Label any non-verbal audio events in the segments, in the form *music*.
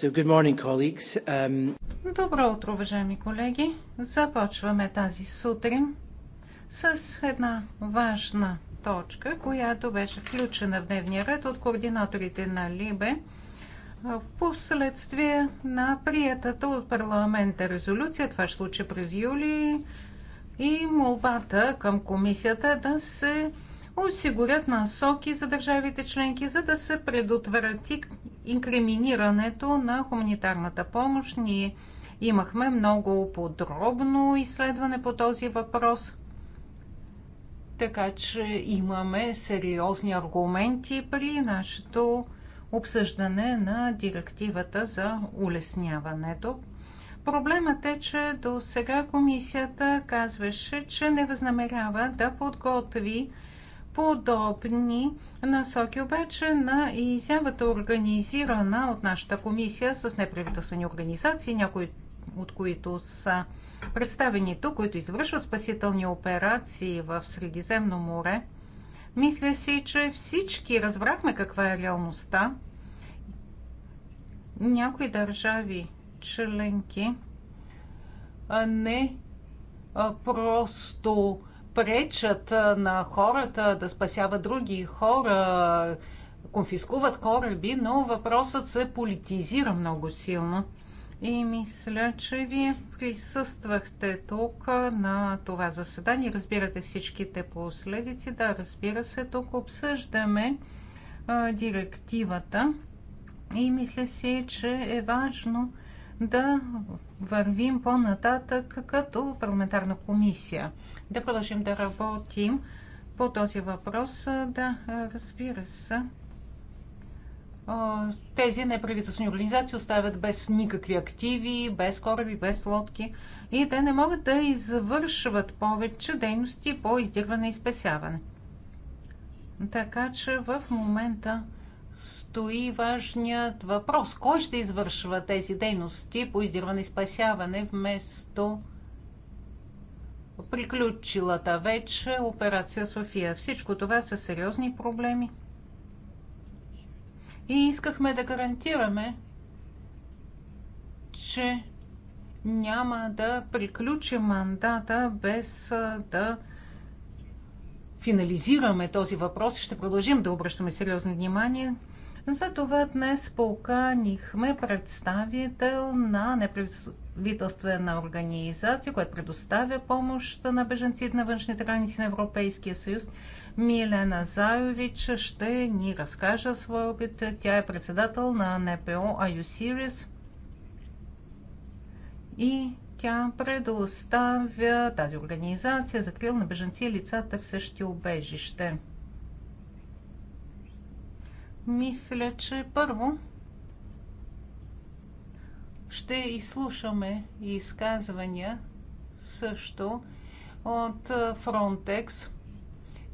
So good morning, colleagues. Um... Добро утро, уважаеми колеги. Започваме тази сутрин с една важна точка, която беше включена в дневния ред от координаторите на Либе в последствие на приятата от парламента резолюция, това ще случи през юли, и молбата към комисията да се осигурят насоки за държавите членки, за да се предотврати инкриминирането на хуманитарната помощ. Ние имахме много подробно изследване по този въпрос. Така че имаме сериозни аргументи при нашето обсъждане на директивата за улесняването. Проблемът е, че до сега комисията казваше, че не възнамерява да подготви подобни насоки обаче на изявата, организирана от нашата комисия с неправителствени организации, някои от които са представени тук, които извършват спасителни операции в Средиземно море. Мисля си, че всички разбрахме каква е реалността. Някои държави членки не просто пречат на хората да спасяват други хора, конфискуват кораби, но въпросът се политизира много силно. И мисля, че вие присъствахте тук на това заседание. Разбирате всичките последици. Да, разбира се, тук обсъждаме а, директивата. И мисля си, че е важно да вървим по-нататък като парламентарна комисия. Да продължим да работим по този въпрос, да разбира се. Тези неправителствени организации оставят без никакви активи, без кораби, без лодки и те не могат да извършват повече дейности по издирване и спесяване. Така че в момента стои важният въпрос. Кой ще извършва тези дейности по издирване и спасяване вместо приключилата вече операция София? Всичко това са сериозни проблеми. И искахме да гарантираме, че няма да приключи мандата без да финализираме този въпрос и ще продължим да обръщаме сериозно внимание затова днес поканихме представител на неправителствена организация, която предоставя помощ на беженци на външните граници на Европейския съюз. Милена Заевич ще ни разкаже своя опит. Тя е председател на НПО IU Series и тя предоставя тази организация за крил на беженци и лица, търсещи убежище. Мисля, че първо ще изслушаме изказвания също от Frontex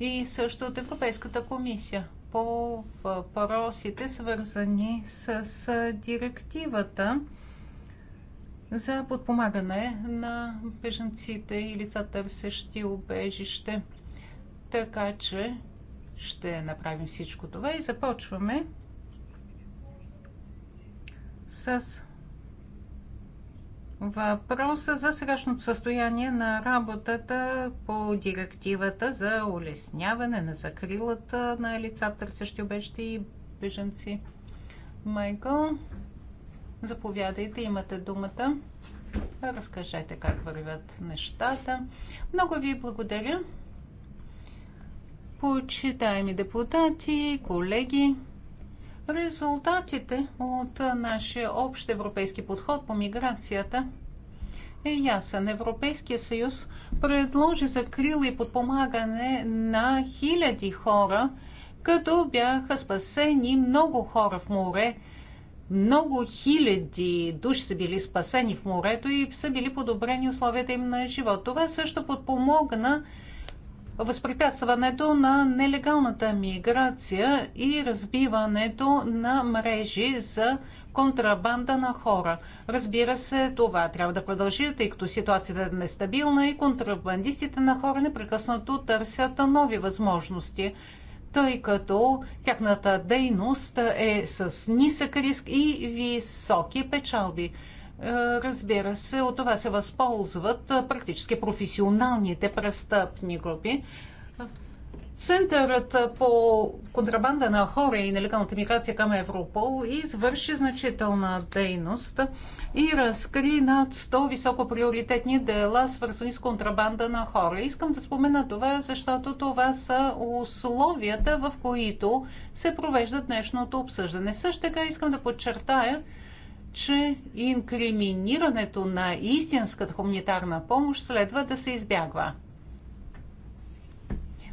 и също от Европейската комисия по въпросите, свързани с директивата за подпомагане на беженците и лица търсещи убежище. Така че ще направим всичко това и започваме с въпроса за сегашното състояние на работата по директивата за улесняване на закрилата на лица, търсещи обещи и беженци. Майкъл, заповядайте, имате думата. Разкажете как вървят нещата. Много ви благодаря почитаеми депутати, колеги, резултатите от нашия общ европейски подход по миграцията е ясен. Европейския съюз предложи закрила и подпомагане на хиляди хора, като бяха спасени много хора в море. Много хиляди души са били спасени в морето и са били подобрени условията им на живот. Това също подпомогна възпрепятстването на нелегалната миграция и разбиването на мрежи за контрабанда на хора. Разбира се, това трябва да продължи, тъй като ситуацията е нестабилна и контрабандистите на хора непрекъснато търсят нови възможности, тъй като тяхната дейност е с нисък риск и високи печалби разбира се, от това се възползват практически професионалните престъпни групи. Центърът по контрабанда на хора и нелегалната миграция към Европол извърши значителна дейност и разкри над 100 високоприоритетни дела, свързани с контрабанда на хора. Искам да спомена това, защото това са условията, в които се провежда днешното обсъждане. Също така искам да подчертая, че инкриминирането на истинската хуманитарна помощ следва да се избягва.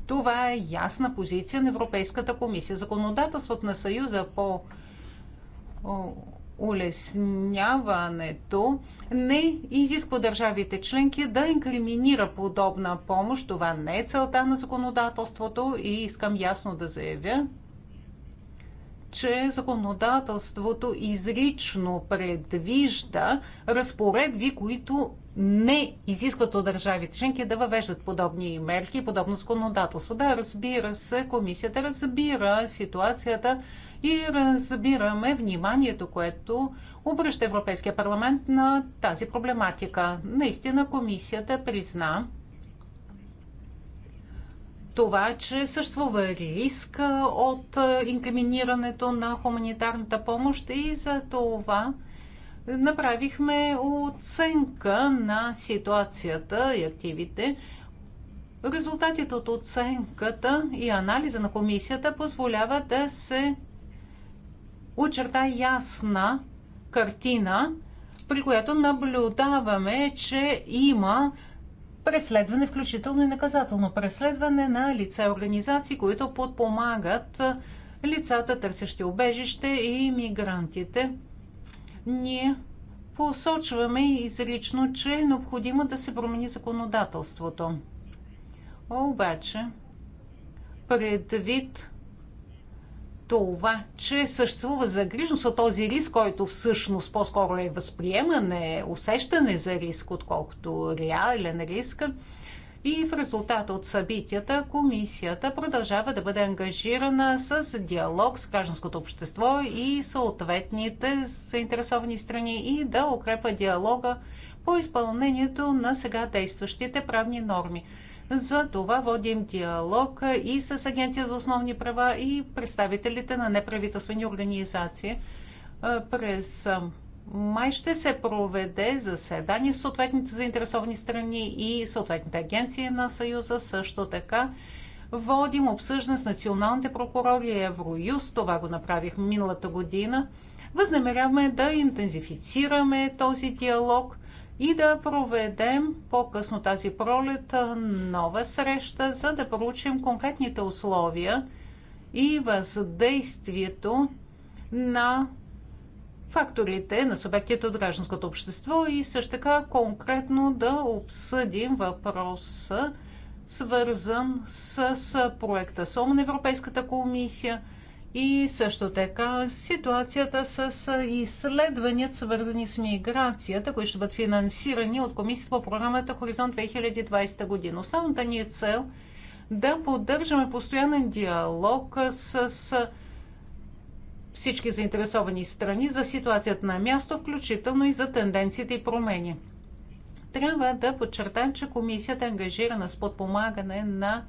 Това е ясна позиция на Европейската комисия. Законодателството на Съюза по улесняването не изисква държавите членки да инкриминира подобна помощ. Това не е целта на законодателството и искам ясно да заявя, че законодателството изрично предвижда разпоредби, които не изискват от държавите членки да въвеждат подобни мерки, подобно законодателство. Да, разбира се, комисията разбира ситуацията и разбираме вниманието, което обръща Европейския парламент на тази проблематика. Наистина комисията призна, това, че съществува риск от инкриминирането на хуманитарната помощ и за това направихме оценка на ситуацията и активите. Резултатите от оценката и анализа на комисията позволява да се очерта ясна картина, при която наблюдаваме, че има преследване, включително и наказателно преследване на лица и организации, които подпомагат лицата, търсещи убежище и мигрантите. Ние посочваме изрично, че е необходимо да се промени законодателството. Обаче, предвид това, че съществува загрижност от този риск, който всъщност по-скоро е възприемане, усещане за риск, отколкото реален риск. И в резултат от събитията комисията продължава да бъде ангажирана с диалог с гражданското общество и съответните заинтересовани страни и да укрепва диалога по изпълнението на сега действащите правни норми. За това водим диалог и с Агенция за основни права и представителите на неправителствени организации. През май ще се проведе заседание с съответните заинтересовани страни и съответните агенции на Съюза. Също така водим обсъждане с националните прокурори и Евроюз. Това го направих миналата година. Възнамеряваме да интензифицираме този диалог и да проведем по-късно тази пролет нова среща, за да проучим конкретните условия и въздействието на факторите на субектите от гражданското общество и също така конкретно да обсъдим въпроса, свързан с проекта СОМ на Европейската комисия – и също така ситуацията с изследвания, свързани с миграцията, които ще бъдат финансирани от Комисията по програмата Хоризонт 2020 година. Основната ни е цел да поддържаме постоянен диалог с всички заинтересовани страни за ситуацията на място, включително и за тенденциите и промени. Трябва да подчертаем, че комисията е ангажирана с подпомагане на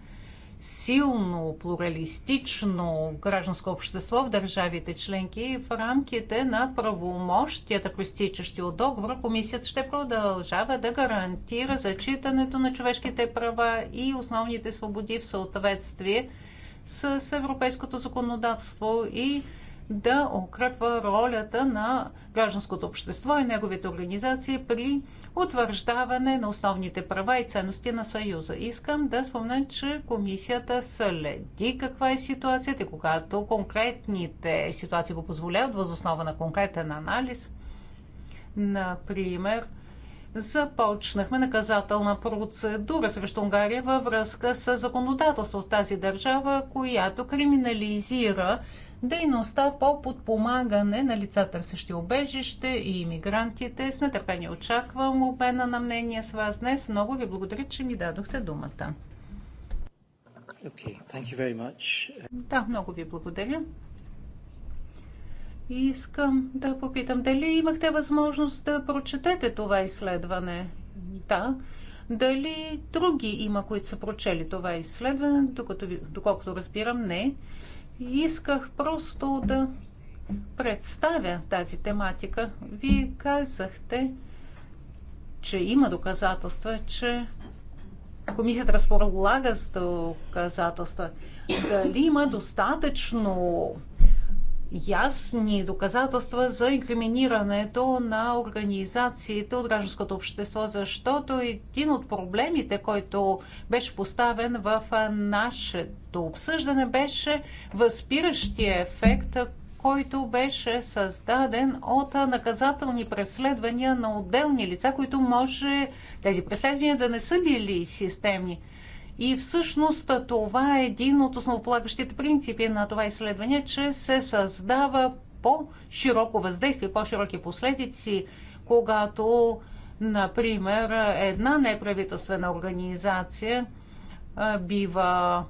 силно, плуралистично гражданско общество в държавите членки в рамките на правомощията, проистичащи от договора, комисията ще продължава да гарантира зачитането на човешките права и основните свободи в съответствие с европейското законодателство и да укрепва ролята на гражданското общество и неговите организации при утвърждаване на основните права и ценности на Съюза. Искам да спомня, че комисията следи каква е ситуацията и когато конкретните ситуации го позволяват, възоснова на конкретен анализ, например, започнахме наказателна процедура срещу Унгария във връзка с законодателство в тази държава, която криминализира Дейността по подпомагане на лица търсещи обежище и иммигрантите. С нетърпение очаквам обмена на мнение с вас днес. Много ви благодаря, че ми дадохте думата. Okay, thank you very much. Да, много ви благодаря. Искам да попитам, дали имахте възможност да прочетете това изследване? Да. Дали други има, които са прочели това изследване? Докато, доколкото разбирам, не. Исках просто да представя тази тематика. Вие казахте, че има доказателства, че комисията разполага с доказателства. Дали има достатъчно ясни доказателства за инкриминирането на организациите от гражданското общество, защото един от проблемите, който беше поставен в нашето обсъждане, беше възпиращия ефект, който беше създаден от наказателни преследвания на отделни лица, които може тези преследвания да не са били системни. И всъщност това е един от основополагащите принципи на това изследване, че се създава по-широко въздействие, по-широки последици, когато, например, една неправителствена организация бива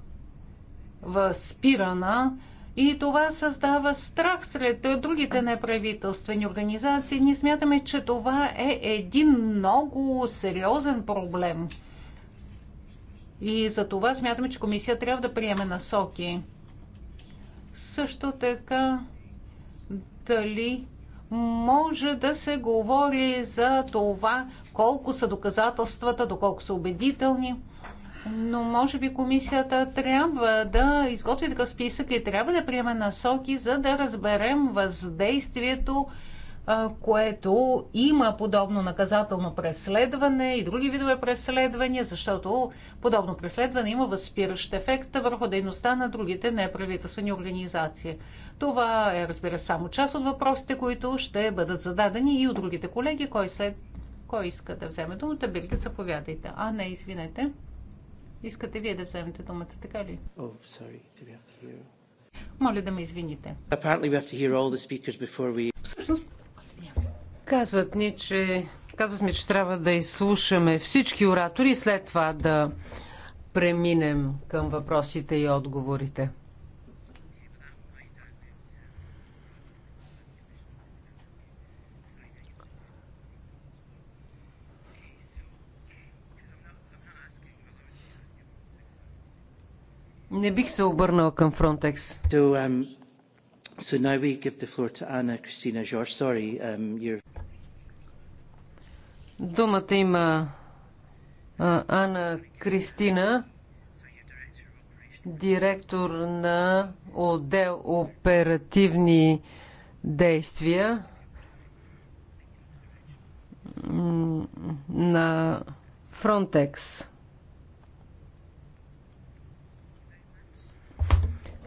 възпирана и това създава страх сред другите неправителствени организации. Ние смятаме, че това е един много сериозен проблем – и за това смятаме, че комисия трябва да приеме насоки. Също така, дали може да се говори за това колко са доказателствата, доколко са убедителни. Но може би комисията трябва да изготви такъв списък и трябва да приеме насоки, за да разберем въздействието което има подобно наказателно преследване и други видове преследвания, защото подобно преследване има възпиращ ефект върху дейността на другите неправителствени организации. Това е, разбира се, само част от въпросите, които ще бъдат зададени и от другите колеги. Кой, след... Кой иска да вземе думата? Биргит, заповядайте. А, не, извинете. Искате вие да вземете думата, така ли? Oh, sorry. Моля да ме извините. We... Всъщност, Казват ни, че, казват ми, че трябва да изслушаме всички оратори и след това да преминем към въпросите и отговорите. Не бих се обърнала към Фронтекс. Um, So now we give the floor to Anna Christina George. Sorry, um, you're... Думата има а, Анна Кристина, директор на отдел оперативни действия на Frontex.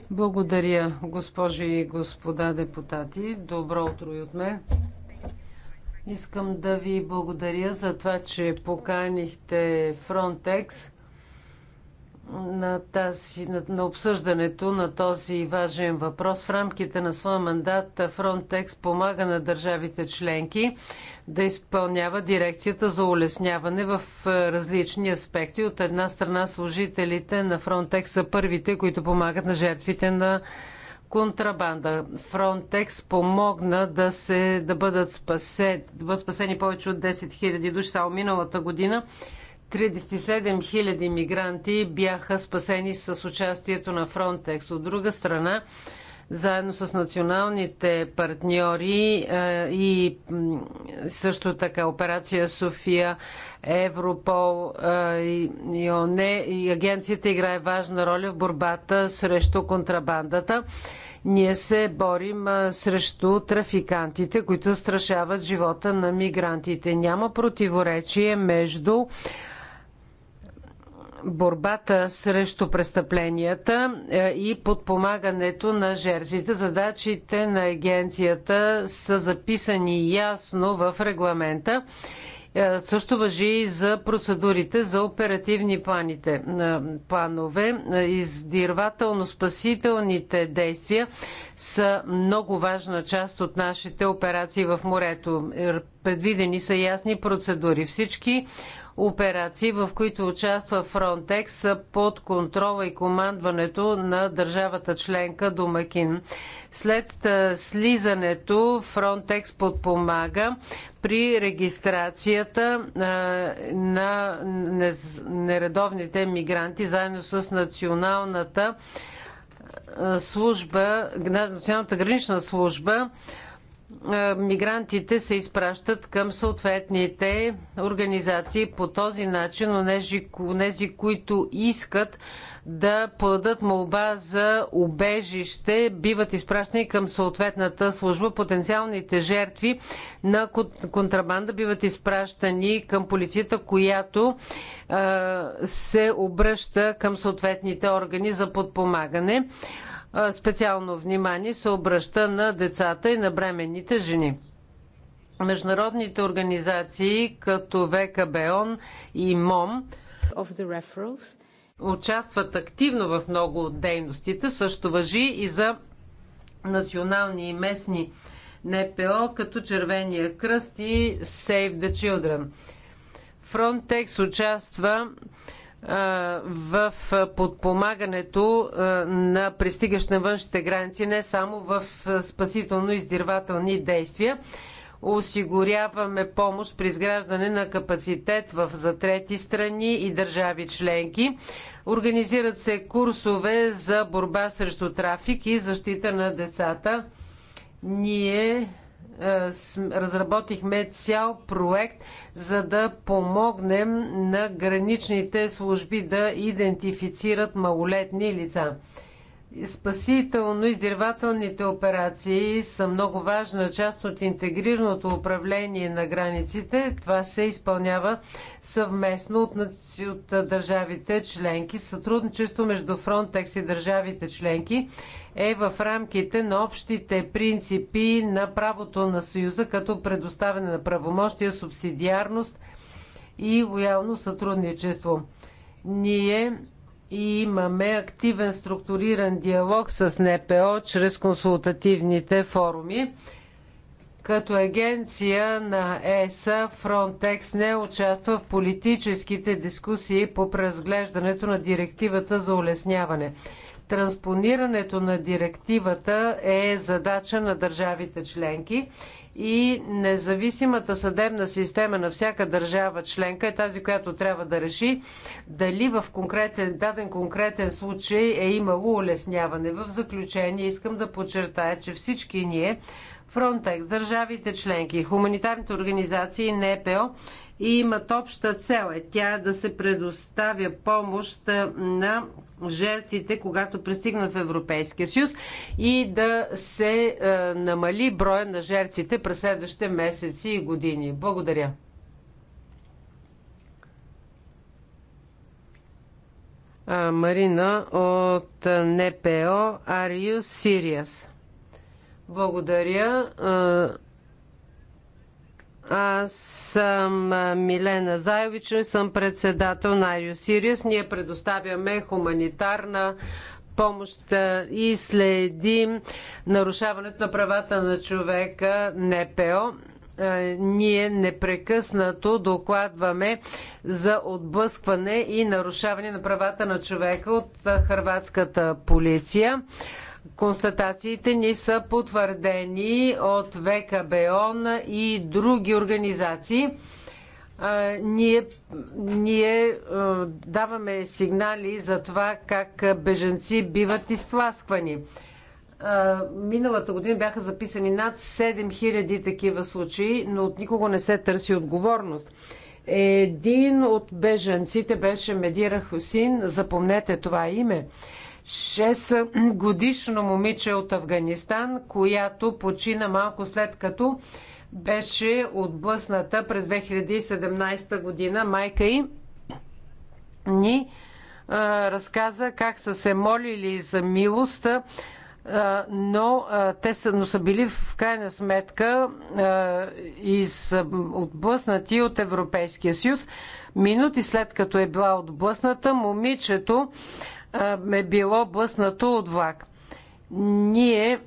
Благодаря, госпожи и господа депутати. Добро утро и от мен. Искам да ви благодаря за това, че поканихте Frontex на, тази, на, на обсъждането на този важен въпрос. В рамките на своя мандат Frontex помага на държавите членки да изпълнява дирекцията за улесняване в е, различни аспекти. От една страна служителите на Frontex са първите, които помагат на жертвите на контрабанда. Frontex помогна да, се, да, бъдат, спасе, да бъдат спасени повече от 10 000 души само миналата година 37 000 мигранти бяха спасени с участието на Фронтекс. От друга страна, заедно с националните партньори е, и също така операция София, Европол е, и ОНЕ и агенцията играе важна роля в борбата срещу контрабандата. Ние се борим е, срещу трафикантите, които страшават живота на мигрантите. Няма противоречие между борбата срещу престъпленията е, и подпомагането на жертвите. Задачите на агенцията са записани ясно в регламента. Е, също въжи и за процедурите за оперативни планите, е, планове. Издирвателно-спасителните действия са много важна част от нашите операции в морето. Предвидени са ясни процедури. Всички операции, в които участва Frontex под контрола и командването на държавата членка Домакин. След слизането Frontex подпомага при регистрацията на нередовните мигранти заедно с националната служба, националната гранична служба мигрантите се изпращат към съответните организации по този начин, онези, които искат да подадат молба за убежище, биват изпращани към съответната служба. Потенциалните жертви на контрабанда биват изпращани към полицията, която се обръща към съответните органи за подпомагане специално внимание се обръща на децата и на бременните жени. Международните организации като ВКБОН и МОМ участват активно в много от дейностите. Също въжи и за национални и местни НПО, като Червения кръст и Save the Children. Frontex участва в подпомагането на пристигащ на външните граници, не само в спасително-издирвателни действия. Осигуряваме помощ при изграждане на капацитет в, за трети страни и държави членки. Организират се курсове за борба срещу трафик и защита на децата. Ние е, разработихме цял проект, за да помогнем на граничните служби да идентифицират малолетни лица. Спасително-издирвателните операции са много важна част от интегрираното управление на границите. Това се изпълнява съвместно от, от държавите членки. Сътрудничество между Frontex и държавите членки е в рамките на общите принципи на правото на Съюза, като предоставяне на правомощия, субсидиарност и лоялно сътрудничество. Ние и имаме активен структуриран диалог с НПО чрез консултативните форуми. Като агенция на ЕСА, Frontex не участва в политическите дискусии по преразглеждането на директивата за улесняване. Транспонирането на директивата е задача на държавите членки и независимата съдебна система на всяка държава членка е тази, която трябва да реши дали в конкретен, даден конкретен случай е имало улесняване. В заключение искам да подчертая, че всички ние Фронтекс, държавите членки, хуманитарните организации, НПО и имат обща цел. Е тя да се предоставя помощ на жертвите, когато пристигнат в Европейския съюз и да се е, намали броя на жертвите през следващите месеци и години. Благодаря. А, Марина от НПО Ариус Сириас. Благодаря. Аз съм Милена Зайович, съм председател на IOSIRIUS. Ние предоставяме хуманитарна помощ и следим нарушаването на правата на човека НПО. Ние непрекъснато докладваме за отблъскване и нарушаване на правата на човека от хрватската полиция. Констатациите ни са потвърдени от ВКБОН и други организации. Ние, ние даваме сигнали за това как беженци биват изтласквани. Миналата година бяха записани над 7000 такива случаи, но от никого не се търси отговорност. Един от беженците беше Медира Хусин, запомнете това име. 6 годишно момиче от Афганистан, която почина малко след като беше отблъсната през 2017 година. Майка й ни а, разказа как са се молили за милост, а, но а, те са, но са били в крайна сметка и са отблъснати от Европейския съюз. Минути след като е била отблъсната, момичето ме било блъснато от влак. Ние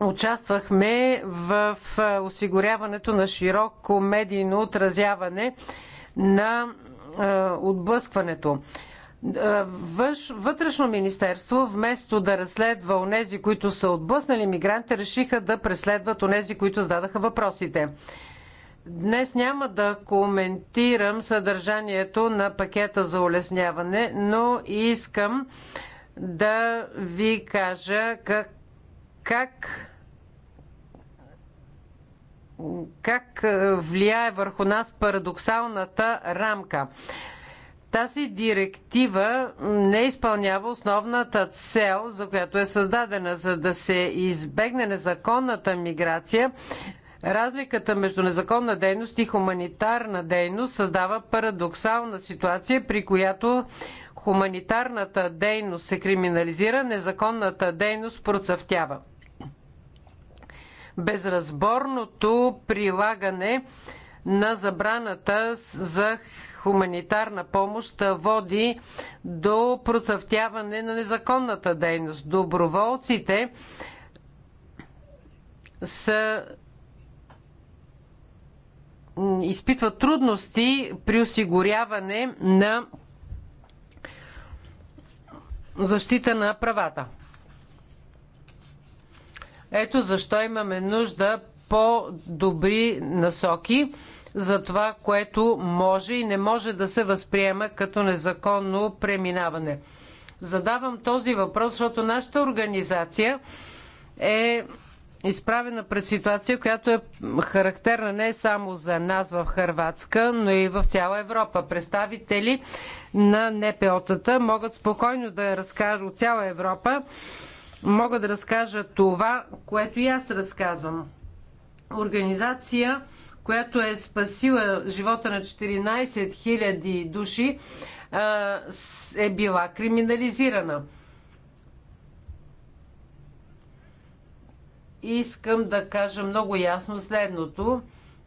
участвахме в осигуряването на широко медийно отразяване на отблъскването. вътрешно министерство, вместо да разследва онези, които са отблъснали мигранти, решиха да преследват онези, които зададаха въпросите. Днес няма да коментирам съдържанието на пакета за улесняване, но искам да ви кажа как, как, как е, влияе върху нас парадоксалната рамка. Тази директива не изпълнява основната цел, за която е създадена, за да се избегне незаконната миграция. Разликата между незаконна дейност и хуманитарна дейност създава парадоксална ситуация, при която хуманитарната дейност се криминализира, незаконната дейност процъфтява. Безразборното прилагане на забраната за хуманитарна помощ води до процъфтяване на незаконната дейност. Доброволците са Изпитва трудности при осигуряване на защита на правата. Ето защо имаме нужда по-добри насоки за това, което може и не може да се възприема като незаконно преминаване. Задавам този въпрос, защото нашата организация е изправена пред ситуация, която е характерна не само за нас в Харватска, но и в цяла Европа. Представители на НПО-тата могат спокойно да разкажат от цяла Европа, могат да разкажат това, което и аз разказвам. Организация, която е спасила живота на 14 000 души, е била криминализирана. искам да кажа много ясно следното.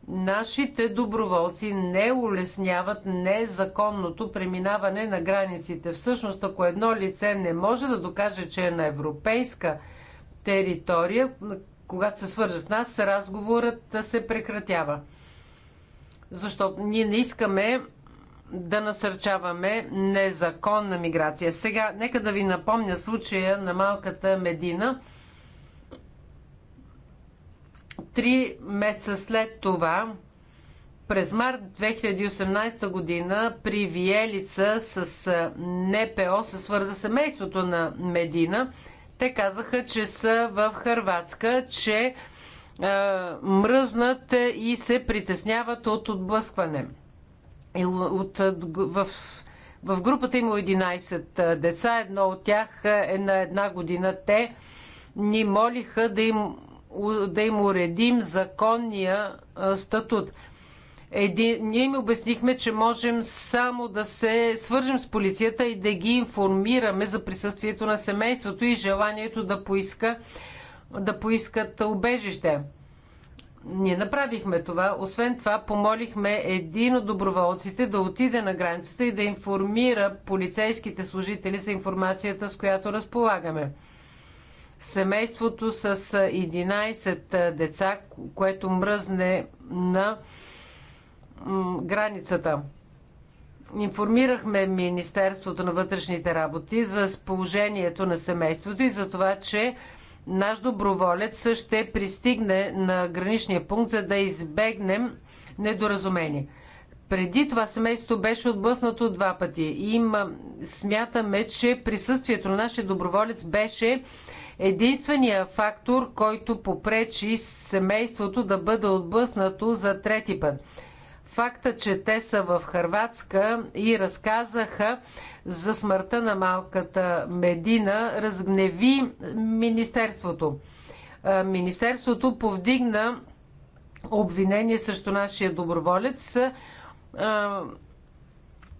Нашите доброволци не улесняват незаконното преминаване на границите. Всъщност, ако едно лице не може да докаже, че е на европейска територия, когато се свържат с нас, разговорът се прекратява. Защото ние не искаме да насърчаваме незаконна миграция. Сега, нека да ви напомня случая на малката Медина – Три месеца след това, през март 2018 година, при Виелица с НПО се свърза семейството на Медина. Те казаха, че са в Харватска, че е, мръзнат и се притесняват от отблъскване. И от, в в групата има 11 деца, едно от тях е на една година. Те ни молиха да им да им уредим законния статут. Един, ние им обяснихме, че можем само да се свържем с полицията и да ги информираме за присъствието на семейството и желанието да, поиска, да поискат убежище. Ние направихме това. Освен това, помолихме един от доброволците да отиде на границата и да информира полицейските служители за информацията, с която разполагаме семейството с 11 деца, което мръзне на границата. Информирахме Министерството на вътрешните работи за положението на семейството и за това, че наш доброволец ще пристигне на граничния пункт, за да избегнем недоразумение. Преди това семейство беше отблъснато два пъти. и смятаме, че присъствието на нашия доброволец беше единствения фактор, който попречи семейството да бъде отблъснато за трети път. Факта, че те са в Харватска и разказаха за смъртта на малката Медина, разгневи Министерството. Министерството повдигна обвинение срещу нашия доброволец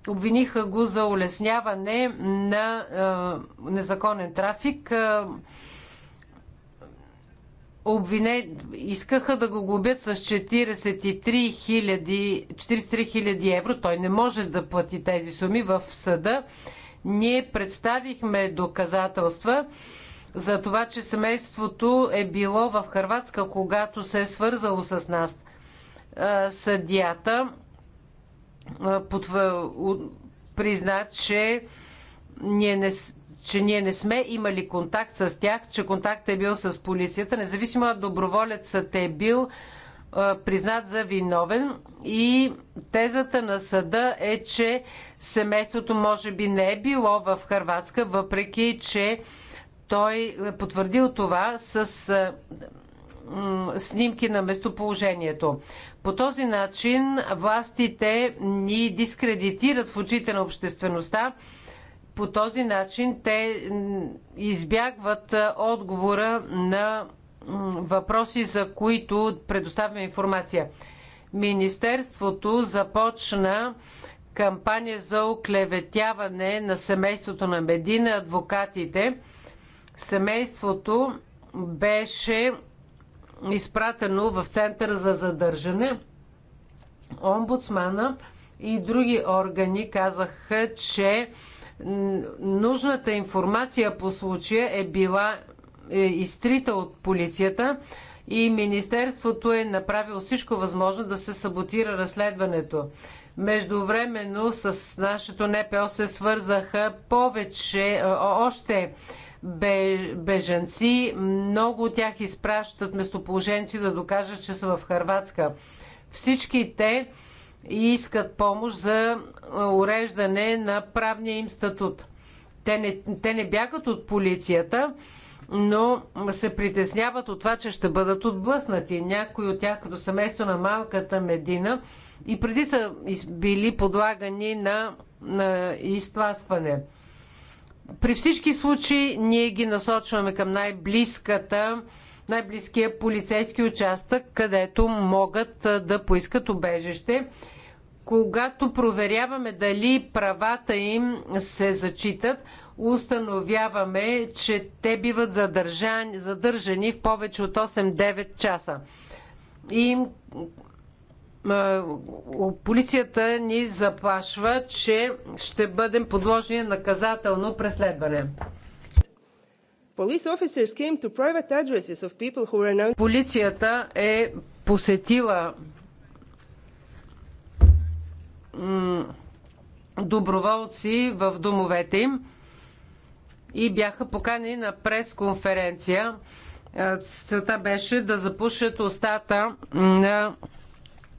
Обвиниха го за улесняване на е, незаконен трафик. Е, обвине... Искаха да го губят с 43 000, 43 000 евро. Той не може да плати тези суми в съда. Ние представихме доказателства за това, че семейството е било в Харватска, когато се е свързало с нас. Е, съдията призна, че ние не че ние не сме имали контакт с тях, че контактът е бил с полицията, независимо от доброволецът е бил признат за виновен и тезата на съда е, че семейството може би не е било в Харватска, въпреки че той е потвърдил това с снимки на местоположението. По този начин властите ни дискредитират в очите на обществеността. По този начин те избягват отговора на въпроси, за които предоставяме информация. Министерството започна кампания за оклеветяване на семейството на Медина, адвокатите. Семейството беше изпратено в Център за задържане. Омбудсмана и други органи казаха, че нужната информация по случая е била е, изтрита от полицията и Министерството е направило всичко възможно да се саботира разследването. Междувременно с нашето НПО се свързаха повече, е, още бежанци. Много от тях изпращат местоположенци да докажат, че са в Харватска. Всички те искат помощ за уреждане на правния им статут. Те не, те не бягат от полицията, но се притесняват от това, че ще бъдат отблъснати. Някои от тях, като семейство на малката Медина, и преди са били подлагани на, на изтласкване. При всички случаи ние ги насочваме към най-близката най-близкия полицейски участък, където могат да поискат убежище. Когато проверяваме дали правата им се зачитат, установяваме, че те биват задържани, задържани в повече от 8-9 часа. И им полицията ни заплашва, че ще бъдем подложени наказателно преследване. Полицията е посетила доброволци в домовете им и бяха поканени на пресконференция. Е, целта беше да запушат устата на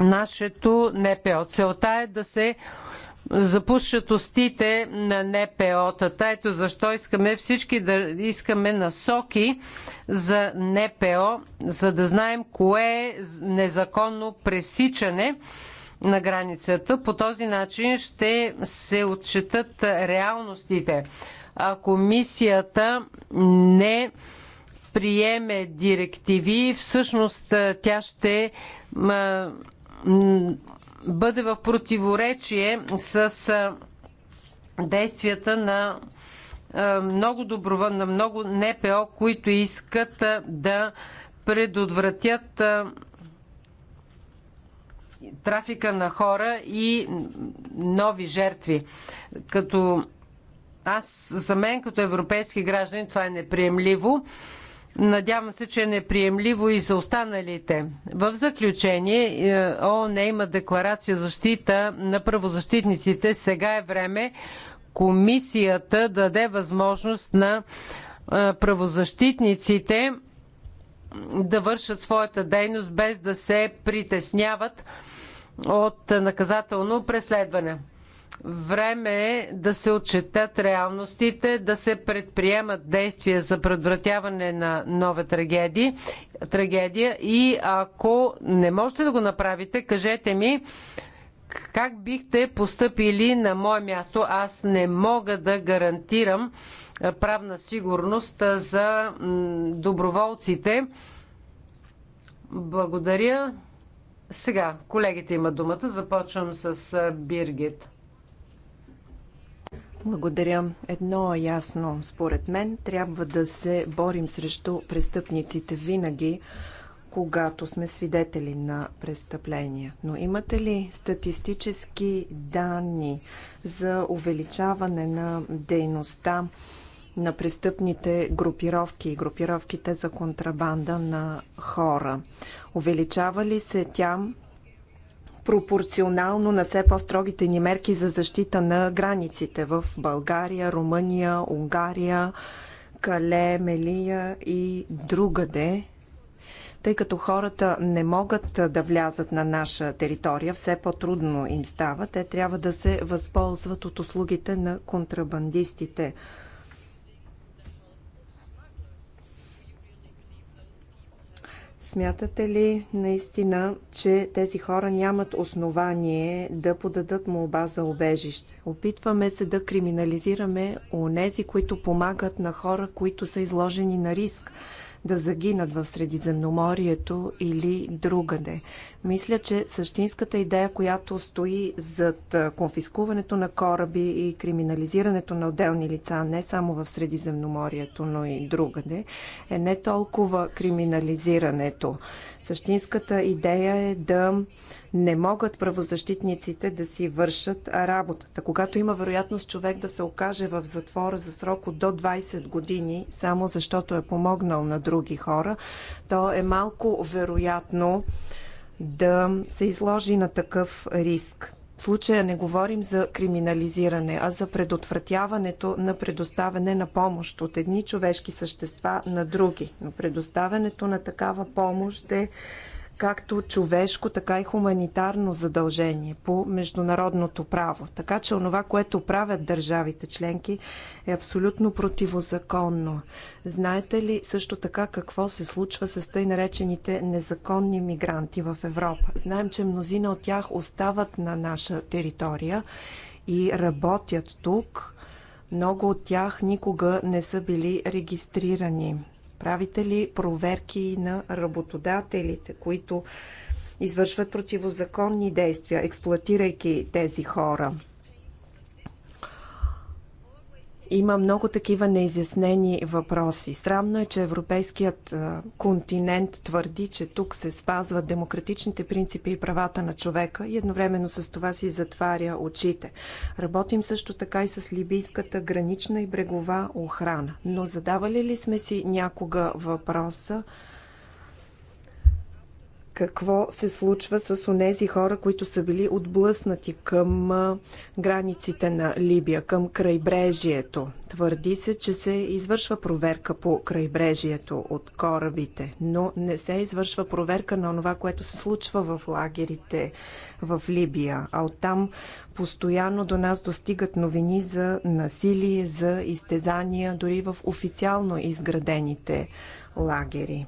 нашето НПО. Целта е да се запушат устите на НПО-тата. Ето защо искаме всички да искаме насоки за НПО, за да знаем кое е незаконно пресичане на границата. По този начин ще се отчетат реалностите. А комисията не приеме директиви, всъщност тя ще бъде в противоречие с действията на много добровън, на много НПО, които искат да предотвратят трафика на хора и нови жертви. Като аз, за мен като европейски граждани това е неприемливо. Надявам се, че е неприемливо и за останалите. В заключение, е, ООН има декларация защита на правозащитниците. Сега е време комисията да даде възможност на е, правозащитниците да вършат своята дейност без да се притесняват от наказателно преследване. Време е да се отчетат реалностите, да се предприемат действия за предотвратяване на нова трагедия, трагедия и ако не можете да го направите, кажете ми как бихте постъпили на мое място. Аз не мога да гарантирам правна сигурност за доброволците. Благодаря. Сега колегите имат думата. Започвам с Биргит. Благодаря. Едно е ясно според мен. Трябва да се борим срещу престъпниците винаги, когато сме свидетели на престъпления. Но имате ли статистически данни за увеличаване на дейността на престъпните групировки и групировките за контрабанда на хора? Увеличава ли се тя пропорционално на все по-строгите ни мерки за защита на границите в България, Румъния, Унгария, Кале, Мелия и другаде, тъй като хората не могат да влязат на наша територия, все по-трудно им става. Те трябва да се възползват от услугите на контрабандистите. Смятате ли наистина, че тези хора нямат основание да подадат молба за обежище? Опитваме се да криминализираме онези, които помагат на хора, които са изложени на риск да загинат в Средиземноморието или другаде. Мисля, че същинската идея, която стои зад конфискуването на кораби и криминализирането на отделни лица, не само в Средиземноморието, но и другаде, е не толкова криминализирането. Същинската идея е да не могат правозащитниците да си вършат работата. Когато има вероятност човек да се окаже в затвора за срок от до 20 години, само защото е помогнал на други хора, то е малко вероятно да се изложи на такъв риск. В случая не говорим за криминализиране, а за предотвратяването на предоставяне на помощ от едни човешки същества на други. Но предоставянето на такава помощ е както човешко, така и хуманитарно задължение по международното право. Така че онова, което правят държавите членки е абсолютно противозаконно. Знаете ли също така какво се случва с тъй наречените незаконни мигранти в Европа? Знаем, че мнозина от тях остават на наша територия и работят тук. Много от тях никога не са били регистрирани Правите ли проверки на работодателите, които извършват противозаконни действия, експлуатирайки тези хора? Има много такива неизяснени въпроси. Срамно е, че европейският континент твърди, че тук се спазват демократичните принципи и правата на човека и едновременно с това си затваря очите. Работим също така и с либийската гранична и брегова охрана. Но задавали ли сме си някога въпроса какво се случва с онези хора, които са били отблъснати към границите на Либия, към крайбрежието. Твърди се, че се извършва проверка по крайбрежието от корабите, но не се извършва проверка на това, което се случва в лагерите в Либия. А оттам постоянно до нас достигат новини за насилие, за изтезания, дори в официално изградените лагери.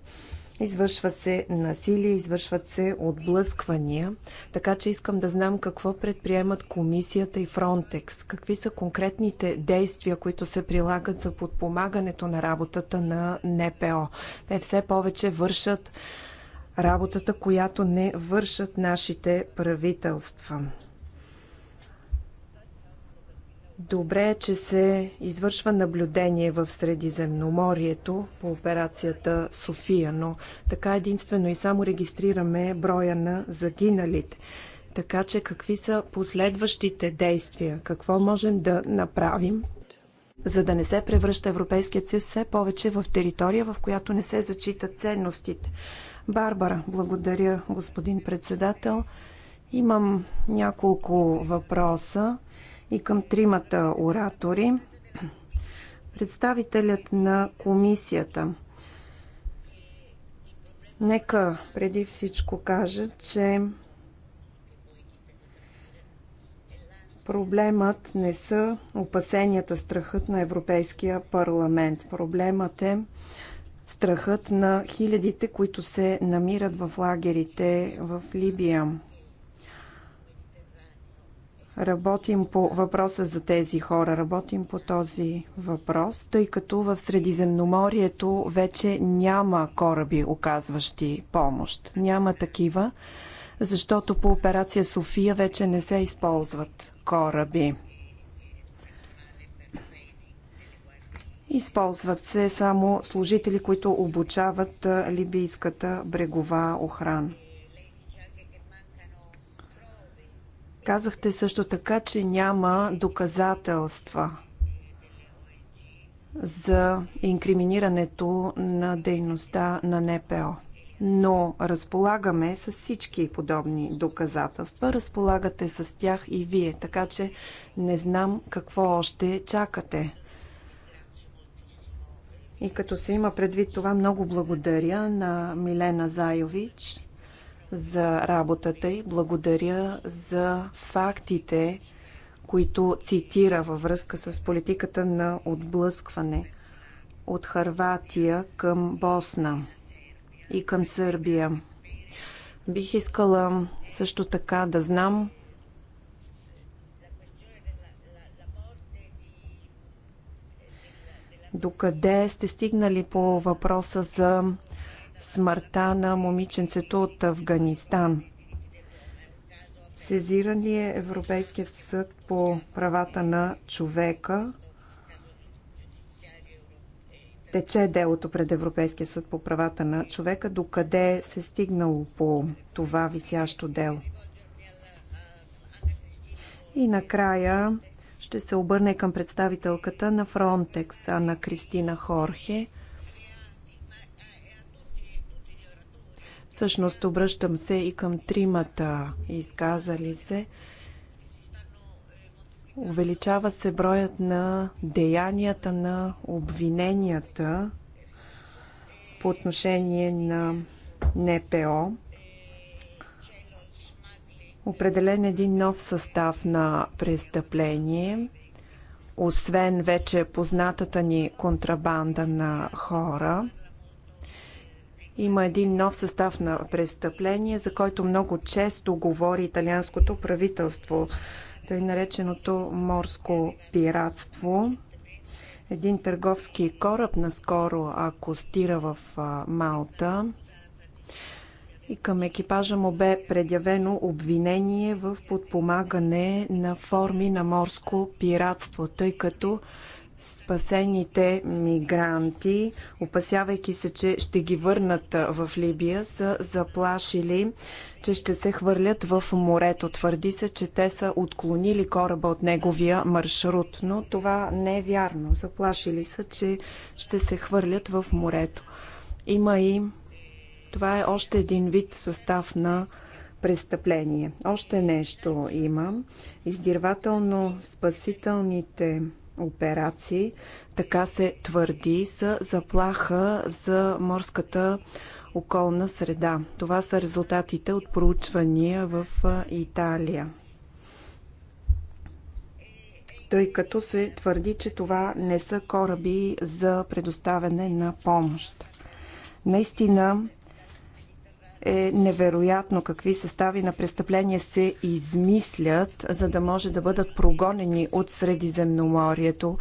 Извършва се насилие, извършват се отблъсквания, така че искам да знам какво предприемат комисията и Фронтекс. Какви са конкретните действия, които се прилагат за подпомагането на работата на НПО? Те все повече вършат работата, която не вършат нашите правителства. Добре е, че се извършва наблюдение в Средиземноморието по операцията София, но така единствено и само регистрираме броя на загиналите. Така че какви са последващите действия? Какво можем да направим, за да не се превръща Европейският съюз все повече в територия, в която не се зачитат ценностите? Барбара, благодаря, господин председател. Имам няколко въпроса и към тримата оратори. Представителят на комисията. Нека преди всичко кажа, че проблемът не са опасенията, страхът на Европейския парламент. Проблемът е страхът на хилядите, които се намират в лагерите в Либия. Работим по въпроса за тези хора, работим по този въпрос, тъй като в Средиземноморието вече няма кораби, оказващи помощ. Няма такива, защото по операция София вече не се използват кораби. Използват се само служители, които обучават либийската брегова охрана. Казахте също така, че няма доказателства за инкриминирането на дейността на НПО. Но разполагаме с всички подобни доказателства, разполагате с тях и вие, така че не знам какво още чакате. И като се има предвид това, много благодаря на Милена Зайович за работата и благодаря за фактите, които цитира във връзка с политиката на отблъскване от Харватия към Босна и към Сърбия. Бих искала също така да знам докъде сте стигнали по въпроса за смъртта на момиченцето от Афганистан. Сезиран ли е Европейският съд по правата на човека? Тече делото пред Европейския съд по правата на човека. Докъде се е стигнало по това висящо дело? И накрая ще се обърне към представителката на Фронтекс, Ана Кристина Хорхе. Всъщност обръщам се и към тримата изказали се. Увеличава се броят на деянията на обвиненията по отношение на НПО. Определен един нов състав на престъпление, освен вече познатата ни контрабанда на хора. Има един нов състав на престъпление, за който много често говори италианското правителство, тъй нареченото морско пиратство. Един търговски кораб наскоро акостира в Малта и към екипажа му бе предявено обвинение в подпомагане на форми на морско пиратство, тъй като спасените мигранти, опасявайки се, че ще ги върнат в Либия, са заплашили, че ще се хвърлят в морето. Твърди се, че те са отклонили кораба от неговия маршрут, но това не е вярно. Заплашили са, че ще се хвърлят в морето. Има и... Това е още един вид състав на престъпление. Още нещо има. Издирвателно-спасителните операции, така се твърди, са заплаха за морската околна среда. Това са резултатите от проучвания в Италия. Тъй като се твърди, че това не са кораби за предоставяне на помощ. Наистина, е невероятно какви състави на престъпления се измислят, за да може да бъдат прогонени от Средиземноморието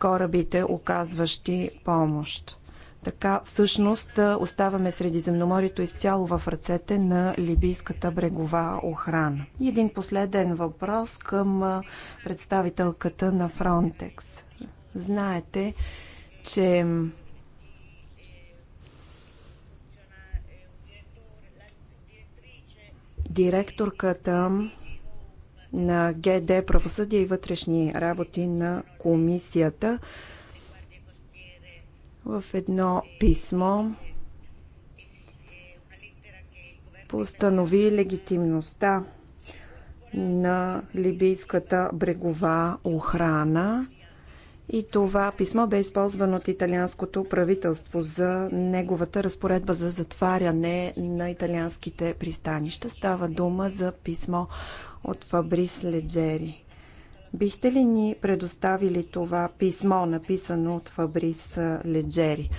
корабите, оказващи помощ. Така всъщност оставаме Средиземноморието изцяло в ръцете на либийската брегова охрана. И един последен въпрос към представителката на Фронтекс. Знаете, че директорката на ГД Правосъдие и вътрешни работи на комисията в едно писмо постанови легитимността на либийската брегова охрана и това писмо бе използвано от италианското правителство за неговата разпоредба за затваряне на италианските пристанища. Става дума за писмо от Фабрис Леджери. Бихте ли ни предоставили това писмо, написано от Фабрис Леджери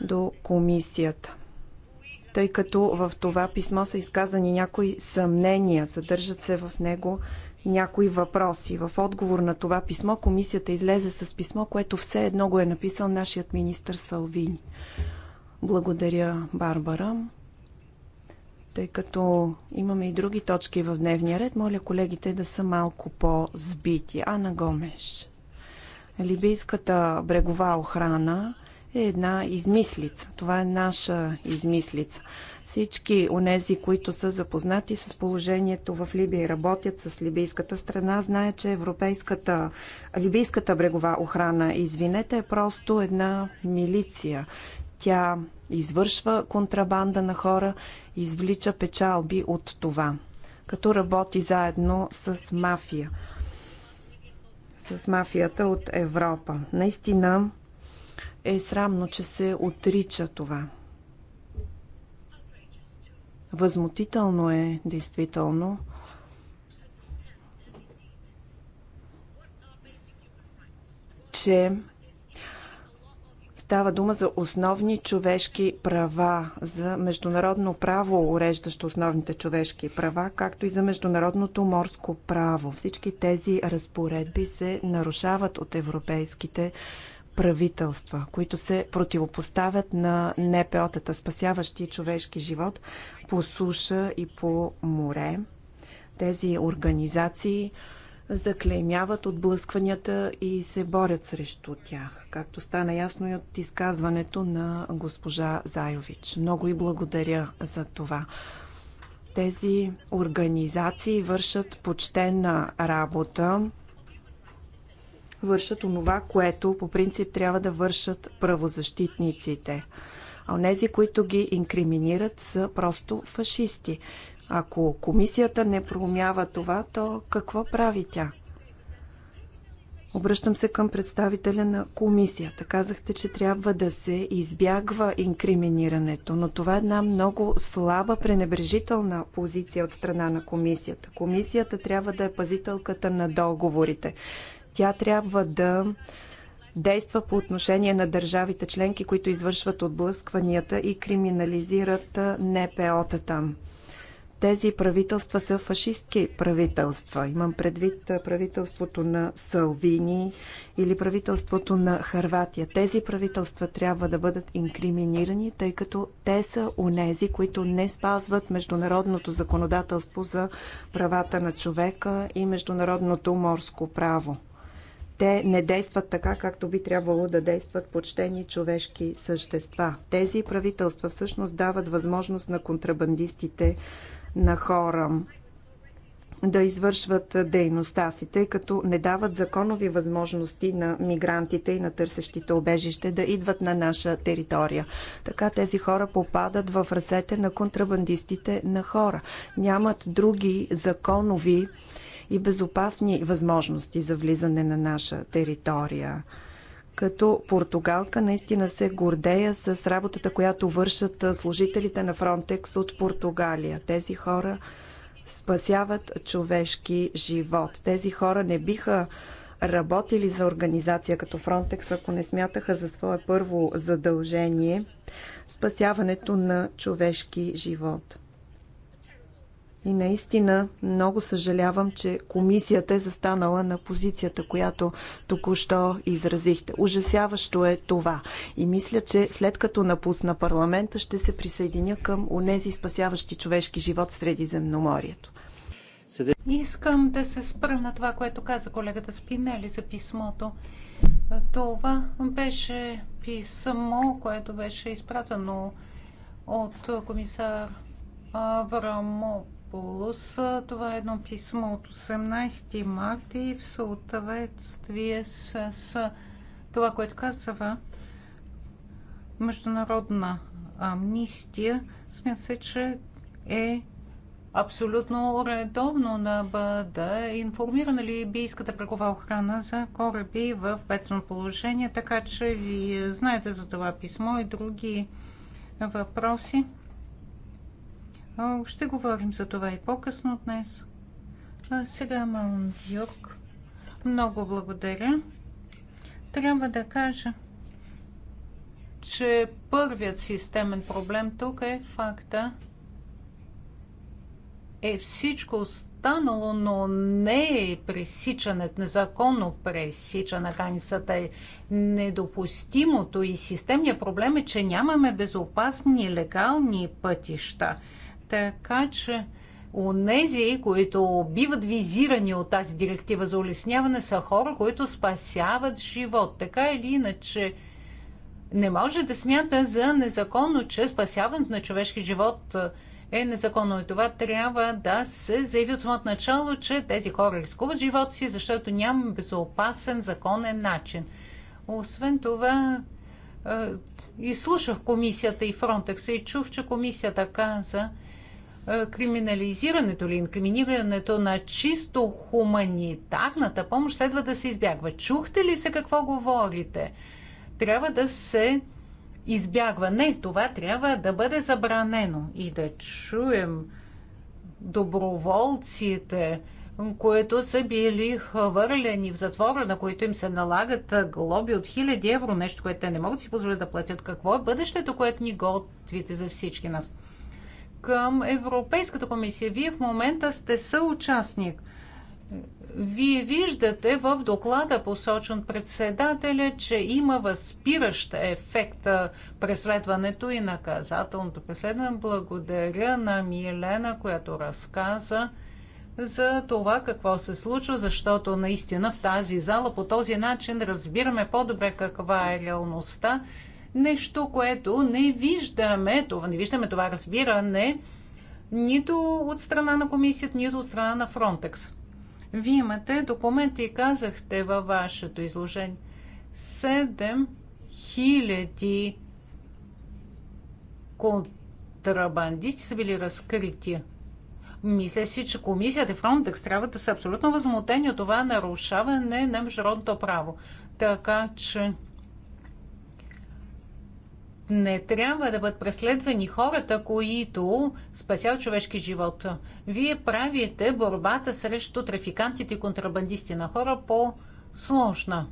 до комисията? Тъй като в това писмо са изказани някои съмнения, съдържат се в него някои въпроси. В отговор на това писмо комисията излезе с писмо, което все едно го е написал нашият министр Салвини. Благодаря, Барбара. Тъй като имаме и други точки в дневния ред, моля колегите да са малко по-збити. Ана Гомеш. Либийската брегова охрана е една измислица. Това е наша измислица. Всички онези, които са запознати с положението в Либия и работят с либийската страна, знаят, че европейската, либийската брегова охрана, извинете, е просто една милиция. Тя извършва контрабанда на хора, извлича печалби от това, като работи заедно с мафия. С мафията от Европа. Наистина е срамно, че се отрича това. Възмутително е, действително, че става дума за основни човешки права, за международно право, уреждащо основните човешки права, както и за международното морско право. Всички тези разпоредби се нарушават от европейските правителства, които се противопоставят на НПО-тата, спасяващи човешки живот по суша и по море. Тези организации заклеймяват отблъскванията и се борят срещу тях, както стана ясно и от изказването на госпожа Зайович. Много и благодаря за това. Тези организации вършат почтена работа вършат онова, което по принцип трябва да вършат правозащитниците. А онези, които ги инкриминират, са просто фашисти. Ако комисията не проумява това, то какво прави тя? Обръщам се към представителя на комисията. Казахте, че трябва да се избягва инкриминирането, но това е една много слаба, пренебрежителна позиция от страна на комисията. Комисията трябва да е пазителката на договорите. Тя трябва да действа по отношение на държавите членки, които извършват отблъскванията и криминализират НПО-тата. Тези правителства са фашистки правителства. Имам предвид правителството на Салвини или правителството на Харватия. Тези правителства трябва да бъдат инкриминирани, тъй като те са унези, които не спазват международното законодателство за правата на човека и международното морско право те не действат така, както би трябвало да действат почтени човешки същества. Тези правителства всъщност дават възможност на контрабандистите на хора да извършват дейността си, тъй като не дават законови възможности на мигрантите и на търсещите обежище да идват на наша територия. Така тези хора попадат в ръцете на контрабандистите на хора. Нямат други законови и безопасни възможности за влизане на наша територия. Като португалка наистина се гордея с работата, която вършат служителите на Фронтекс от Португалия. Тези хора спасяват човешки живот. Тези хора не биха работили за организация като Фронтекс, ако не смятаха за свое първо задължение спасяването на човешки живот. И наистина много съжалявам, че комисията е застанала на позицията, която току-що изразихте. Ужасяващо е това. И мисля, че след като напусна парламента, ще се присъединя към онези спасяващи човешки живот среди земноморието. Искам да се спра на това, което каза колегата Спинели за писмото. Това беше писмо, което беше изпратено от комисар Аврамов Аврамополос. Това е едно писмо от 18 марта и в съответствие с, с това, което казва международна амнистия, смята се, че е абсолютно редовно да бъде информирана либийската брегова охрана за кораби в бедствено положение, така че вие знаете за това писмо и други въпроси. Ще говорим за това и по-късно днес. А сега Малон Йорк. Много благодаря. Трябва да кажа, че първият системен проблем тук е факта, е всичко останало, но не е пресичането, незаконно пресичане на границата е недопустимото и системният проблем е, че нямаме безопасни легални пътища. Така че Онези, които биват визирани от тази директива за улесняване, са хора, които спасяват живот. Така или иначе, не може да смята за незаконно, че спасяването на човешки живот е незаконно. И това трябва да се заяви от самото начало, че тези хора рискуват живота си, защото няма безопасен законен начин. Освен това, е, изслушах комисията и Фронтекса и чух, че комисията каза, е, криминализирането или инкриминирането на чисто хуманитарната помощ следва да се избягва. Чухте ли се какво говорите? Трябва да се избягва. Не, това трябва да бъде забранено. И да чуем доброволците, които са били хвърлени в затвора, на които им се налагат глоби от хиляди евро, нещо, което те не могат да си позволят да платят. Какво е бъдещето, което ни готвите за всички нас? към Европейската комисия. Вие в момента сте съучастник. Вие виждате в доклада, посочен председателя, че има възпиращ ефект преследването и наказателното преследване. Благодаря на Милена, която разказа за това какво се случва, защото наистина в тази зала по този начин разбираме по-добре каква е реалността нещо, което не виждаме, това, не виждаме това разбиране нито от страна на комисията, нито от страна на Фронтекс. Вие имате документи и казахте във вашето изложение. 7000 контрабандисти са били разкрити. Мисля си, че комисията и Фронтекс трябва да са абсолютно възмутени от това нарушаване на международното право. Така че не трябва да бъдат преследвани хората, които спасяват човешки живот. Вие правите борбата срещу трафикантите и контрабандисти на хора по-сложна.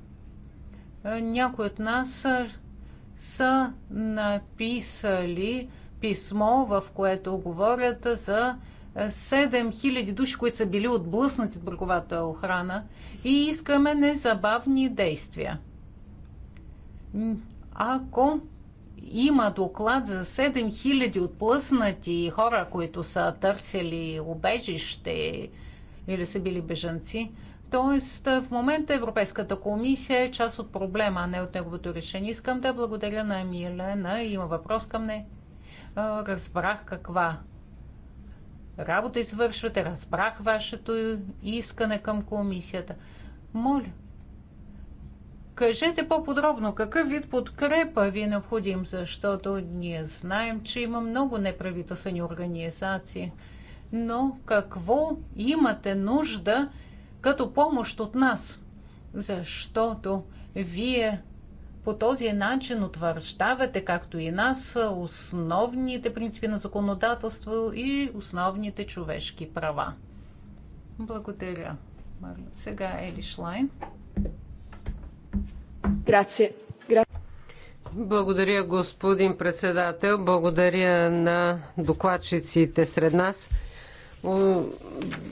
Е, някои от нас са написали писмо, в което говорят за 7000 души, които са били отблъснати от браковата охрана и искаме незабавни действия. Ако има доклад за 7000 отплъснати хора, които са търсили убежище или са били бежанци. Тоест, в момента Европейската комисия е част от проблема, а не от неговото решение. Искам да благодаря на Милена. Има въпрос към не. Разбрах каква работа извършвате, разбрах вашето искане към комисията. Моля, Кажете по-подробно какъв вид подкрепа ви е необходим, защото ние знаем, че има много неправителствени организации. Но какво имате нужда като помощ от нас? Защото вие по този начин утвърждавате, както и нас, основните принципи на законодателство и основните човешки права. Благодаря. Сега Ели Шлайн. Грация. Благодаря, господин председател. Благодаря на докладчиците сред нас.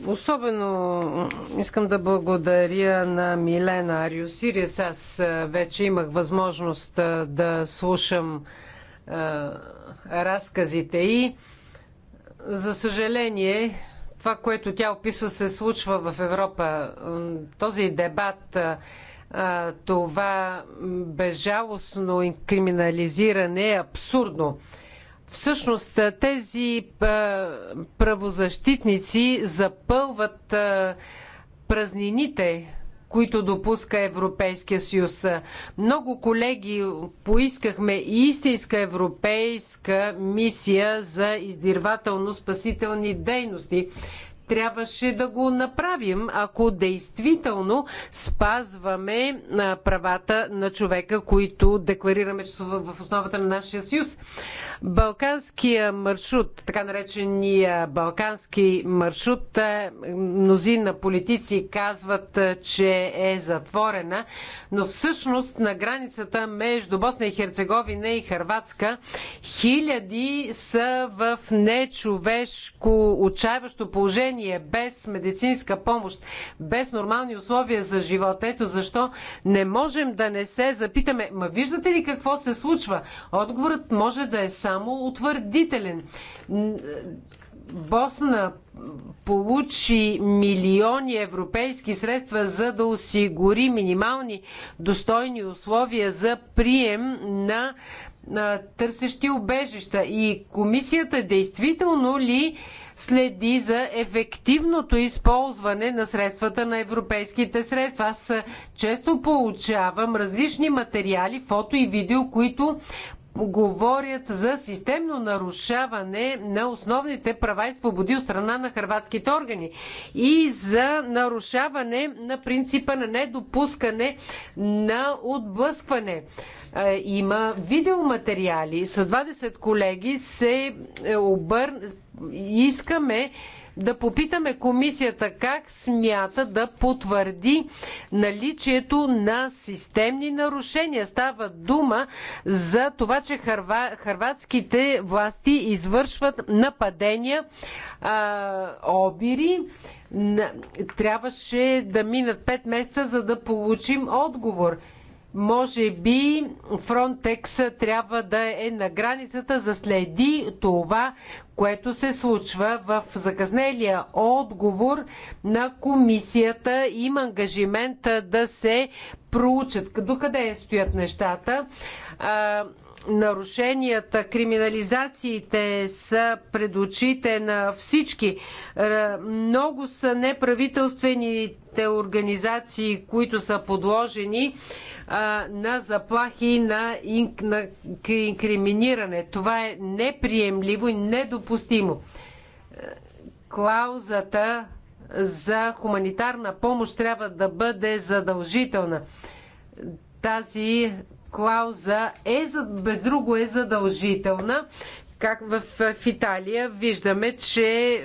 Особено искам да благодаря на Милена Ариосирис. Аз вече имах възможност да слушам разказите и за съжаление това, което тя описва, се случва в Европа. Този дебат това безжалостно криминализиране е абсурдно. Всъщност тези правозащитници запълват празнините, които допуска Европейския съюз. Много колеги поискахме истинска европейска мисия за издирвателно-спасителни дейности трябваше да го направим, ако действително спазваме правата на човека, които декларираме, че са в основата на нашия съюз. Балканския маршрут, така наречения балкански маршрут, е, мнозина политици казват, е, че е затворена, но всъщност на границата между Босна и Херцеговина и Харватска хиляди са в нечовешко отчаяващо положение лечение, без медицинска помощ, без нормални условия за живот. Ето защо не можем да не се запитаме, ма виждате ли какво се случва? Отговорът може да е само утвърдителен. Босна получи милиони европейски средства, за да осигури минимални достойни условия за прием на, на търсещи убежища. И комисията действително ли следи за ефективното използване на средствата на европейските средства. Аз често получавам различни материали, фото и видео, които говорят за системно нарушаване на основните права и свободи от страна на хрватските органи и за нарушаване на принципа на недопускане на отблъскване. Е, има видеоматериали. С 20 колеги се е, обър... искаме да попитаме комисията как смята да потвърди наличието на системни нарушения. Става дума за това, че харва... харватските власти извършват нападения, а, обири. Трябваше да минат 5 месеца, за да получим отговор. Може би Фронтекс трябва да е на границата за следи това, което се случва в закъснелия отговор на комисията. Има ангажимент да се проучат докъде стоят нещата нарушенията, криминализациите са пред очите на всички. Много са неправителствените организации, които са подложени на заплахи и на инкриминиране. Това е неприемливо и недопустимо. Клаузата за хуманитарна помощ трябва да бъде задължителна тази клауза е, без друго е задължителна, как в, в Италия виждаме, че е,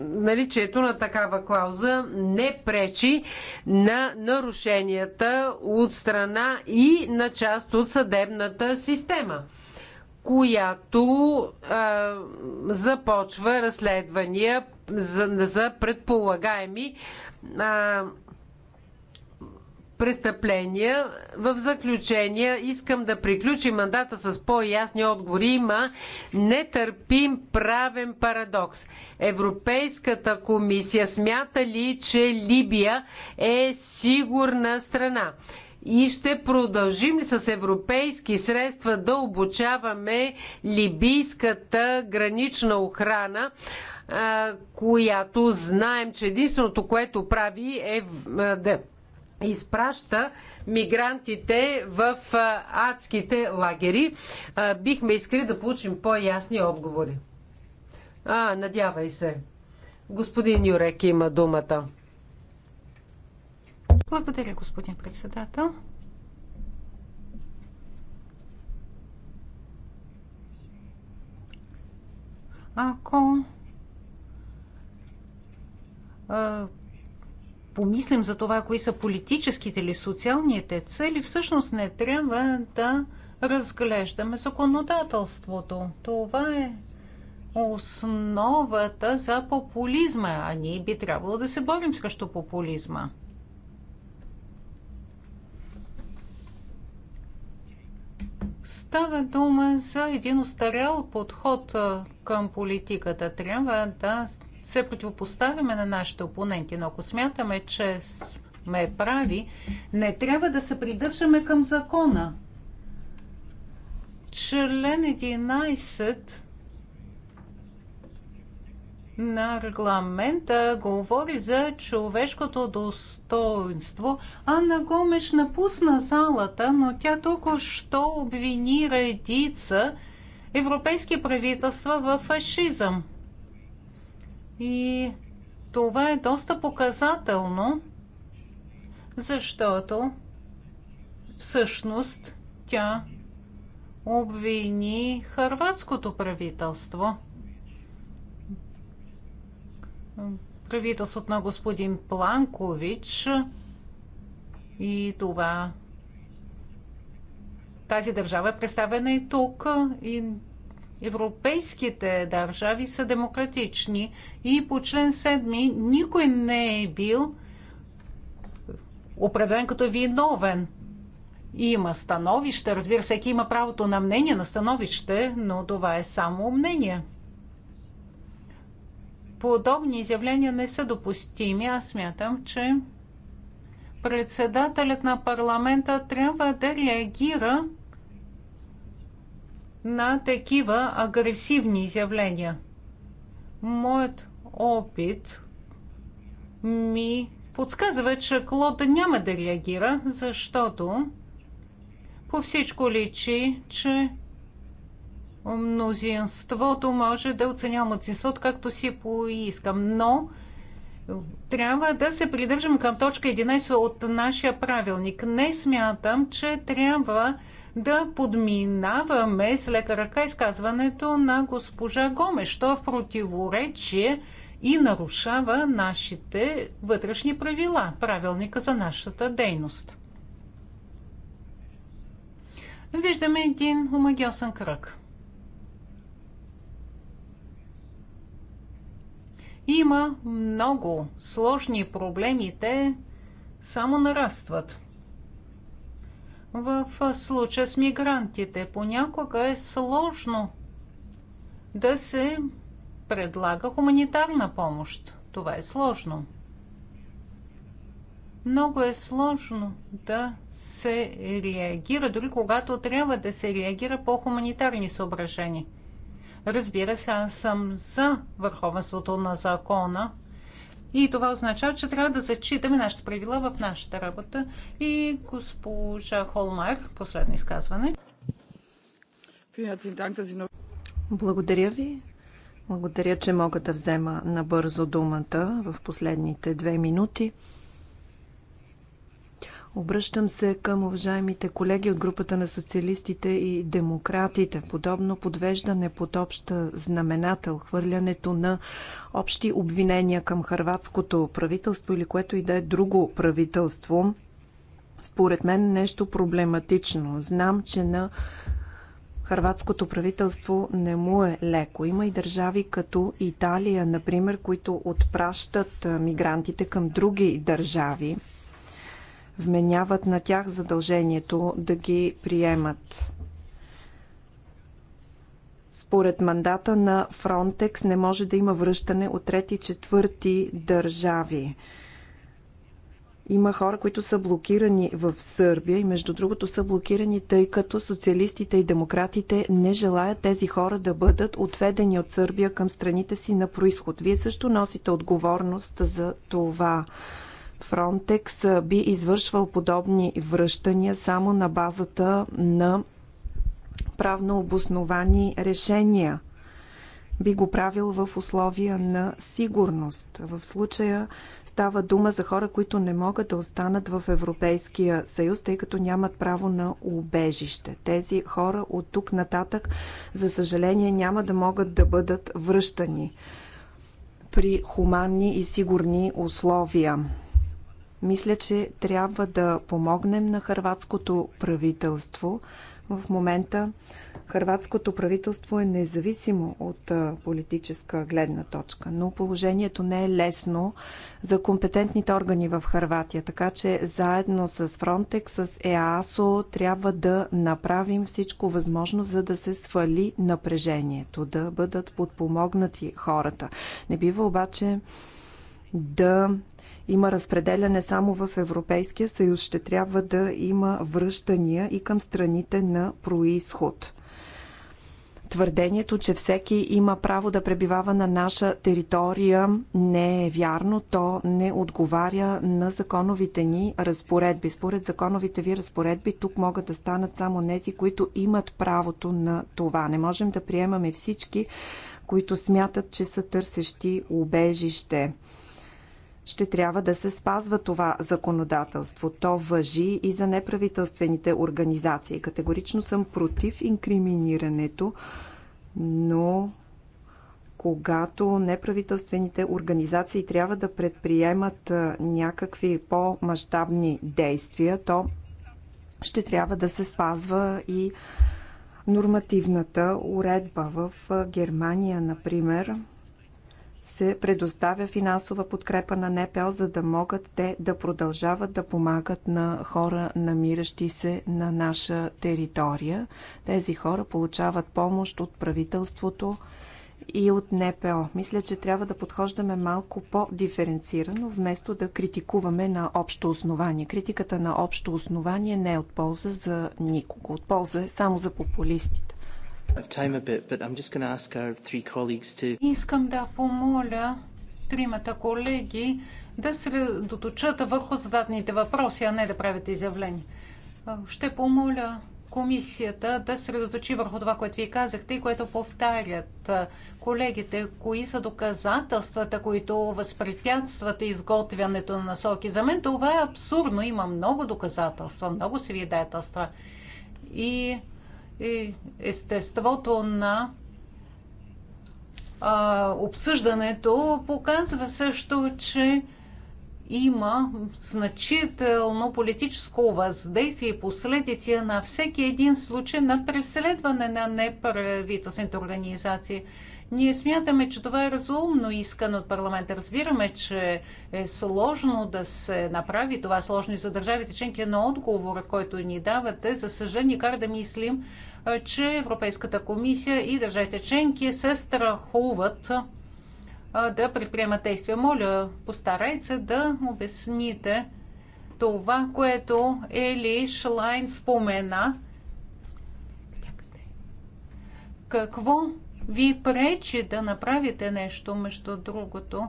наличието на такава клауза не пречи на нарушенията от страна и на част от съдебната система, която е, започва разследвания за, за предполагаеми. Е, престъпления. В заключение искам да приключи мандата с по-ясни отговори. Има нетърпим правен парадокс. Европейската комисия смята ли, че Либия е сигурна страна? И ще продължим ли с европейски средства да обучаваме либийската гранична охрана? която знаем, че единственото, което прави е да изпраща мигрантите в адските лагери. Бихме искали да получим по-ясни отговори. А, надявай се. Господин Юрек има думата. Благодаря, господин председател. Ако помислим за това, кои са политическите или социалните цели, всъщност не трябва да разглеждаме законодателството. Това е основата за популизма, а ние би трябвало да се борим срещу популизма. Става дума за един устарял подход към политиката. Трябва да се противопоставяме на нашите опоненти, но ако смятаме, че сме прави, не трябва да се придържаме към закона. Член 11 на регламента говори за човешкото достоинство. Анна Гомеш напусна залата, но тя току-що обвини редица европейски правителства в фашизъм. И това е доста показателно, защото всъщност тя обвини хърватското правителство. Правителството на господин Планкович и това тази държава е представена и тук и европейските държави са демократични и по член 7 никой не е бил определен като виновен. Има становище, разбира се, всеки има правото на мнение на становище, но това е само мнение. Подобни изявления не са допустими. Аз смятам, че председателят на парламента трябва да реагира на такива агресивни изявления. Моят опит ми подсказва, че Клод няма да реагира, защото по всичко личи, че мнозинството може да оценява младсинството както си поискам. Но трябва да се придържам към точка 11 от нашия правилник. Не смятам, че трябва да подминаваме с лека ръка изказването на госпожа Гомеш. що в противоречие и нарушава нашите вътрешни правила, правилника за нашата дейност. Виждаме един омагиосен кръг. Има много сложни проблеми, те само нарастват – в случая с мигрантите. Понякога е сложно да се предлага хуманитарна помощ. Това е сложно. Много е сложно да се реагира, дори когато трябва да се реагира по хуманитарни съображения. Разбира се, аз съм за върховенството на закона, и това означава, че трябва да зачитаме нашите правила в нашата работа. И госпожа Холмар, последно изказване. Благодаря ви. Благодаря, че мога да взема набързо думата в последните две минути. Обръщам се към уважаемите колеги от групата на социалистите и демократите. Подобно подвеждане под обща знаменател, хвърлянето на общи обвинения към хърватското правителство или което и да е друго правителство, според мен нещо проблематично. Знам, че на Харватското правителство не му е леко. Има и държави като Италия, например, които отпращат мигрантите към други държави вменяват на тях задължението да ги приемат. Според мандата на Фронтекс не може да има връщане от трети четвърти държави. Има хора, които са блокирани в Сърбия и между другото са блокирани, тъй като социалистите и демократите не желаят тези хора да бъдат отведени от Сърбия към страните си на происход. Вие също носите отговорност за това. Фронтекс би извършвал подобни връщания само на базата на правно обосновани решения. Би го правил в условия на сигурност. В случая става дума за хора, които не могат да останат в Европейския съюз, тъй като нямат право на убежище. Тези хора от тук нататък, за съжаление, няма да могат да бъдат връщани при хуманни и сигурни условия. Мисля, че трябва да помогнем на хърватското правителство. В момента хърватското правителство е независимо от политическа гледна точка, но положението не е лесно за компетентните органи в Хърватия, така че заедно с Фронтекс, с ЕАСО трябва да направим всичко възможно, за да се свали напрежението, да бъдат подпомогнати хората. Не бива обаче да има разпределяне само в Европейския съюз, ще трябва да има връщания и към страните на происход. Твърдението, че всеки има право да пребивава на наша територия не е вярно. То не отговаря на законовите ни разпоредби. Според законовите ви разпоредби тук могат да станат само нези, които имат правото на това. Не можем да приемаме всички, които смятат, че са търсещи убежище ще трябва да се спазва това законодателство. То въжи и за неправителствените организации. Категорично съм против инкриминирането, но когато неправителствените организации трябва да предприемат някакви по-масштабни действия, то ще трябва да се спазва и нормативната уредба. В Германия, например, се предоставя финансова подкрепа на НПО, за да могат те да продължават да помагат на хора, намиращи се на наша територия. Тези хора получават помощ от правителството и от НПО. Мисля, че трябва да подхождаме малко по-диференцирано, вместо да критикуваме на общо основание. Критиката на общо основание не е от полза за никого. От полза е само за популистите. Bit, Искам да помоля тримата колеги да средоточат върху зададените въпроси, а не да правят изявление. Ще помоля комисията да средоточи върху това, което вие казахте и което повтарят колегите, кои са доказателствата, които възпрепятстват изготвянето на насоки. За мен това е абсурдно. Има много доказателства, много свидетелства. И и естеството на а, обсъждането показва също, че има значително политическо въздействие и последици на всеки един случай на преследване на неправителствените организации. Ние смятаме, че това е разумно искан от парламента. Разбираме, че е сложно да се направи това, сложно и за държавите членки, но отговорът, който ни давате, за съжаление, кара да мислим, че Европейската комисия и държавите членки се страхуват да предприемат действия. Моля, постарайте се да обясните това, което Ели Шлайн спомена. Какво ви пречи да направите нещо, между другото?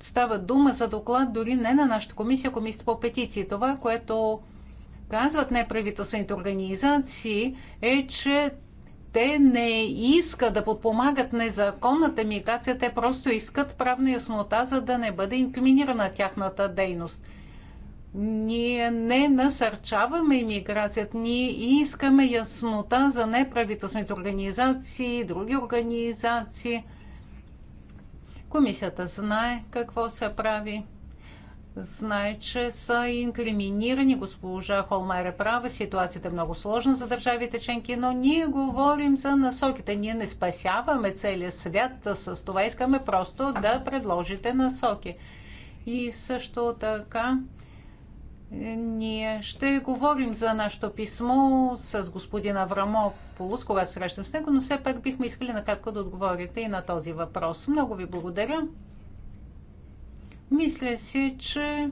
Става дума за доклад дори не на нашата комисия, комисията по петиции. Това, което казват неправителствените организации, е, че те не искат да подпомагат незаконната миграция, те просто искат правна яснота, за да не бъде инкриминирана тяхната дейност. Ние не насърчаваме иммиграцията, ние искаме яснота за неправителствените организации, други организации. Комисията знае какво се прави знае, че са инкриминирани. Госпожа Холмайер е права, ситуацията е много сложна за държавите членки, но ние говорим за насоките. Ние не спасяваме целия свят с това. Искаме просто да предложите насоки. И също така ние ще говорим за нашето писмо с господин Аврамо Полус, когато срещам с него, но все пак бихме искали накратко да отговорите и на този въпрос. Много ви благодаря. Мисля си, че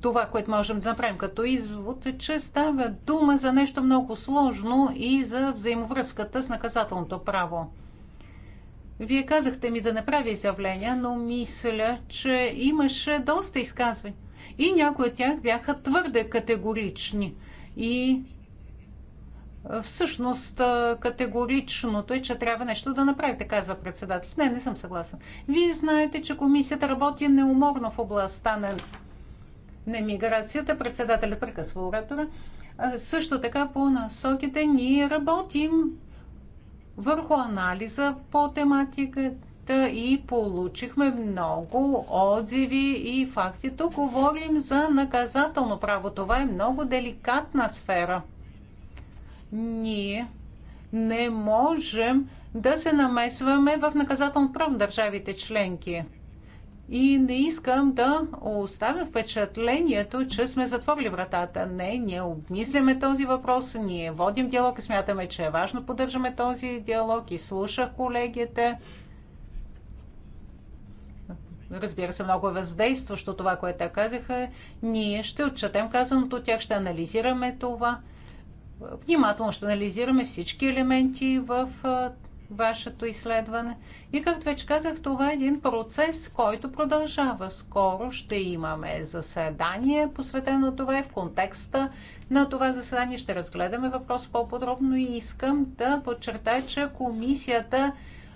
това, което можем да направим като извод е, че става дума за нещо много сложно и за взаимовръзката с наказателното право. Вие казахте ми да направя изявления, но мисля, че имаше доста изказвания. И някои от тях бяха твърде категорични. И Всъщност категоричното е, че трябва нещо да направите, казва председател. Не, не съм съгласен. Вие знаете, че комисията работи неуморно в областта на, на миграцията. Председателят прекъсва оратора. Също така по насоките ние работим върху анализа по тематиката и получихме много отзиви и факти. Тук говорим за наказателно право. Това е много деликатна сфера – ние не можем да се намесваме в наказателно право държавите членки. И не искам да оставя впечатлението, че сме затворили вратата. Не, ние обмисляме този въпрос, ние водим диалог и смятаме, че е важно поддържаме този диалог и слушах колегите. Разбира се, много е въздействащо това, което казаха. Ние ще отчетем казаното от тях, ще анализираме това – Внимателно ще анализираме всички елементи в вашето изследване. И както вече казах, това е един процес, който продължава. Скоро ще имаме заседание, посветено на това и в контекста на това заседание ще разгледаме въпрос по-подробно и искам да подчертая, че комисията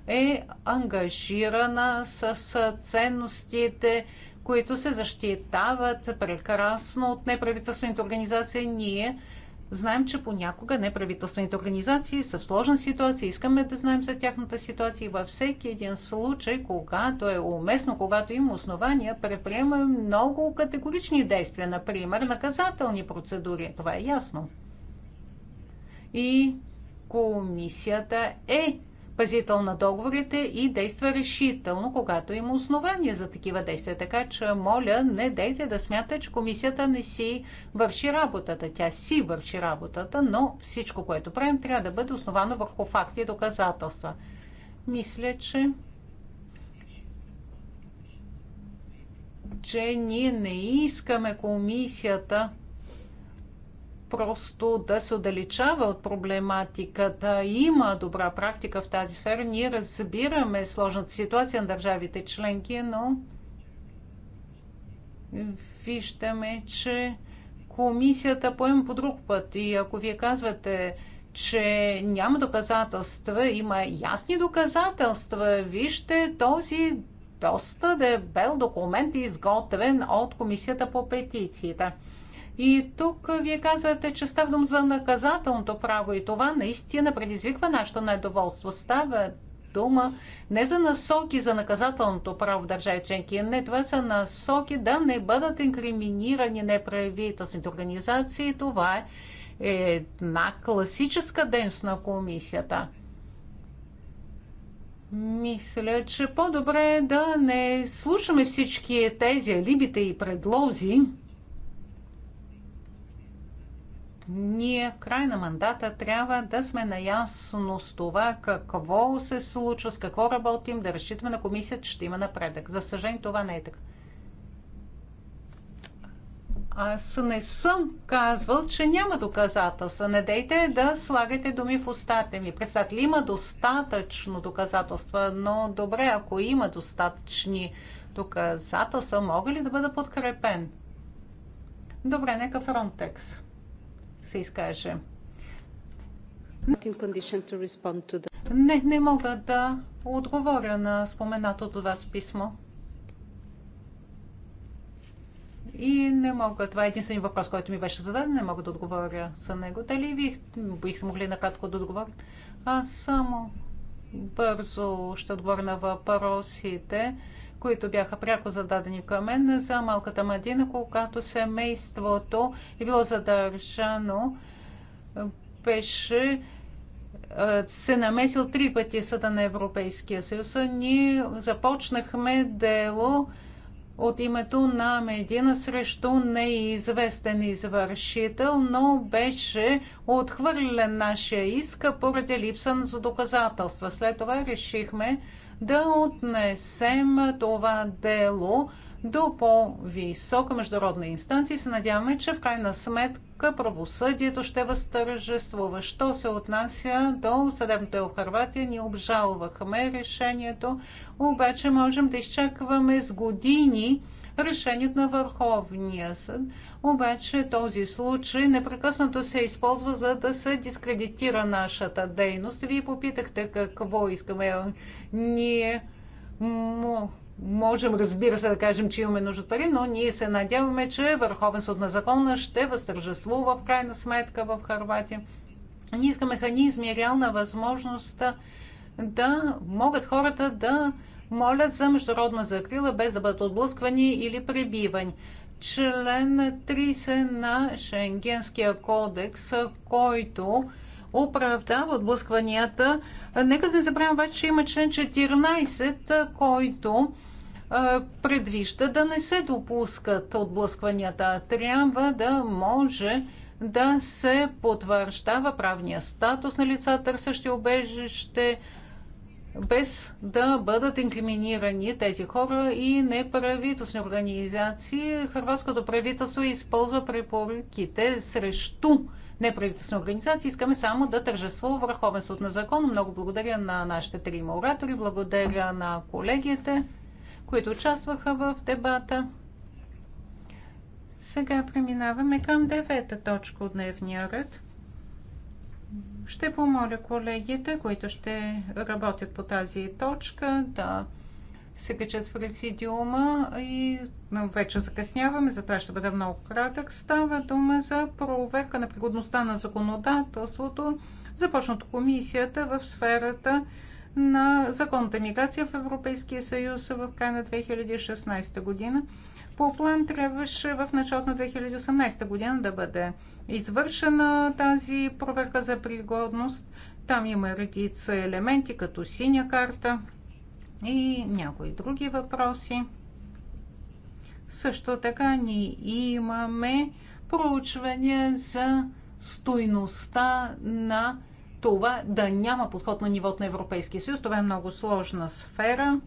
е ангажирана с ценностите, които се защитават прекрасно от неправителствените организации. Ние Знаем, че понякога неправителствените организации са в сложна ситуация, искаме да знаем за тяхната ситуация и във всеки един случай, когато е уместно, когато има основания, предприемаме много категорични действия, например наказателни процедури. Това е ясно. И комисията е пазител на договорите и действа решително, когато има основания за такива действия. Така че, моля, не дейте да смятате, че комисията не си върши работата. Тя си върши работата, но всичко, което правим, трябва да бъде основано върху факти и доказателства. Мисля, че че ние не искаме комисията просто да се отдалечава от проблематиката. Има добра практика в тази сфера. Ние разбираме сложната ситуация на държавите членки, но виждаме, че комисията поема по друг път. И ако вие казвате, че няма доказателства, има ясни доказателства, вижте този доста дебел документ, е изготвен от комисията по петицията. И тук вие казвате, че става дума за наказателното право и това наистина предизвиква нашето недоволство. Става дума не за насоки за наказателното право в държави членки, не, това са насоки да не бъдат инкриминирани неправителствените организации. Това е една класическа дейност на комисията. Мисля, че по-добре е да не слушаме всички тези либите и предлози, ние в край на мандата трябва да сме наясно с това какво се случва, с какво работим, да разчитаме на комисията, че ще има напредък. За съжаление, това не е така. Аз не съм казвал, че няма доказателства. Не дейте да слагате думи в устата ми. Представете ли, има достатъчно доказателства, но добре, ако има достатъчни доказателства, мога ли да бъда подкрепен? Добре, нека Фронтекс се изкаже. Не, не мога да отговоря на споменато от вас писмо. И не мога. Това е единствен въпрос, който ми беше зададен. Не мога да отговоря за него. Дали ви бихте могли накратко да отговорите? Аз само бързо ще отговоря на въпросите които бяха пряко зададени към мен за малката Мадина, когато семейството е било задържано, беше се намесил три пъти съда на Европейския съюз. Ние започнахме дело от името на Медина срещу неизвестен извършител, но беше отхвърлен нашия иск поради липса на доказателства. След това решихме да отнесем това дело до по-висока международна инстанция и се надяваме, че в крайна сметка правосъдието ще възтържествува. Що се отнася до съдебното дело в Харватия, ние обжалвахме решението, обаче можем да изчакваме с години решението на Върховния съд. Обаче този случай непрекъснато се използва за да се дискредитира нашата дейност. Вие попитахте какво искаме. Ние можем, разбира се, да кажем, че имаме нужда от пари, но ние се надяваме, че върховенството на закона ще възтържествува в крайна сметка в Харватия. Ние искаме механизми и реална възможност да могат хората да молят за международна закрила, без да бъдат отблъсквани или пребивани член 30 на Шенгенския кодекс, който оправдава отблъскванията. Нека да не забравяме обаче, че има член 14, който предвижда да не се допускат отблъскванията. Трябва да може да се потвърждава правния статус на лица, търсещи обежище, без да бъдат инкриминирани тези хора и неправителствени организации. Хрватското правителство използва препоръките срещу неправителствени организации. Искаме само да тържествува върховенството на закон. Много благодаря на нашите три оратори, благодаря на колегите, които участваха в дебата. Сега преминаваме към девета точка от дневния ред. Ще помоля колегите, които ще работят по тази точка, да се качат в рецидиума и вече закъсняваме, затова ще бъда много кратък. Става дума за проверка на пригодността на законодателството, започнато комисията в сферата на законната миграция в Европейския съюз в края на 2016 година. По план трябваше в началото на 2018 година да бъде извършена тази проверка за пригодност. Там има редица елементи, като синя карта и някои други въпроси. Също така ни имаме проучване за стойността на това да няма подход на нивото на Европейския съюз. Това е много сложна сфера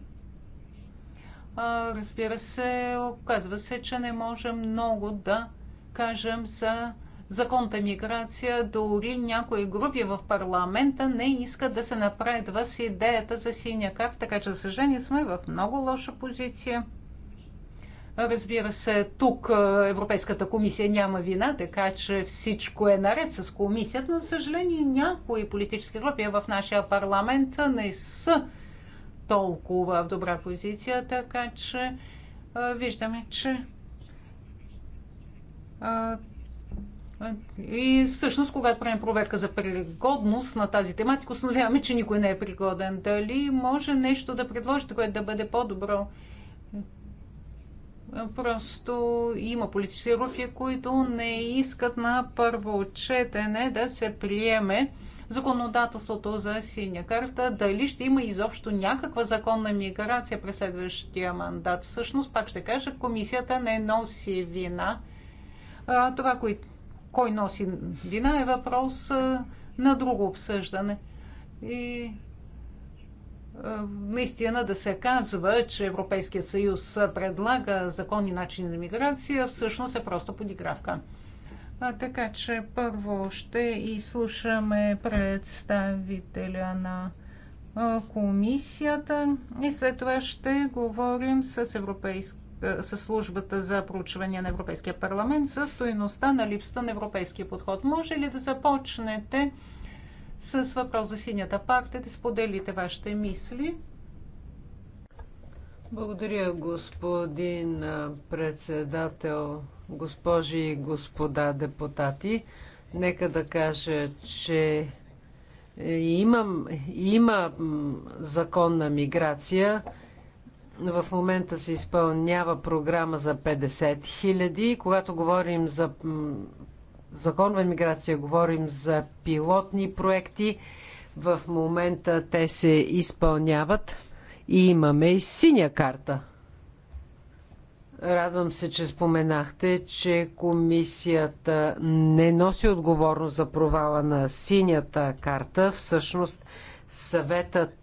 разбира се, оказва се, че не може много да кажем за законната миграция. Дори някои групи в парламента не искат да се направят с идеята за синя карта, така че, за съжаление, сме в много лоша позиция. Разбира се, тук Европейската комисия няма вина, така че всичко е наред с комисията, но, за съжаление, някои политически групи в нашия парламент не са толкова в добра позиция, така че виждаме, че и всъщност, когато правим проверка за пригодност на тази тематика, установяваме, че никой не е пригоден. Дали може нещо да предложите, което да бъде по-добро? Просто има политически рухи, които не искат на първо четене да се приеме законодателството за синя карта, дали ще има изобщо някаква законна миграция през следващия мандат. Всъщност, пак ще кажа, комисията не носи вина. А, това, кой, кой носи вина, е въпрос а, на друго обсъждане. И наистина да се казва, че Европейския съюз предлага законни начин на миграция, всъщност е просто подигравка. А, така че първо ще изслушаме представителя на комисията и след това ще говорим с, европейск... с службата за проучване на Европейския парламент за стоеността на липсата на европейския подход. Може ли да започнете с въпрос за синята партия, да споделите вашите мисли? Благодаря, господин председател госпожи и господа депутати. Нека да кажа, че имам, има законна миграция. В момента се изпълнява програма за 50 хиляди. Когато говорим за законна миграция, говорим за пилотни проекти. В момента те се изпълняват и имаме и синя карта. Радвам се, че споменахте, че комисията не носи отговорност за провала на синята карта. Всъщност съветът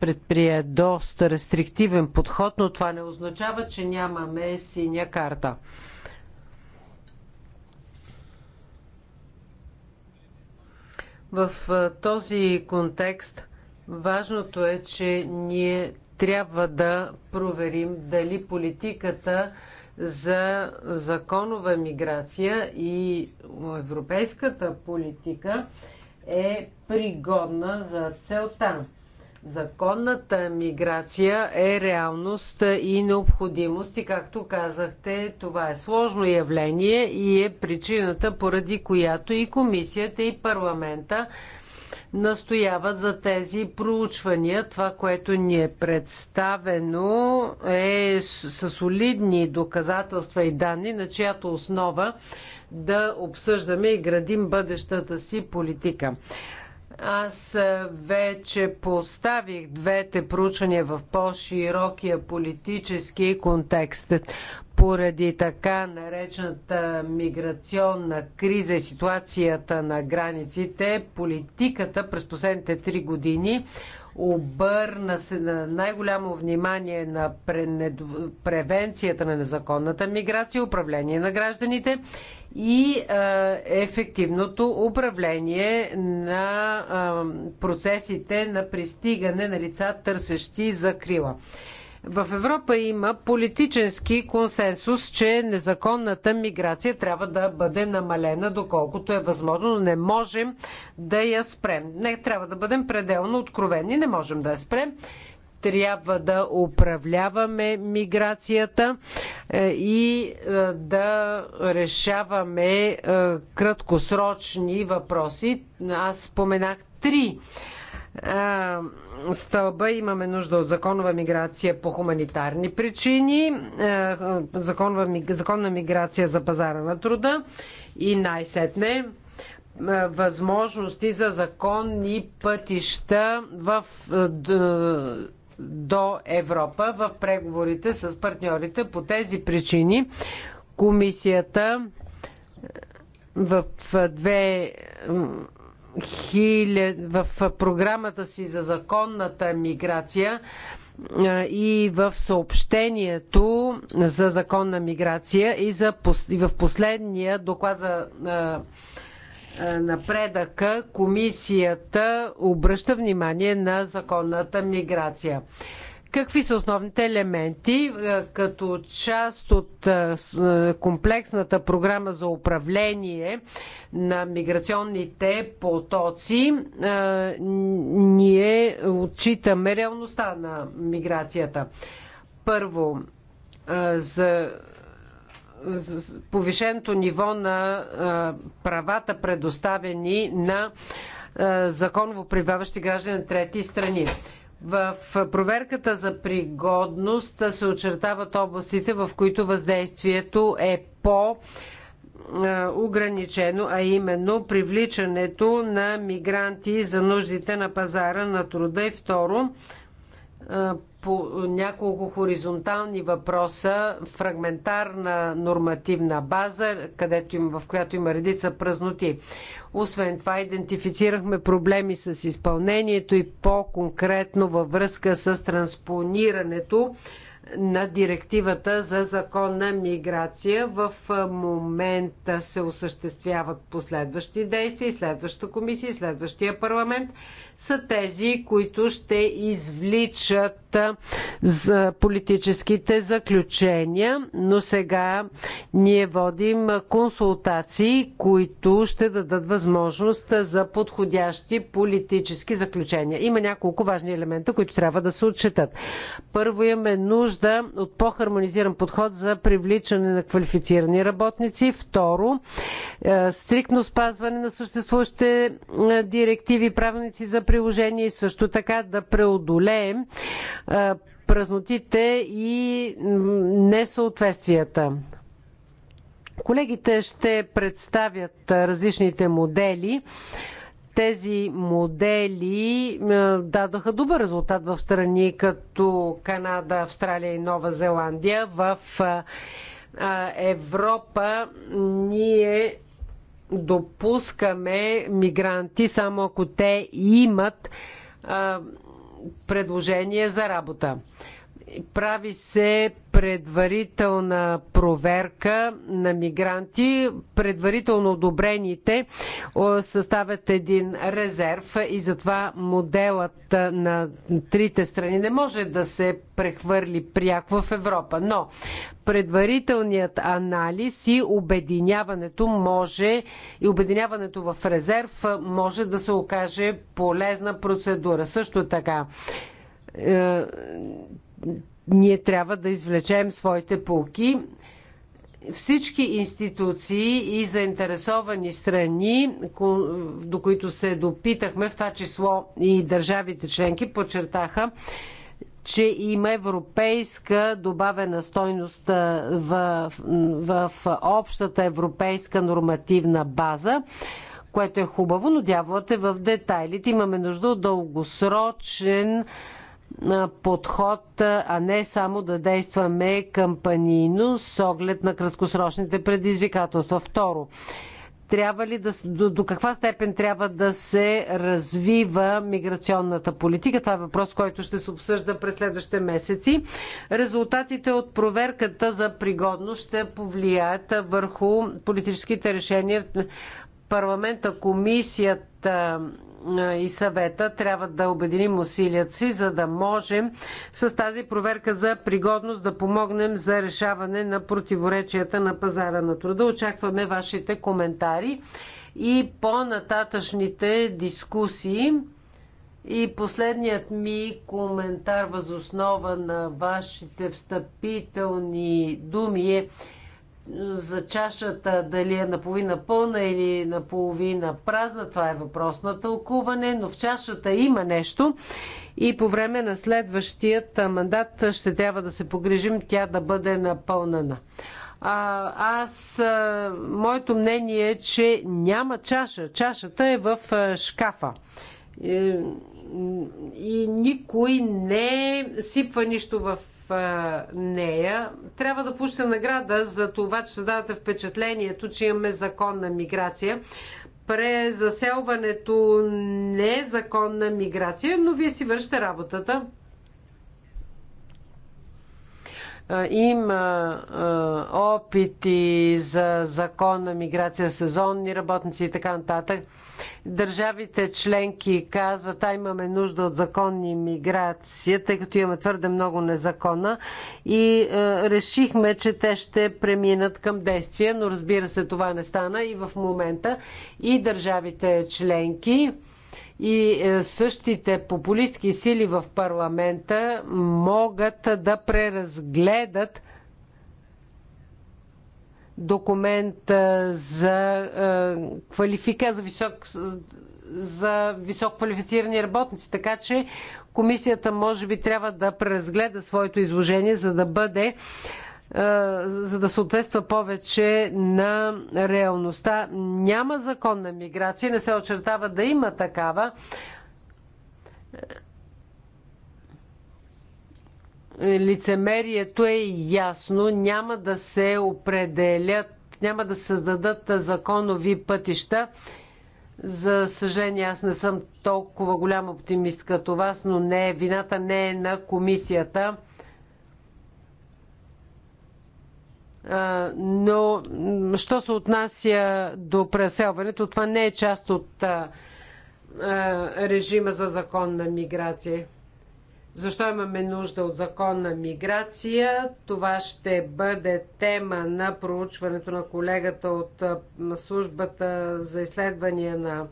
предприе доста рестриктивен подход, но това не означава, че нямаме синя карта. В този контекст важното е, че ние трябва да проверим дали политиката за законова миграция и европейската политика е пригодна за целта. Законната миграция е реалност и необходимост и както казахте, това е сложно явление и е причината, поради която и комисията, и парламента настояват за тези проучвания. Това, което ни е представено е с солидни доказателства и данни, на чиято основа да обсъждаме и градим бъдещата си политика. Аз вече поставих двете проучвания в по-широкия политически контекст. Поради така наречената миграционна криза и ситуацията на границите, политиката през последните три години Обърна се на най-голямо внимание на превенцията на незаконната миграция, управление на гражданите и ефективното управление на процесите на пристигане на лица, търсещи закрила. В Европа има политически консенсус, че незаконната миграция трябва да бъде намалена доколкото е възможно, но не можем да я спрем. Не, трябва да бъдем пределно откровени, не можем да я спрем. Трябва да управляваме миграцията е, и е, да решаваме е, краткосрочни въпроси. Аз споменах три стълба имаме нужда от законова миграция по хуманитарни причини, е, законова, законна миграция за пазара на труда и най-сетне е, възможности за законни пътища в, е, до Европа в преговорите с партньорите. По тези причини комисията в две в програмата си за законната миграция и в съобщението за законна миграция и, за, и в последния доклад за напредъка комисията обръща внимание на законната миграция. Какви са основните елементи е, като част от е, е, комплексната програма за управление на миграционните потоци? Ние отчитаме реалността на миграцията. Първо, за повишеното ниво на правата, предоставени на законово прибаващи граждани на трети страни. В проверката за пригодност се очертават областите, в които въздействието е по- ограничено, а именно привличането на мигранти за нуждите на пазара на труда и второ по няколко хоризонтални въпроса, фрагментарна нормативна база, където им, в която има редица празноти. Освен това, идентифицирахме проблеми с изпълнението и по-конкретно във връзка с транспонирането на директивата за законна миграция. В момента се осъществяват последващи действия и следващата комисия, и следващия парламент са тези, които ще извличат за политическите заключения, но сега ние водим консултации, които ще дадат възможност за подходящи политически заключения. Има няколко важни елемента, които трябва да се отчитат. Първо имаме нужда от по-хармонизиран подход за привличане на квалифицирани работници. Второ, е, стриктно спазване на съществуващите е, директиви и правилници за приложение и също така да преодолеем е, празнотите и несъответствията. Колегите ще представят е, различните модели. Тези модели е, дадаха добър резултат в страни като Канада, Австралия и Нова Зеландия. В Европа ние допускаме мигранти само ако те имат предложение за работа прави се предварителна проверка на мигранти. Предварително одобрените съставят един резерв и затова моделът на трите страни не може да се прехвърли пряко в Европа. Но предварителният анализ и обединяването може и обединяването в резерв може да се окаже полезна процедура. Също така е, ние трябва да извлечем своите полки. Всички институции и заинтересовани страни, до които се допитахме, в това число и държавите членки, подчертаха, че има е европейска добавена стойност в, в общата европейска нормативна база, което е хубаво, но дяволът е в детайлите. Имаме нужда от дългосрочен подход, а не само да действаме кампанийно с оглед на краткосрочните предизвикателства. Второ, трябва ли да, до, до каква степен трябва да се развива миграционната политика? Това е въпрос, който ще се обсъжда през следващите месеци. Резултатите от проверката за пригодност ще повлияят върху политическите решения. Парламента, комисията, е, и съвета трябва да обединим усилията си, за да можем с тази проверка за пригодност да помогнем за решаване на противоречията на пазара на труда. Очакваме вашите коментари и по-нататъчните дискусии. И последният ми коментар възоснова на вашите встъпителни думи е за чашата дали е наполовина пълна или наполовина празна, това е въпрос на тълкуване, но в чашата има нещо и по време на следващият мандат ще трябва да се погрежим, тя да бъде напълнена. А, аз, а, моето мнение е, че няма чаша. Чашата е в а, шкафа. И, е, и никой не сипва нищо в нея. Трябва да получите награда за това, че създавате впечатлението, че имаме законна миграция. Презаселването не е законна миграция, но вие си вършите работата. Има опити за закона, миграция, сезонни работници и така нататък. Държавите членки казват, а имаме нужда от законни миграция, тъй като имаме твърде много незакона и решихме, че те ще преминат към действия, но разбира се, това не стана и в момента и държавите членки и е, същите популистски сили в парламента могат да преразгледат документ е, за, е, квалифика, за, висок, за висококвалифицирани работници. Така че комисията може би трябва да преразгледа своето изложение, за да бъде за да съответства повече на реалността. Няма законна миграция, не се очертава да има такава. Лицемерието е ясно, няма да се определят, няма да създадат законови пътища. За съжаление, аз не съм толкова голям оптимист като вас, но не, е вината не е на комисията но що се отнася до преселването, това не е част от режима за законна миграция. Защо имаме нужда от законна миграция? Това ще бъде тема на проучването на колегата от службата за изследвания на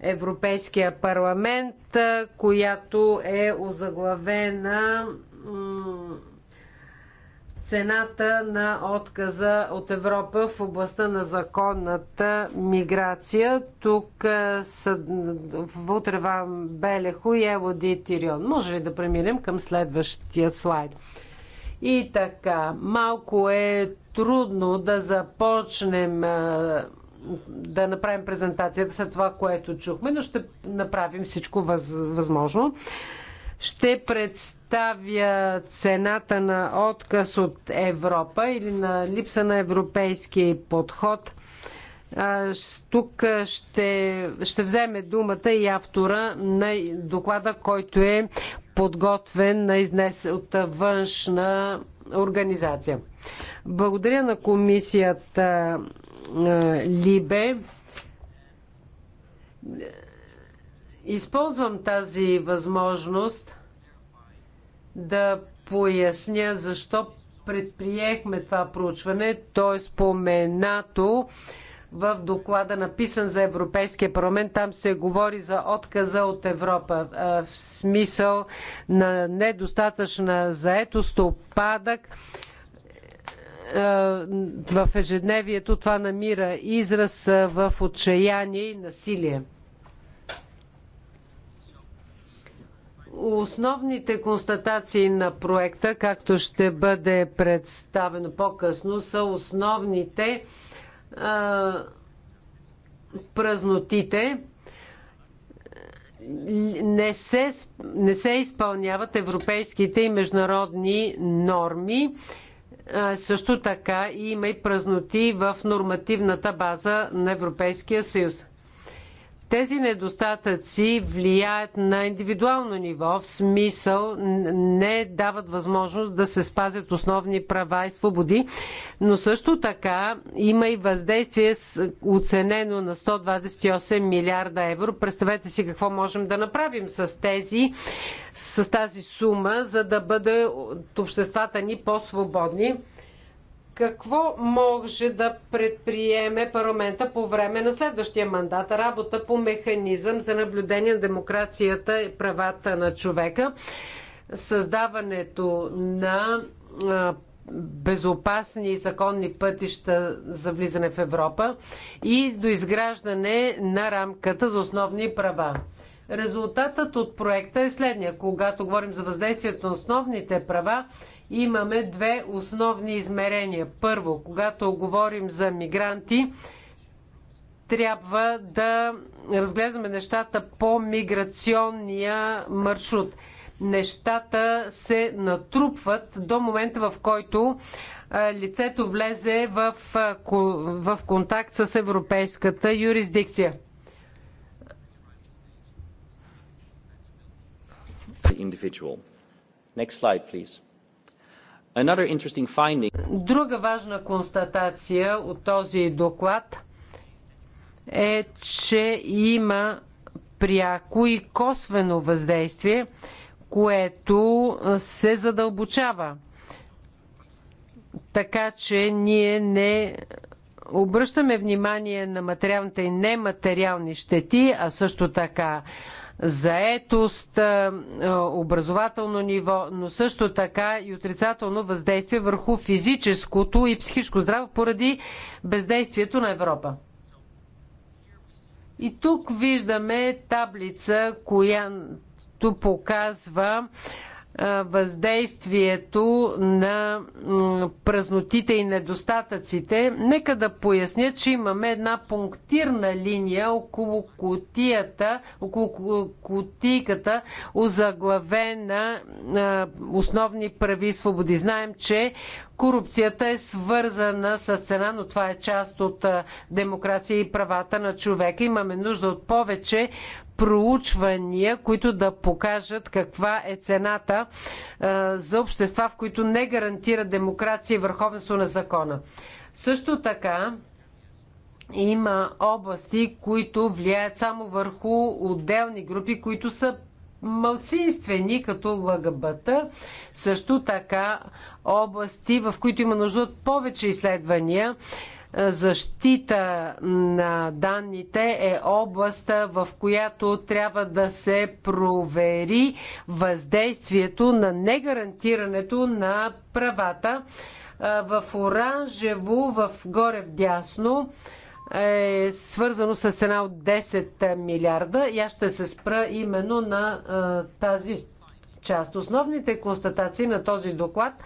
Европейския парламент, която е озаглавена цената на отказа от Европа в областта на законната миграция. Тук е, са Вутреван Белехо и Еводи Тирион. Може ли да преминем към следващия слайд? И така, малко е трудно да започнем е, да направим презентацията след това, което чухме, но ще направим всичко възможно ще представя цената на отказ от Европа или на липса на европейски подход. Тук ще, ще вземе думата и автора на доклада, който е подготвен на изнес от външна организация. Благодаря на комисията Либе Използвам тази възможност да поясня защо предприехме това проучване. То е споменато в доклада, написан за Европейския парламент. Там се говори за отказа от Европа в смисъл на недостатъчна заетост, опадък. В ежедневието това намира израз в отчаяние и насилие. Основните констатации на проекта, както ще бъде представено по-късно, са основните а, празнотите. Не се, не се изпълняват европейските и международни норми. А, също така има и празноти в нормативната база на Европейския съюз. Тези недостатъци влияят на индивидуално ниво, в смисъл не дават възможност да се спазят основни права и свободи, но също така има и въздействие оценено на 128 милиарда евро. Представете си какво можем да направим с тези с тази сума, за да бъдат обществата ни по-свободни. Какво може да предприеме парламента по време на следващия мандат? Работа по механизъм за наблюдение на демокрацията и правата на човека, създаването на безопасни и законни пътища за влизане в Европа и до изграждане на рамката за основни права. Резултатът от проекта е следния. Когато говорим за въздействието на основните права, имаме две основни измерения. Първо, когато говорим за мигранти, трябва да разглеждаме нещата по миграционния маршрут. Нещата се натрупват до момента, в който лицето влезе в, в контакт с европейската юрисдикция. Individual. Next slide, please. Друга важна констатация от този доклад е, че има пряко и косвено въздействие, което се задълбочава. Така че ние не обръщаме внимание на материалните и нематериални щети, а също така заетост, образователно ниво, но също така и отрицателно въздействие върху физическото и психическо здраве поради бездействието на Европа. И тук виждаме таблица, която показва въздействието на празнотите и недостатъците. Нека да поясня, че имаме една пунктирна линия около кутията, около кутийката, озаглавена основни прави и свободи. Знаем, че корупцията е свързана с цена, но това е част от демокрация и правата на човека. Имаме нужда от повече проучвания, които да покажат каква е цената за общества, в които не гарантира демокрация и върховенство на закона. Също така, има области, които влияят само върху отделни групи, които са малцинствени, като ЛГБТ. Също така области, в които има нужда от повече изследвания е, защита на данните е област, в която трябва да се провери въздействието на негарантирането на правата. Е, в оранжево, в горе вдясно, е свързано с една от 10 милиарда и аз ще се спра именно на е, тази част. Основните констатации на този доклад –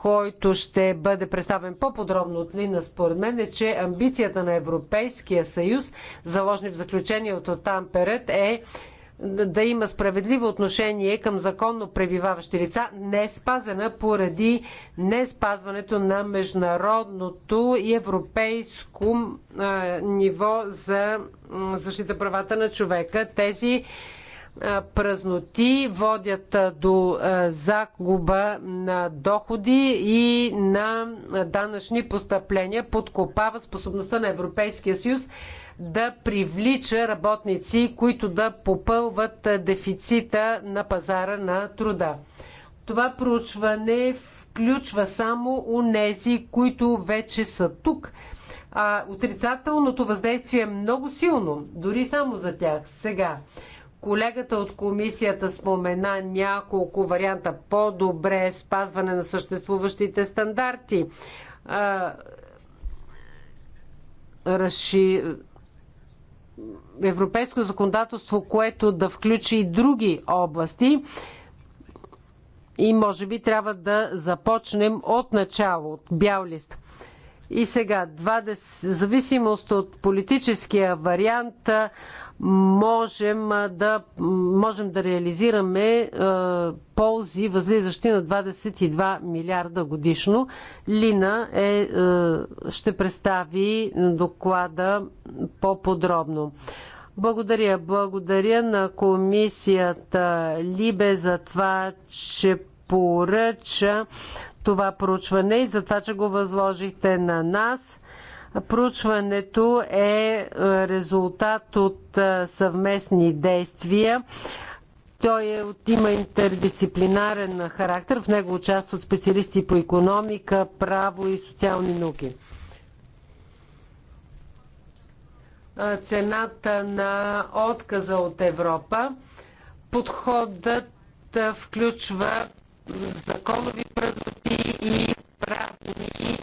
който ще бъде представен по-подробно от Лина, според мен е, че амбицията на Европейския съюз, заложени в заключение от Тамперет, е да има справедливо отношение към законно пребиваващи лица, не спазена поради не спазването на международното и европейско а, ниво за защита правата на човека. Тези празноти водят до загуба на доходи и на данъчни постъпления, подкопава способността на Европейския съюз да привлича работници, които да попълват дефицита на пазара на труда. Това проучване включва само унези, които вече са тук. А отрицателното въздействие е много силно, дори само за тях. Сега, Колегата от комисията спомена няколко варианта. По-добре е спазване на съществуващите стандарти. Разши... Европейско законодателство, което да включи и други области. И може би трябва да започнем от начало, от бял лист. И сега, 20, зависимост от политическия вариант, можем да, можем да реализираме е, ползи, възлизащи на 22 милиарда годишно. Лина е, е, ще представи доклада по-подробно. Благодаря. Благодаря на комисията Либе за това, че поръча това проучване и за това, че го възложихте на нас. Проучването е, е резултат от е, съвместни действия. Той е има интердисциплинарен характер. В него участват специалисти по економика, право и социални науки. Цената на отказа от Европа. Подходът включва законови празноти и правни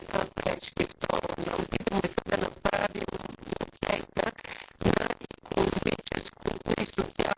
социална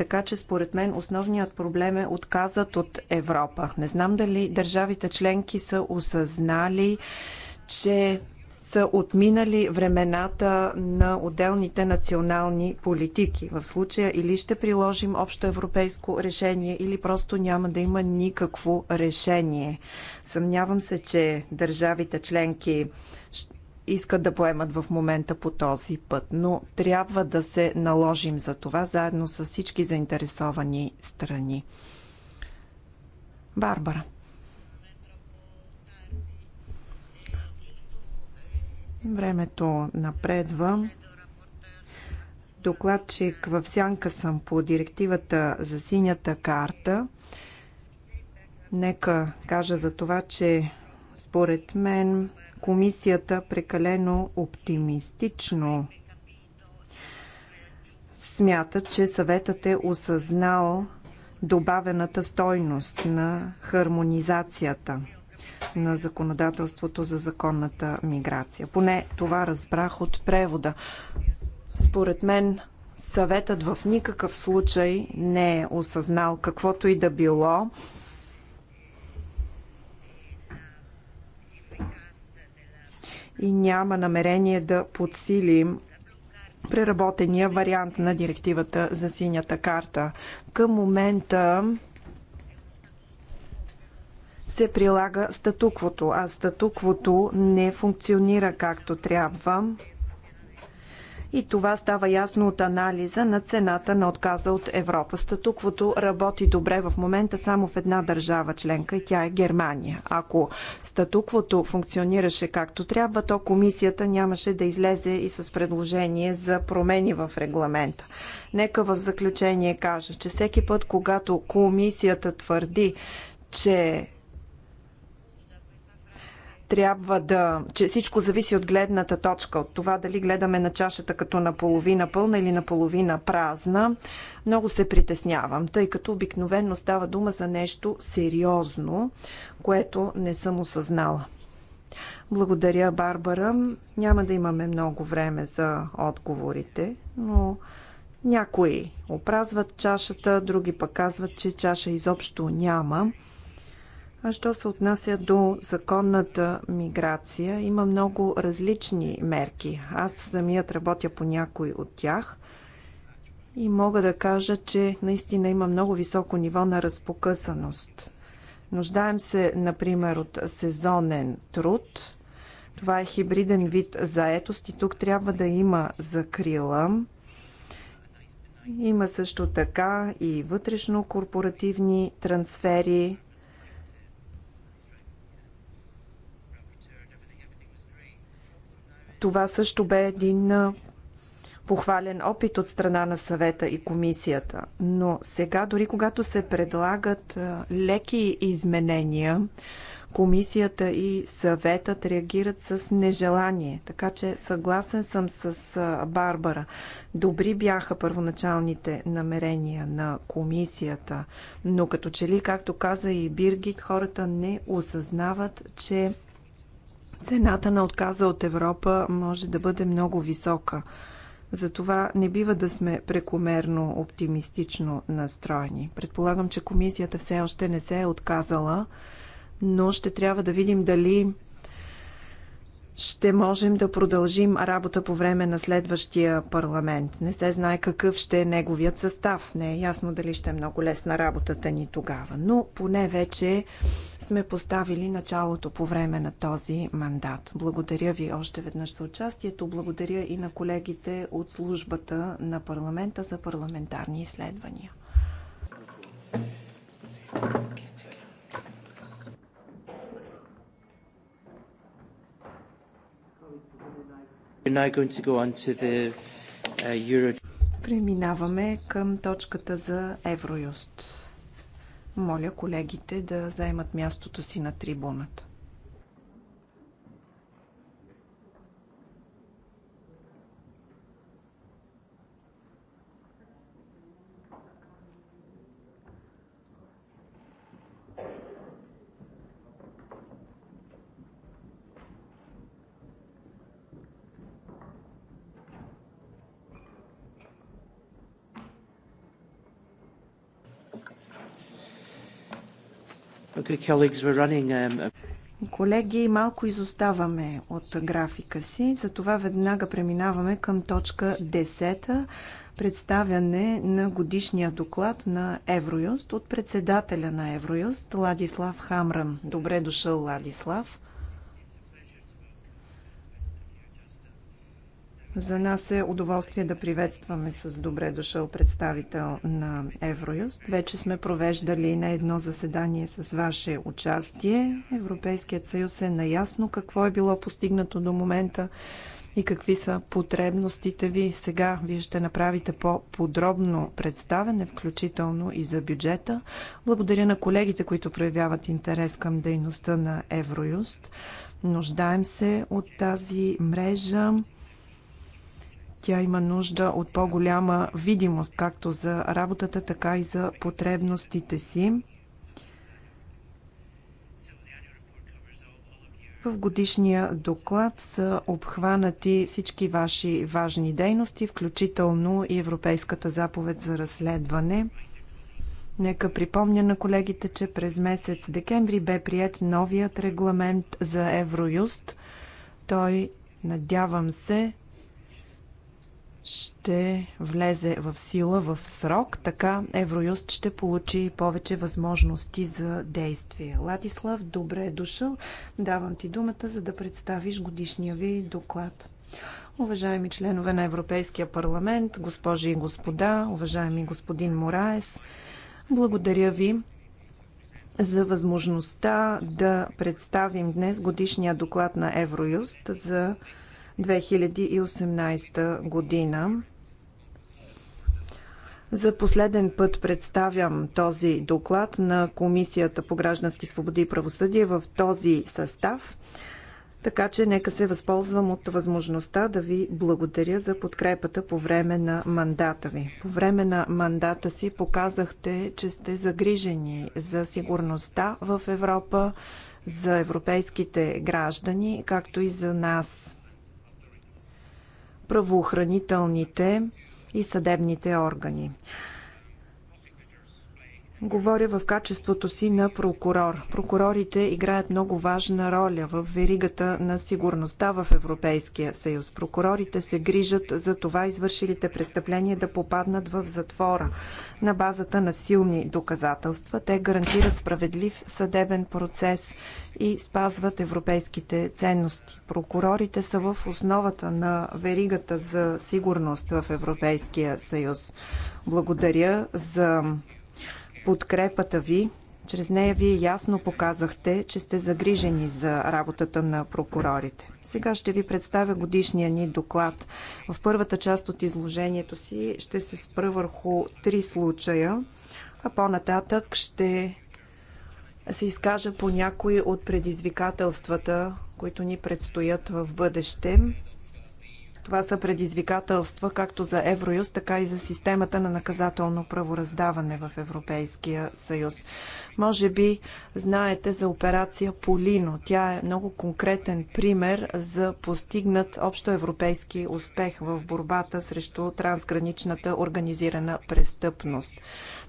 Така че според мен основният проблем е отказът от Европа. Не знам дали държавите членки са осъзнали, че са отминали времената на отделните национални политики. В случая или ще приложим общо европейско решение, или просто няма да има никакво решение. Съмнявам се, че държавите членки искат да поемат в момента по този път. Но трябва да се наложим за това заедно с всички заинтересовани страни. Барбара. Времето напредва. Докладчик в сянка съм по директивата за синята карта. Нека кажа за това, че според мен комисията прекалено оптимистично. Смята, че съветът е осъзнал добавената стойност на хармонизацията на законодателството за законната миграция. Поне това разбрах от превода. Според мен съветът в никакъв случай не е осъзнал каквото и да било и няма намерение да подсилим преработения вариант на директивата за синята карта. Към момента се прилага статуквото, а статуквото не функционира както трябва. И това става ясно от анализа на цената на отказа от Европа. Статуквото работи добре в момента само в една държава членка и тя е Германия. Ако статуквото функционираше както трябва, то комисията нямаше да излезе и с предложение за промени в регламента. Нека в заключение кажа, че всеки път, когато комисията твърди, че трябва да, че всичко зависи от гледната точка, от това дали гледаме на чашата като наполовина пълна или наполовина празна, много се притеснявам, тъй като обикновенно става дума за нещо сериозно, което не съм осъзнала. Благодаря, Барбара. Няма да имаме много време за отговорите, но някои опразват чашата, други пък казват, че чаша изобщо няма. А що се отнася до законната миграция, има много различни мерки. Аз самият работя по някой от тях и мога да кажа, че наистина има много високо ниво на разпокъсаност. Нуждаем се, например, от сезонен труд. Това е хибриден вид заетост и тук трябва да има закрила. Има също така и вътрешно корпоративни трансфери, Това също бе един похвален опит от страна на съвета и комисията. Но сега, дори когато се предлагат леки изменения, комисията и съветът реагират с нежелание. Така че съгласен съм с Барбара. Добри бяха първоначалните намерения на комисията, но като че ли, както каза и Биргит, хората не осъзнават, че Цената на отказа от Европа може да бъде много висока. Затова не бива да сме прекомерно оптимистично настроени. Предполагам, че комисията все още не се е отказала, но ще трябва да видим дали ще можем да продължим работа по време на следващия парламент. Не се знае какъв ще е неговият състав. Не е ясно дали ще е много лесна работата ни тогава, но поне вече сме поставили началото по време на този мандат. Благодаря ви още веднъж за участието. Благодаря и на колегите от службата на парламента за парламентарни изследвания. Okay. Uh, Преминаваме към точката за Евроюст. Моля колегите да заемат мястото си на трибуната. Um, Колеги, малко изоставаме от графика си, затова веднага преминаваме към точка 10 представяне на годишния доклад на Евроюст от председателя на Евроюст Ладислав Хамрам. Добре дошъл, Ладислав. За нас е удоволствие да приветстваме с добре дошъл представител на Евроюст. Вече сме провеждали на едно заседание с ваше участие. Европейският съюз е наясно какво е било постигнато до момента и какви са потребностите ви. Сега вие ще направите по-подробно представене, включително и за бюджета. Благодаря на колегите, които проявяват интерес към дейността на Евроюст. Нуждаем се от тази мрежа. Тя има нужда от по-голяма видимост, както за работата, така и за потребностите си. В годишния доклад са обхванати всички ваши важни дейности, включително и Европейската заповед за разследване. Нека припомня на колегите, че през месец декември бе прият новият регламент за Евроюст. Той, надявам се, ще влезе в сила в срок, така Евроюст ще получи повече възможности за действие. Ладислав, добре е дошъл. Давам ти думата, за да представиш годишния ви доклад. Уважаеми членове на Европейския парламент, госпожи и господа, уважаеми господин Мораес, благодаря ви за възможността да представим днес годишния доклад на Евроюст за 2018 година. За последен път представям този доклад на Комисията по граждански свободи и правосъдие в този състав. Така че нека се възползвам от възможността да ви благодаря за подкрепата по време на мандата ви. По време на мандата си показахте, че сте загрижени за сигурността в Европа, за европейските граждани, както и за нас правоохранителните и съдебните органи. Говоря в качеството си на прокурор. Прокурорите играят много важна роля в веригата на сигурността в Европейския съюз. Прокурорите се грижат за това извършилите престъпления да попаднат в затвора. На базата на силни доказателства те гарантират справедлив съдебен процес и спазват европейските ценности. Прокурорите са в основата на веригата за сигурност в Европейския съюз. Благодаря за подкрепата ви. Чрез нея вие ясно показахте, че сте загрижени за работата на прокурорите. Сега ще ви представя годишния ни доклад. В първата част от изложението си ще се спра върху три случая, а по-нататък ще се изкажа по някои от предизвикателствата, които ни предстоят в бъдеще. Това са предизвикателства както за Евроюз, така и за системата на наказателно правораздаване в Европейския съюз. Може би знаете за операция Полино. Тя е много конкретен пример за постигнат общоевропейски успех в борбата срещу трансграничната организирана престъпност.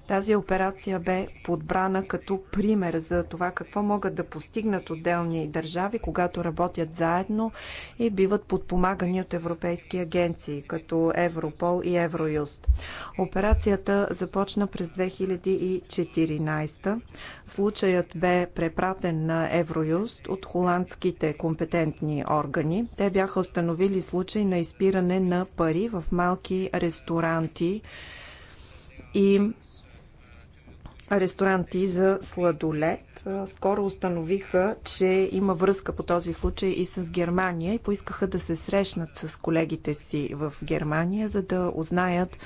Тази операция бе подбрана като пример за това какво могат да постигнат отделни държави, когато работят заедно и биват подпомагани от европейски агенции, като Европол и Евроюст. Операцията започна през 2014. Случаят бе препратен на Евроюст от холандските компетентни органи. Те бяха установили случай на изпиране на пари в малки ресторанти и ресторанти за сладолет. Скоро установиха, че има връзка по този случай и с Германия и поискаха да се срещнат с колегите си в Германия, за да узнаят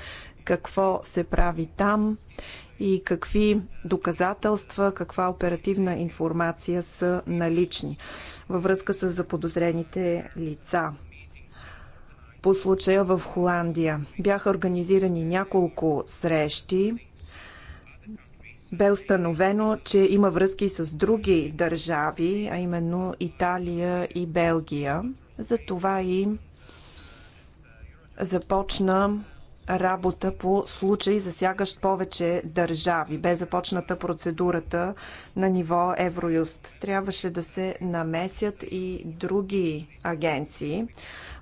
какво се прави там и какви доказателства, каква оперативна информация са налични във връзка с заподозрените лица по случая в Холандия. Бяха организирани няколко срещи бе установено, че има връзки с други държави, а именно Италия и Белгия. Затова и започна работа по случай, засягащ повече държави. Бе започната процедурата на ниво Евроюст. Трябваше да се намесят и други агенции.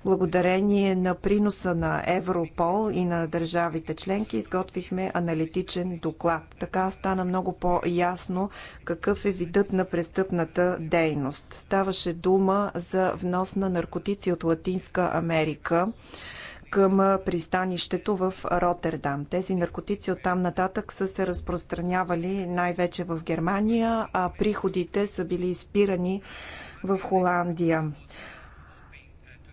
Благодарение на приноса на Европол и на държавите членки изготвихме аналитичен доклад. Така стана много по-ясно какъв е видът на престъпната дейност. Ставаше дума за внос на наркотици от Латинска Америка към пристанището в Ротердам. Тези наркотици от там нататък са се разпространявали най-вече в Германия, а приходите са били изпирани в Холандия.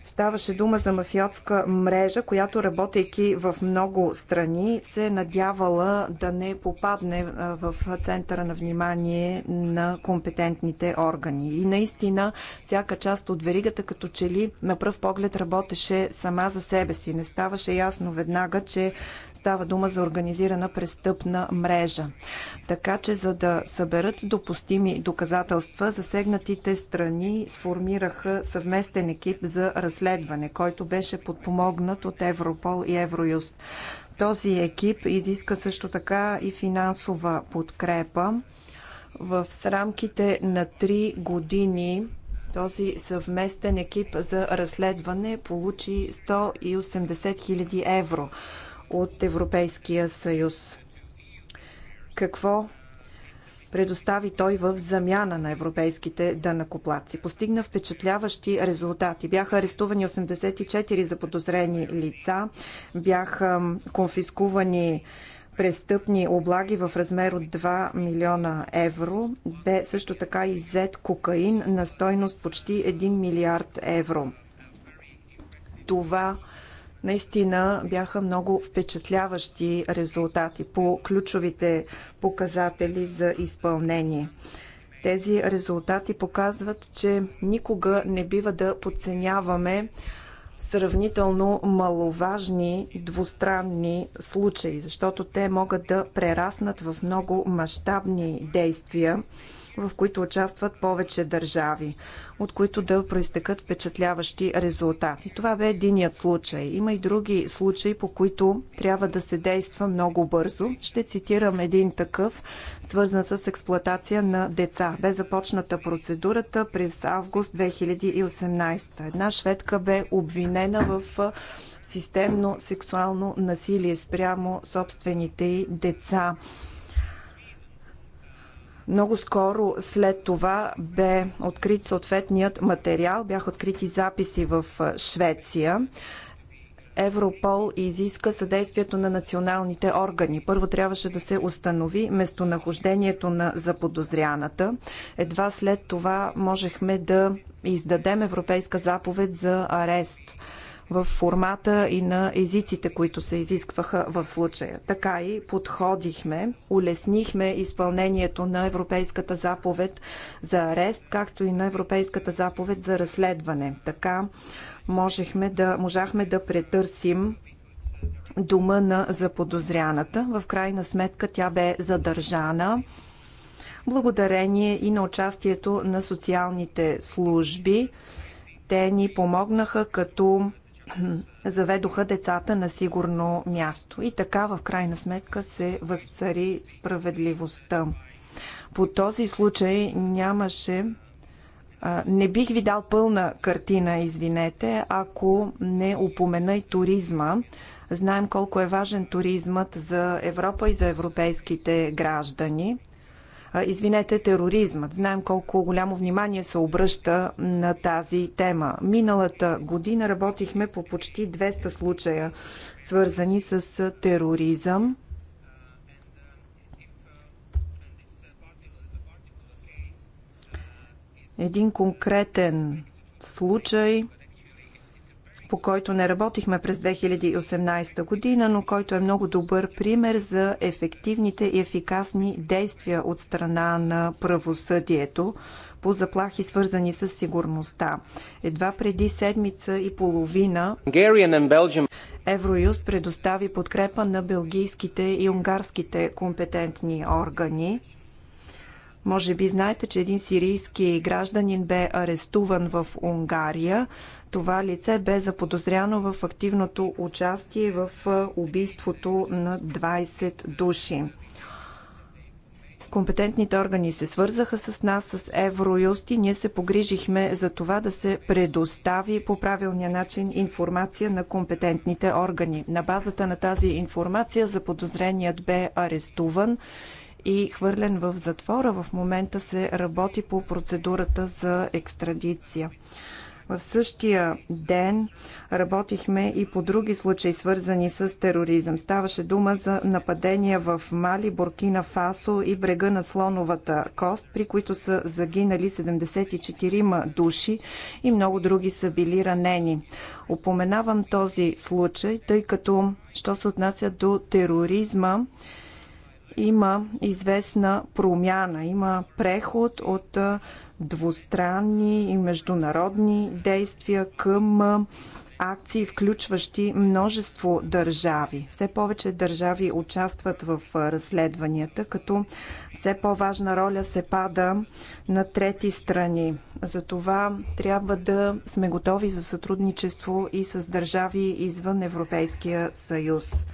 Ставаше дума за мафиотска мрежа, която работейки в много страни се надявала да не попадне в центъра на внимание на компетентните органи. И наистина всяка част от веригата като че ли на пръв поглед работеше сама за себе си. Не ставаше ясно веднага, че става дума за организирана престъпна мрежа. Така че за да съберат допустими доказателства, засегнатите страни сформираха съвместен екип за разследване разследване, който беше подпомогнат от Европол и Евроюст. Този екип изиска също така и финансова подкрепа. В рамките на 3 години този съвместен екип за разследване получи 180 000 евро от Европейския съюз. Какво предостави той в замяна на европейските данакоплаци. Постигна впечатляващи резултати. Бяха арестувани 84 заподозрени лица, бяха конфискувани престъпни облаги в размер от 2 милиона евро. Бе също така и зет кокаин на стойност почти 1 милиард евро. Това наистина бяха много впечатляващи резултати по ключовите показатели за изпълнение. Тези резултати показват, че никога не бива да подценяваме сравнително маловажни двустранни случаи, защото те могат да прераснат в много мащабни действия в които участват повече държави, от които да проистекат впечатляващи резултати. Това бе единият случай. Има и други случаи, по които трябва да се действа много бързо. Ще цитирам един такъв, свързан с експлоатация на деца. Бе започната процедурата през август 2018. Една шведка бе обвинена в системно сексуално насилие спрямо собствените й деца. Много скоро след това бе открит съответният материал, бяха открити записи в Швеция. Европол изиска съдействието на националните органи. Първо трябваше да се установи местонахождението на заподозряната. Едва след това можехме да издадем европейска заповед за арест в формата и на езиците, които се изискваха в случая. Така и подходихме, улеснихме изпълнението на Европейската заповед за арест, както и на Европейската заповед за разследване. Така можехме да, можахме да претърсим дума на заподозряната. В крайна сметка тя бе задържана благодарение и на участието на социалните служби. Те ни помогнаха като заведоха децата на сигурно място. И така в крайна сметка се възцари справедливостта. По този случай нямаше. Не бих ви дал пълна картина, извинете, ако не упомена и туризма. Знаем колко е важен туризмът за Европа и за европейските граждани извинете, тероризмът. Знаем колко голямо внимание се обръща на тази тема. Миналата година работихме по почти 200 случая, свързани с тероризъм. Един конкретен случай – по който не работихме през 2018 година, но който е много добър пример за ефективните и ефикасни действия от страна на правосъдието по заплахи, свързани с сигурността. Едва преди седмица и половина Евроюст предостави подкрепа на белгийските и унгарските компетентни органи. Може би знаете, че един сирийски гражданин бе арестуван в Унгария това лице бе заподозряно в активното участие в убийството на 20 души. Компетентните органи се свързаха с нас, с Евроюст и ние се погрижихме за това да се предостави по правилния начин информация на компетентните органи. На базата на тази информация заподозреният бе арестуван и хвърлен в затвора. В момента се работи по процедурата за екстрадиция. В същия ден работихме и по други случаи, свързани с тероризъм. Ставаше дума за нападения в Мали, Буркина Фасо и брега на Слоновата кост, при които са загинали 74 души и много други са били ранени. Опоменавам този случай, тъй като, що се отнася до тероризма, има известна промяна, има преход от двустранни и международни действия към акции, включващи множество държави. Все повече държави участват в разследванията, като все по-важна роля се пада на трети страни. Затова трябва да сме готови за сътрудничество и с държави извън Европейския съюз.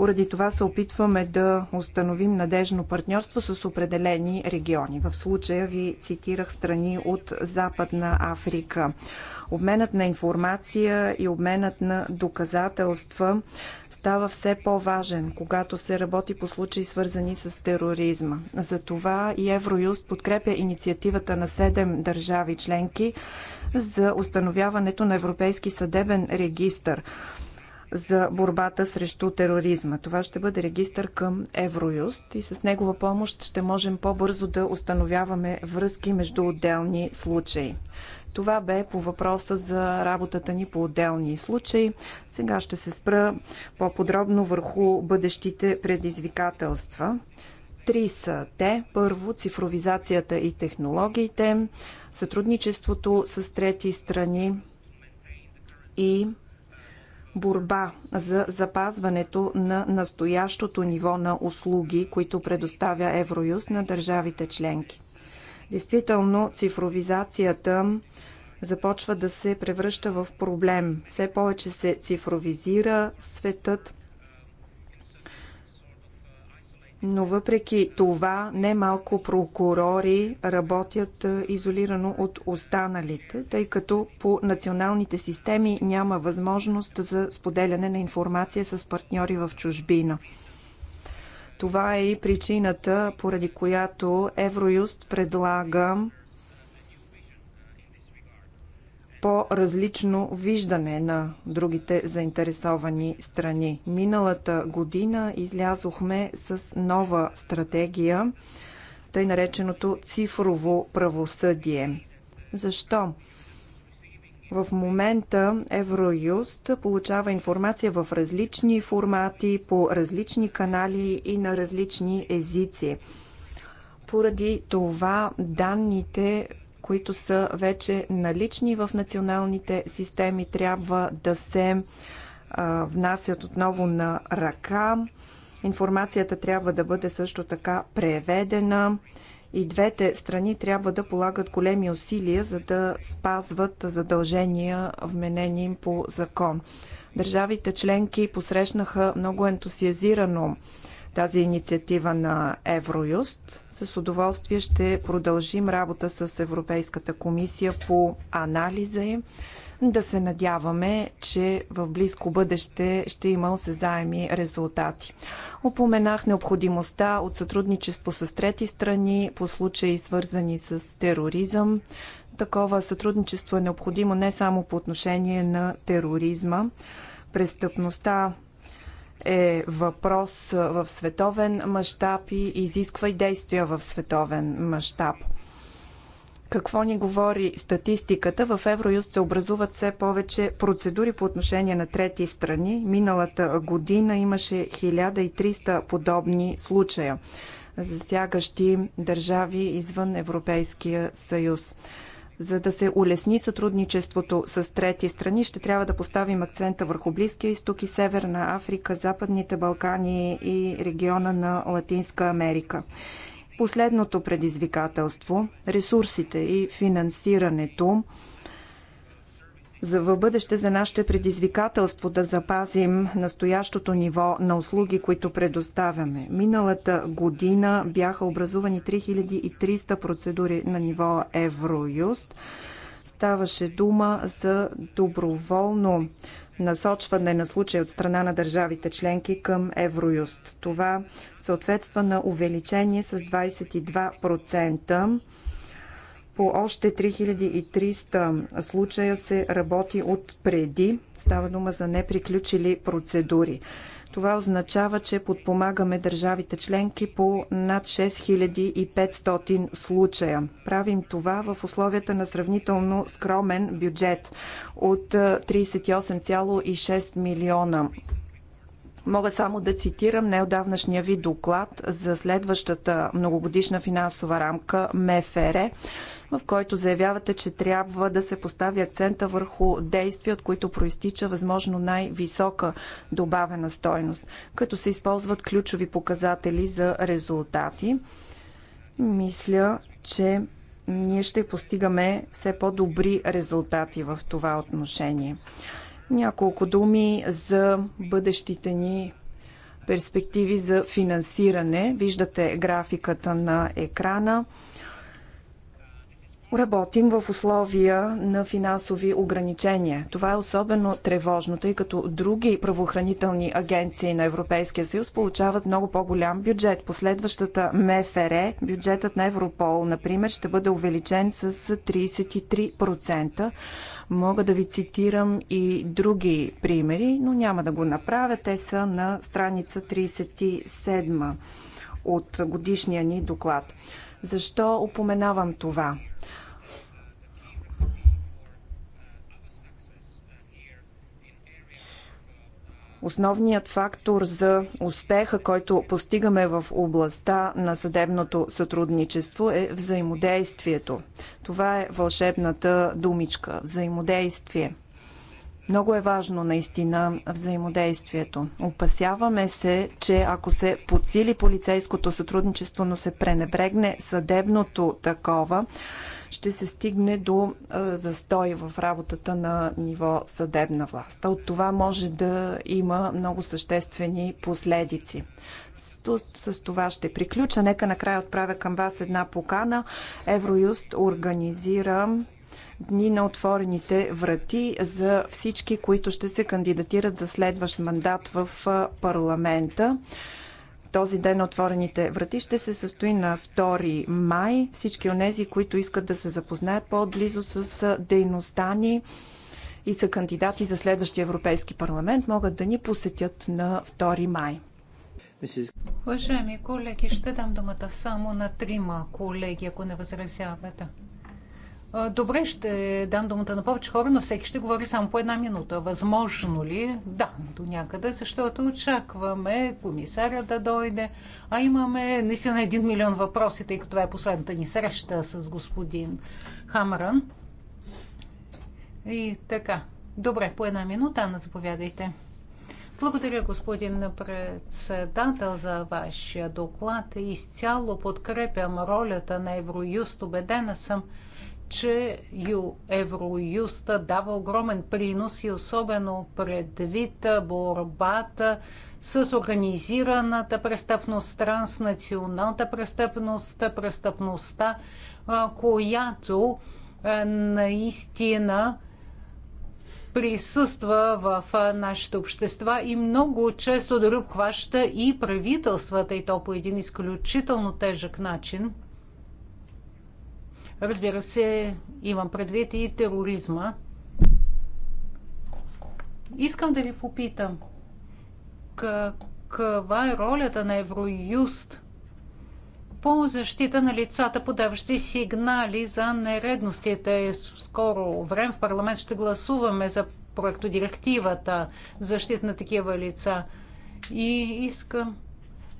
Поради това се опитваме да установим надежно партньорство с определени региони. В случая ви цитирах страни от Западна Африка. Обменът на информация и обменът на доказателства става все по-важен, когато се работи по случаи свързани с тероризма. Затова и Евроюст подкрепя инициативата на седем държави членки за установяването на Европейски съдебен регистр за борбата срещу тероризма. Това ще бъде регистър към Евроюст и с негова помощ ще можем по-бързо да установяваме връзки между отделни случаи. Това бе по въпроса за работата ни по отделни случаи. Сега ще се спра по-подробно върху бъдещите предизвикателства. Три са те. Първо, цифровизацията и технологиите, сътрудничеството с трети страни и борба за запазването на настоящото ниво на услуги, които предоставя Евроюз на държавите членки. Действително, цифровизацията започва да се превръща в проблем. Все повече се цифровизира светът, но въпреки това, немалко прокурори работят е, изолирано от останалите, тъй като по националните системи няма възможност за споделяне на информация с партньори в чужбина. Това е и причината, поради която Евроюст предлага по-различно виждане на другите заинтересовани страни. Миналата година излязохме с нова стратегия, тъй нареченото цифрово правосъдие. Защо? В момента Евроюст получава информация в различни формати, по различни канали и на различни езици. Поради това данните които са вече налични в националните системи, трябва да се внасят отново на ръка. Информацията трябва да бъде също така преведена. И двете страни трябва да полагат големи усилия, за да спазват задължения, вменени им по закон. Държавите членки посрещнаха много ентусиазирано тази инициатива на Евроюст. С удоволствие ще продължим работа с Европейската комисия по анализа им. Да се надяваме, че в близко бъдеще ще има осезаеми резултати. Опоменах необходимостта от сътрудничество с трети страни по случаи свързани с тероризъм. Такова сътрудничество е необходимо не само по отношение на тероризма, престъпността е въпрос в световен мащаб и изисква и действия в световен мащаб. Какво ни говори статистиката? В Евроюст се образуват все повече процедури по отношение на трети страни. Миналата година имаше 1300 подобни случая, засягащи държави извън Европейския съюз. За да се улесни сътрудничеството с трети страни, ще трябва да поставим акцента върху Близкия изток и Северна Африка, Западните Балкани и региона на Латинска Америка. Последното предизвикателство ресурсите и финансирането за в бъдеще за нашите предизвикателство да запазим настоящото ниво на услуги, които предоставяме. Миналата година бяха образувани 3300 процедури на ниво Евроюст. Ставаше дума за доброволно насочване на случай от страна на държавите членки към Евроюст. Това съответства на увеличение с 22% по още 3300 случая се работи от преди. Става дума за неприключили процедури. Това означава, че подпомагаме държавите членки по над 6500 случая. Правим това в условията на сравнително скромен бюджет от 38,6 милиона Мога само да цитирам неодавнашния ви доклад за следващата многогодишна финансова рамка МФР, в който заявявате, че трябва да се постави акцента върху действия, от които проистича възможно най-висока добавена стойност, като се използват ключови показатели за резултати. Мисля, че ние ще постигаме все по-добри резултати в това отношение. Няколко думи за бъдещите ни перспективи за финансиране. Виждате графиката на екрана. Работим в условия на финансови ограничения. Това е особено тревожно, тъй като други правоохранителни агенции на Европейския съюз получават много по-голям бюджет. Последващата МФР, бюджетът на Европол, например, ще бъде увеличен с 33%. Мога да ви цитирам и други примери, но няма да го направя. Те са на страница 37 от годишния ни доклад. Защо упоменавам това? Основният фактор за успеха, който постигаме в областта на съдебното сътрудничество е взаимодействието. Това е вълшебната думичка взаимодействие. Много е важно наистина взаимодействието. Опасяваме се, че ако се подсили полицейското сътрудничество, но се пренебрегне съдебното такова, ще се стигне до застой в работата на ниво съдебна власт. От това може да има много съществени последици. С, с това ще приключа. Нека накрая отправя към вас една покана. Евроюст организира дни на отворените врати за всички, които ще се кандидатират за следващ мандат в парламента този ден на отворените врати ще се състои на 2 май. Всички онези, които искат да се запознаят по-отблизо с дейността ни и са кандидати за следващия Европейски парламент, могат да ни посетят на 2 май. Уважаеми колеги, ще дам думата само на трима колеги, ако не възразявате. Добре, ще дам думата на повече хора, но всеки ще говори само по една минута. Възможно ли? Да, до някъде, защото очакваме комисаря да дойде, а имаме наистина един милион въпроси, тъй като това е последната ни среща с господин Хамаран. И така. Добре, по една минута, Анна, заповядайте. Благодаря, господин председател, за вашия доклад. Изцяло подкрепям ролята на Евроюст. Обедена съм, че Евроюст дава огромен принос и особено предвид борбата с организираната престъпност, транснационалната престъпност, престъпността, която наистина присъства в нашите общества и много често дори обхваща и правителствата и то по един изключително тежък начин – Разбира се, имам предвид и тероризма. Искам да ви попитам, каква е ролята на Евроюст по защита на лицата, подаващи сигнали за нередностите. Скоро време в парламент ще гласуваме за проектодирективата защита на такива лица. И искам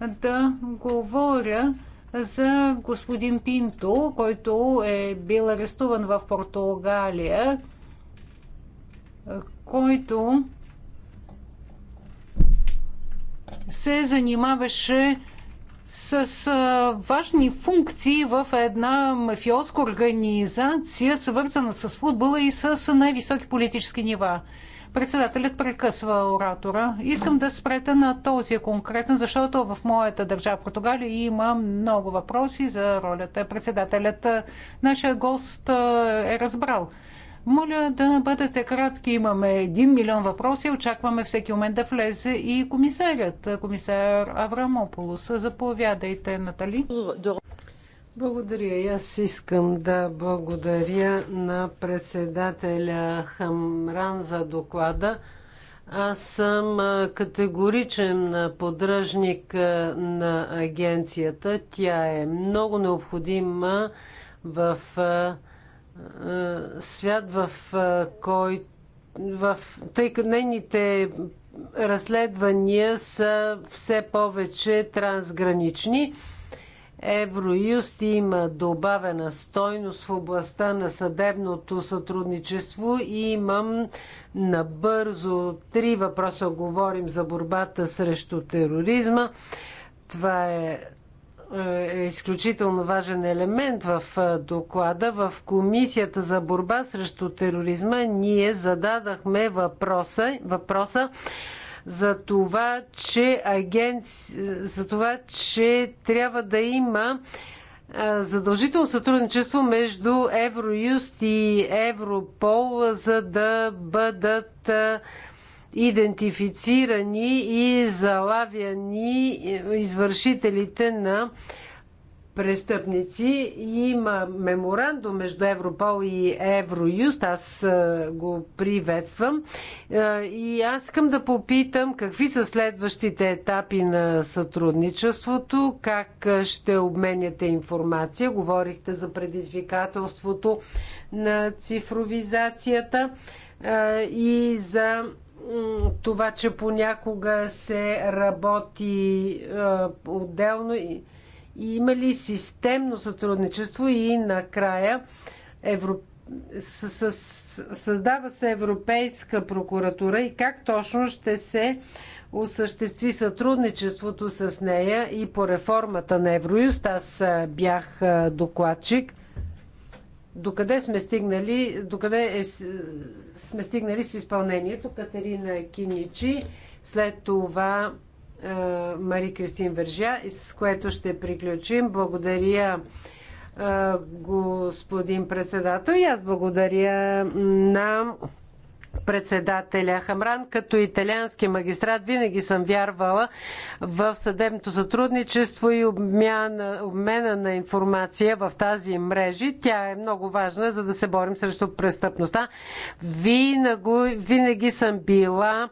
да говоря за господин Пинто, който е бил арестуван в Португалия, който се занимаваше с важни функции в една мафиозка организация, свързана с футбола и с най-високи политически нива. Председателят прекъсва оратора. Искам да спрета на този конкретен, защото в моята държава Португалия има много въпроси за ролята. Председателят, е, нашия гост е, е разбрал. Моля да бъдете кратки. Имаме един милион въпроси. Очакваме всеки момент да влезе и комисарят, комисар Аврамополос. Заповядайте, Натали. Благодаря. И аз искам да благодаря на председателя Хамран за доклада. Аз съм категоричен поддръжник на агенцията. Тя е много необходима в свят, в който в, тъй като нейните разследвания са все повече трансгранични. Евроюст има добавена стойност в областта на съдебното сътрудничество и имам набързо три въпроса. Говорим за борбата срещу тероризма. Това е, е, е изключително важен елемент в е, доклада. В Комисията за борба срещу тероризма ние зададахме въпроса, въпроса за това, че, агенци... за това, че трябва да има задължително сътрудничество между Евроюст и Европол, за да бъдат идентифицирани и залавяни извършителите на престъпници. Има меморандум между Европол и Евроюст. Аз е, го приветствам. Е, и аз искам да попитам какви са следващите етапи на сътрудничеството, как е, ще обменяте информация. Говорихте за предизвикателството на цифровизацията и за това, че понякога се работи отделно и има ли системно сътрудничество и накрая Европ... с... С... създава се Европейска прокуратура и как точно ще се осъществи сътрудничеството с нея и по реформата на Евроюст. Аз бях докладчик. Докъде сме стигнали, докъде е, сме стигнали с изпълнението? Катерина Киничи, след това е, Мари Кристин Вържа, с което ще приключим. Благодаря е, господин председател и аз благодаря на председателя Хамран. Като италиански магистрат винаги съм вярвала в съдебното сътрудничество и обмяна, обмена на информация в тази мрежи. Тя е много важна, за да се борим срещу престъпността. Винаги, винаги съм била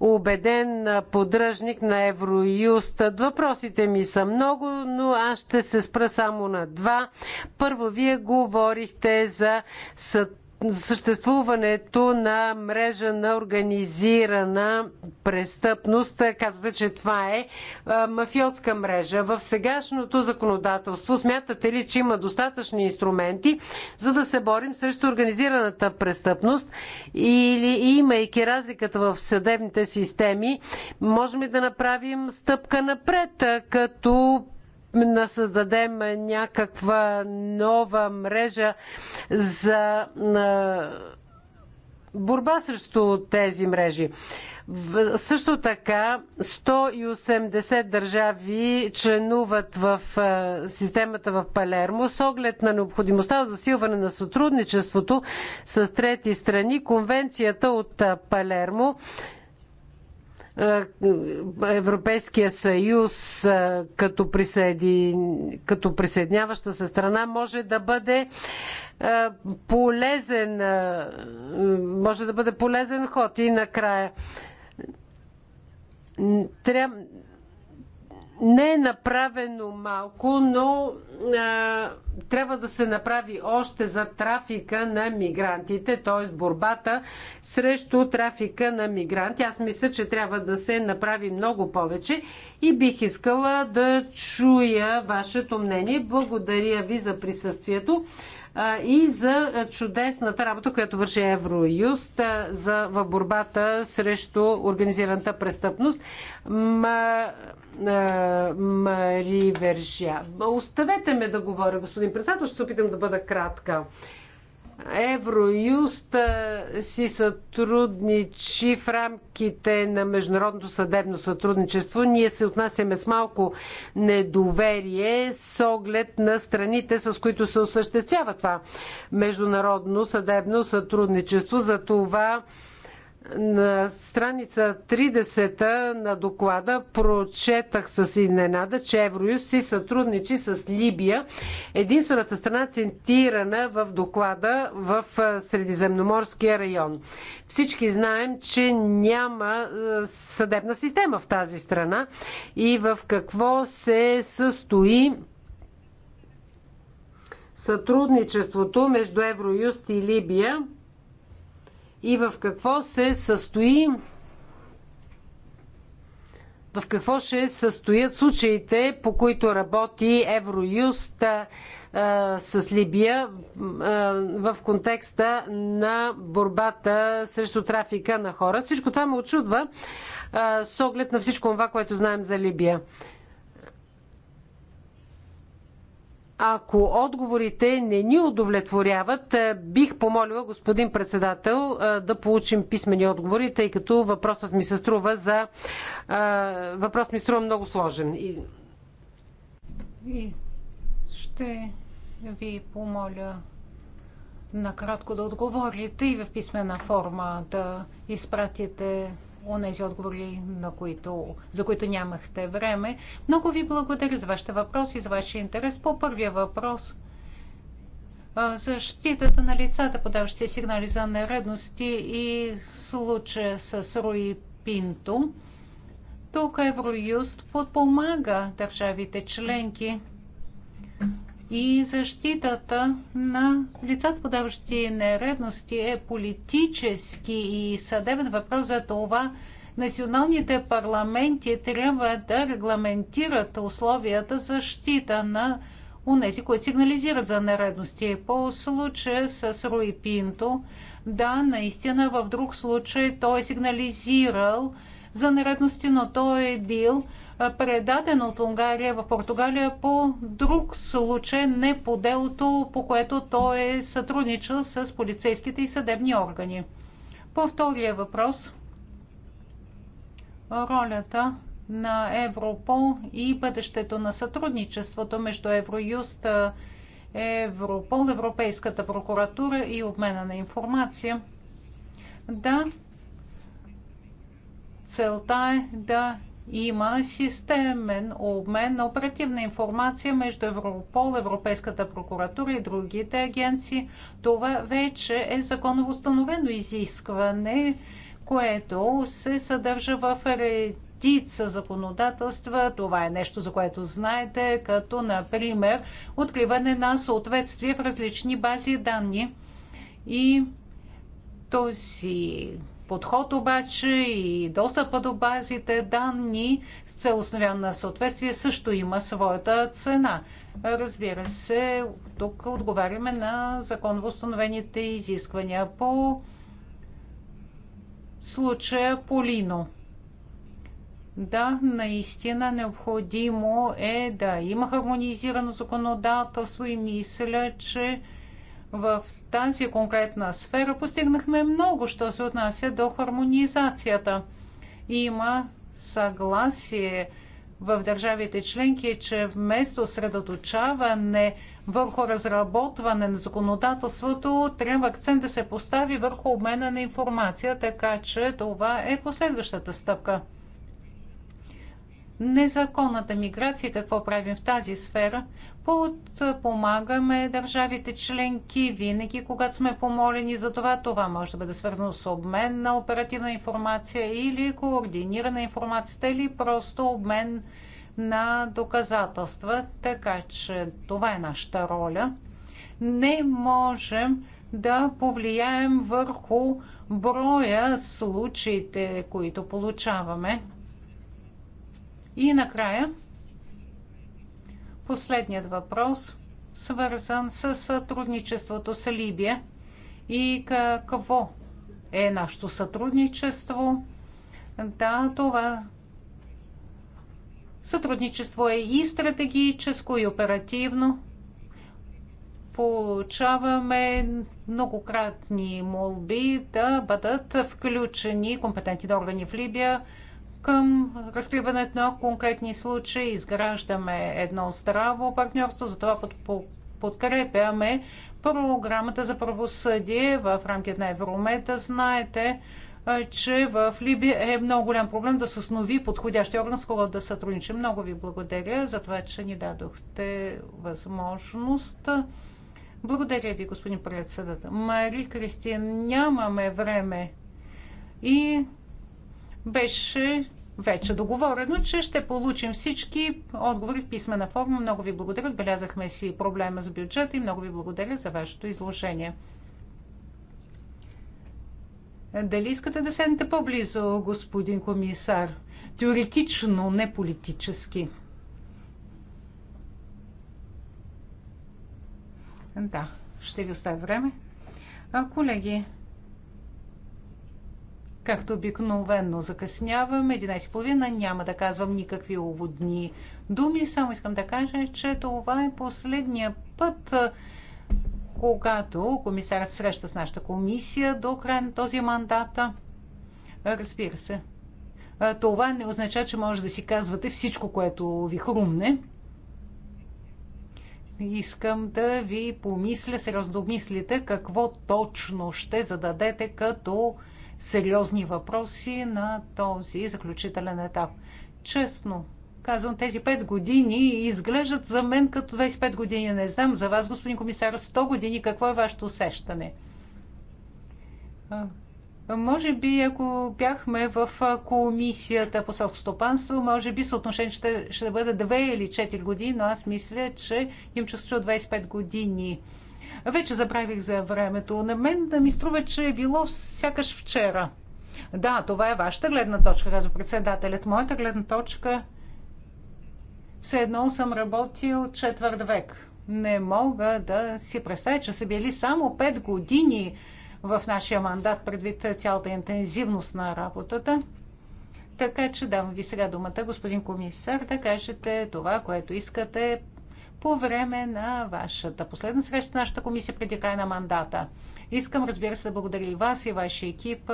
убеден поддръжник на Евроюст. Въпросите ми са много, но аз ще се спра само на два. Първо, вие говорихте за сътрудничество съществуването на мрежа на организирана престъпност. Казвате, че това е, е мафиотска мрежа. В сегашното законодателство смятате ли, че има достатъчни инструменти, за да се борим срещу организираната престъпност или имайки разликата в съдебните системи, можем ли да направим стъпка напред, като да създадем някаква нова мрежа за борба срещу тези мрежи. В, също така 180 държави членуват в системата в Палермо с оглед на необходимостта за засилване на сътрудничеството с трети страни. Конвенцията от Палермо е, Европейския съюз е, като, присъеди, като присъединяваща се страна може да бъде е, полезен може да бъде полезен ход и накрая трябва не е направено малко, но а, трябва да се направи още за трафика на мигрантите, т.е. борбата срещу трафика на мигранти. Аз мисля, че трябва да се направи много повече и бих искала да чуя вашето мнение. Благодаря ви за присъствието и за чудесната работа, която върши Евроюст за, в борбата срещу организираната престъпност. Ма, а, Мари Вержия. Оставете ме да говоря, господин председател, ще се опитам да бъда кратка. Евроюст си сътрудничи в рамките на международното съдебно сътрудничество. Ние се отнасяме с малко недоверие с оглед на страните, с които се осъществява това международно съдебно сътрудничество. За това на страница 30 на доклада прочетах с изненада, че Евроюз си сътрудничи с Либия. Единствената страна центирана в доклада в Средиземноморския район. Всички знаем, че няма съдебна система в тази страна и в какво се състои сътрудничеството между Евроюст и Либия – и в какво се състои в какво ще състоят случаите, по които работи Евроюст а, с Либия а, в контекста на борбата срещу трафика на хора. Всичко това ме очудва а, с оглед на всичко това, което знаем за Либия. Ако отговорите не ни удовлетворяват, е, бих помолила господин председател е, да получим писмени отговори, тъй като въпросът ми се струва за... Е, въпрос ми струва много сложен. И... И ще ви помоля накратко да отговорите и в писмена форма да изпратите онези отговори, на които, за които нямахте време. Много ви благодаря за вашите въпроси и за вашия интерес. По първия въпрос защитата на лицата, подаващи сигнали за нередности и случая с Руи Пинто. Тук Евроюст подпомага държавите членки и защитата на лицата, подаващи нередности, е политически и съдебен въпрос за това. Националните парламенти трябва да регламентират условията за защита на унези, които сигнализират за нередности. По случая с Руи Пинто, да, наистина в друг случай той е сигнализирал за нередности, но той е бил предаден от Унгария в Португалия по друг случай, не по делото, по което той е сътрудничал с полицейските и съдебни органи. По втория въпрос, ролята на Европол и бъдещето на сътрудничеството между Евроюст, Европол, Европейската прокуратура и обмена на информация. Да, целта е да има системен обмен на оперативна информация между Европол, Европейската прокуратура и другите агенции. Това вече е законово установено изискване, което се съдържа в редица законодателства. Това е нещо, за което знаете, като, например, откриване на съответствие в различни бази данни. И този подход обаче и достъпа до базите данни с цел на съответствие също има своята цена. Разбира се, тук отговаряме на законово установените изисквания по случая Полино. Да, наистина необходимо е да има хармонизирано законодателство и мисля, че в тази конкретна сфера постигнахме много, що се отнася до хармонизацията. Има съгласие в държавите членки, че вместо средоточаване върху разработване на законодателството, трябва акцент да се постави върху обмена на информация, така че това е последващата стъпка. Незаконната миграция, какво правим в тази сфера? подпомагаме държавите членки винаги, когато сме помолени за това. Това може да бъде свързано с обмен на оперативна информация или координирана информацията или просто обмен на доказателства. Така че това е нашата роля. Не можем да повлияем върху броя случаите, които получаваме. И накрая Последният въпрос, свързан с сътрудничеството с Либия и какво е нашето сътрудничество. Да, това сътрудничество е и стратегическо, и оперативно. Получаваме многократни молби да бъдат включени компетентни органи в Либия към разкриването на конкретни случаи. Изграждаме едно здраво партньорство, затова подкрепяме програмата за правосъдие в рамките на Евромета. Знаете, че в Либия е много голям проблем да се основи подходящия орган, с който да сътрудничим. Много ви благодаря за това, че ни дадохте възможност. Благодаря ви, господин председател. Мари Кристин, нямаме време. И беше вече договорено, че ще получим всички отговори в писмена форма. Много ви благодаря. Отбелязахме си проблема с бюджета и много ви благодаря за вашето изложение. Дали искате да седнете по-близо, господин комисар? Теоретично, не политически. Да, ще ви оставя време. А, колеги, Както обикновено закъснявам, 11.30 няма да казвам никакви уводни думи, само искам да кажа, че това е последния път, когато комисарът среща с нашата комисия до края на този мандат. Разбира се. Това не означава, че може да си казвате всичко, което ви хрумне. Искам да ви помисля, сериозно да обмислите какво точно ще зададете като сериозни въпроси на този заключителен етап. Честно казвам, тези 5 години изглеждат за мен като 25 години. Не знам за вас, господин комисар, 100 години. Какво е вашето усещане? Може би, ако бяхме в комисията по селскостопанство, може би съотношение ще, ще бъде 2 или 4 години, но аз мисля, че им чувство 25 години. Вече забравих за времето. На мен да ми струва, че е било сякаш вчера. Да, това е вашата гледна точка, казва председателят. Моята гледна точка все едно съм работил четвърт век. Не мога да си представя, че са били само 5 години в нашия мандат, предвид цялата интензивност на работата. Така че давам ви сега думата, господин комисар, да кажете това, което искате по време на вашата последна среща, нашата комисия преди края на мандата. Искам, разбира се, да благодаря и вас, и вашия екип,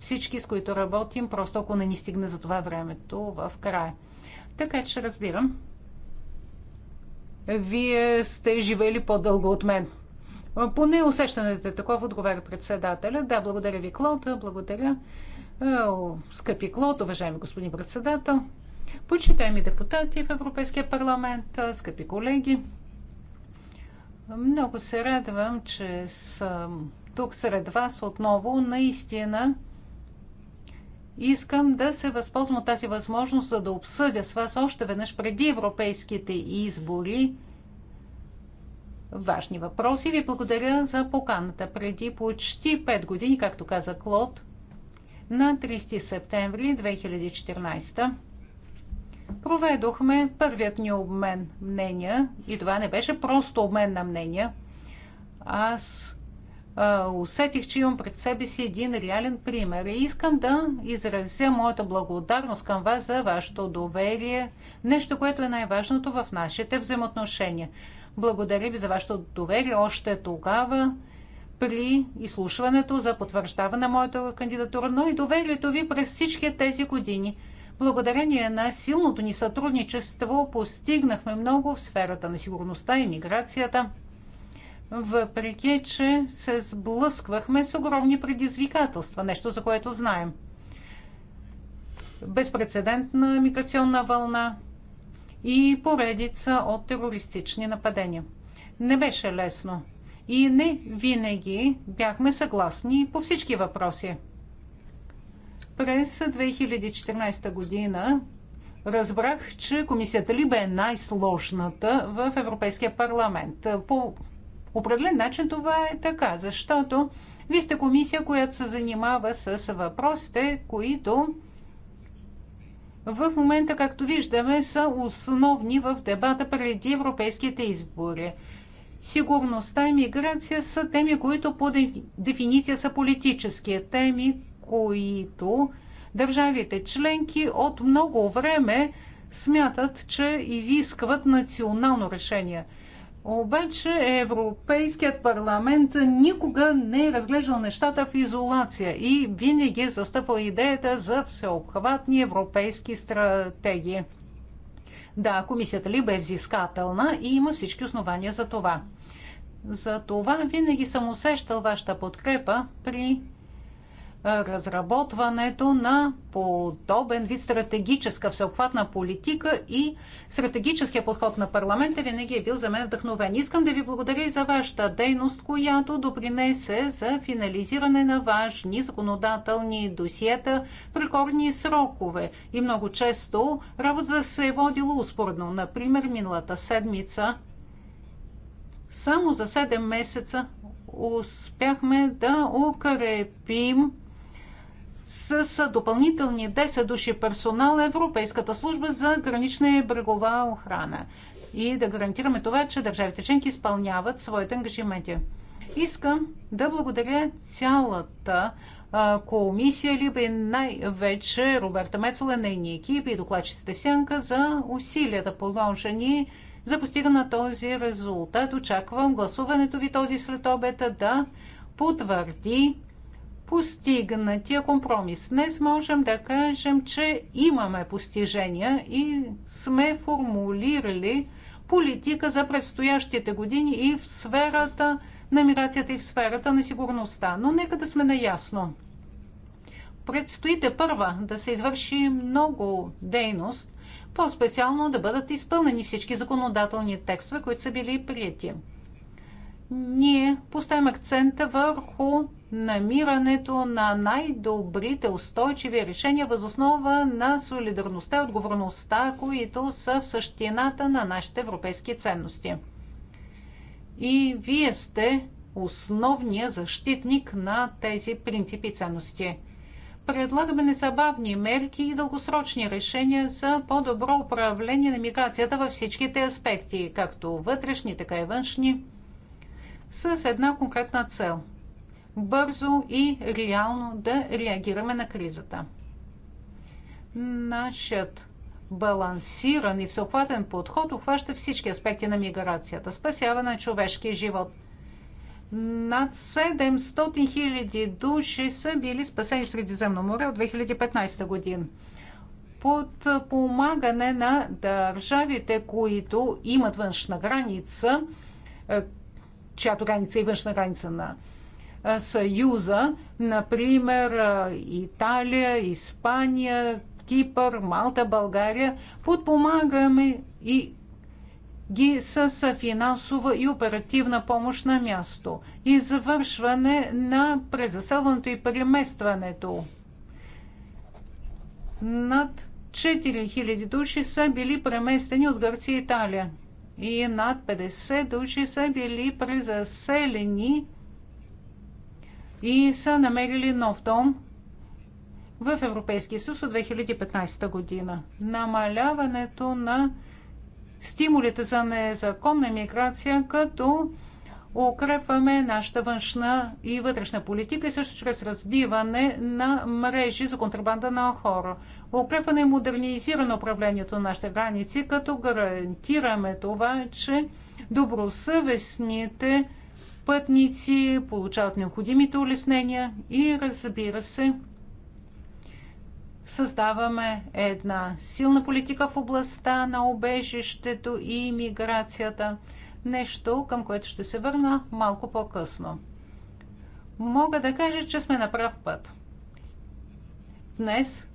всички, с които работим, просто ако не ни стигне за това времето в края. Така че разбирам. Вие сте живели по-дълго от мен. Поне усещането е такова, отговаря председателя. Да, благодаря ви, Клод, благодаря. Скъпи Клод, уважаеми господин председател. Почитаеми депутати в Европейския парламент, скъпи колеги, много се радвам, че съм тук сред вас отново. Наистина искам да се възползвам от тази възможност, за да обсъдя с вас още веднъж преди европейските избори важни въпроси. Ви благодаря за поканата. Преди почти 5 години, както каза Клод, на 30 септември 2014 проведохме първият ни обмен мнения и това не беше просто обмен на мнения. Аз а, усетих, че имам пред себе си един реален пример и искам да изразя моята благодарност към вас за вашето доверие, нещо, което е най-важното в нашите взаимоотношения. Благодаря ви за вашето доверие още тогава при изслушването за потвърждаване на моята кандидатура, но и доверието ви през всички тези години – Благодарение на силното ни сътрудничество постигнахме много в сферата на сигурността и миграцията, въпреки че се сблъсквахме с огромни предизвикателства, нещо за което знаем. Безпредседентна миграционна вълна и поредица от терористични нападения. Не беше лесно и не винаги бяхме съгласни по всички въпроси – през 2014 година разбрах, че комисията Либе е най-сложната в Европейския парламент. По определен начин това е така, защото вие сте комисия, която се занимава с въпросите, които в момента, както виждаме, са основни в дебата преди европейските избори. Сигурността и миграция са теми, които по дефиниция са политически теми, които държавите членки от много време смятат, че изискват национално решение. Обаче Европейският парламент никога не е разглеждал нещата в изолация и винаги е застъпал идеята за всеобхватни европейски стратегии. Да, комисията либо е взискателна и има всички основания за това. За това винаги съм усещал вашата подкрепа при разработването на подобен вид стратегическа всеобхватна политика и стратегическия подход на парламента винаги е бил за мен вдъхновен. Искам да ви благодаря и за вашата дейност, която допринесе за финализиране на важни законодателни досиета в рекордни срокове. И много често работата се е водила успоредно. Например, миналата седмица само за 7 месеца успяхме да укрепим с допълнителни 10 души персонал на Европейската служба за гранична и брегова охрана и да гарантираме това, че държавите членки изпълняват своите ангажименти. Искам да благодаря цялата комисия Либе, най-вече Роберта Мецола, нейния екип и докладчиците Сянка за усилията положени за постига на този резултат. Очаквам гласуването ви този след обед да потвърди постигнатия компромис. Днес можем да кажем, че имаме постижения и сме формулирали политика за предстоящите години и в сферата на миграцията и в сферата на сигурността. Но нека да сме наясно. Предстоите първа да се извърши много дейност, по-специално да бъдат изпълнени всички законодателни текстове, които са били прияти. Ние поставим акцента върху намирането на най-добрите устойчиви решения възоснова на солидарността и отговорността, които са в същината на нашите европейски ценности. И вие сте основния защитник на тези принципи и ценности. Предлагаме несъбавни мерки и дългосрочни решения за по-добро управление на миграцията във всичките аспекти, както вътрешни, така и външни, с една конкретна цел – бързо и реално да реагираме на кризата. Нашият балансиран и всеобхватен подход обхваща всички аспекти на миграцията. Спасяване на човешкия живот. Над 700 000 души са били спасени в Средиземно море от 2015 година. Под помагане на държавите, които имат външна граница, е, чиято граница е външна граница на Съюза, например Италия, Испания, Кипър, Малта, България, подпомагаме и ги с финансова и оперативна помощ на място и завършване на презаселването и преместването. Над 4000 души са били преместени от Гърция и Италия и над 50 души са били презаселени от и са намерили нов дом в Европейския съюз от 2015 година. Намаляването на стимулите за незаконна миграция, като укрепваме нашата външна и вътрешна политика и също чрез разбиване на мрежи за контрабанда на хора. Укрепване и модернизиране управлението на нашите граници, като гарантираме това, че добросъвестните пътници, получават необходимите улеснения и разбира се, създаваме една силна политика в областта на обежището и миграцията. Нещо, към което ще се върна малко по-късно. Мога да кажа, че сме на прав път. Днес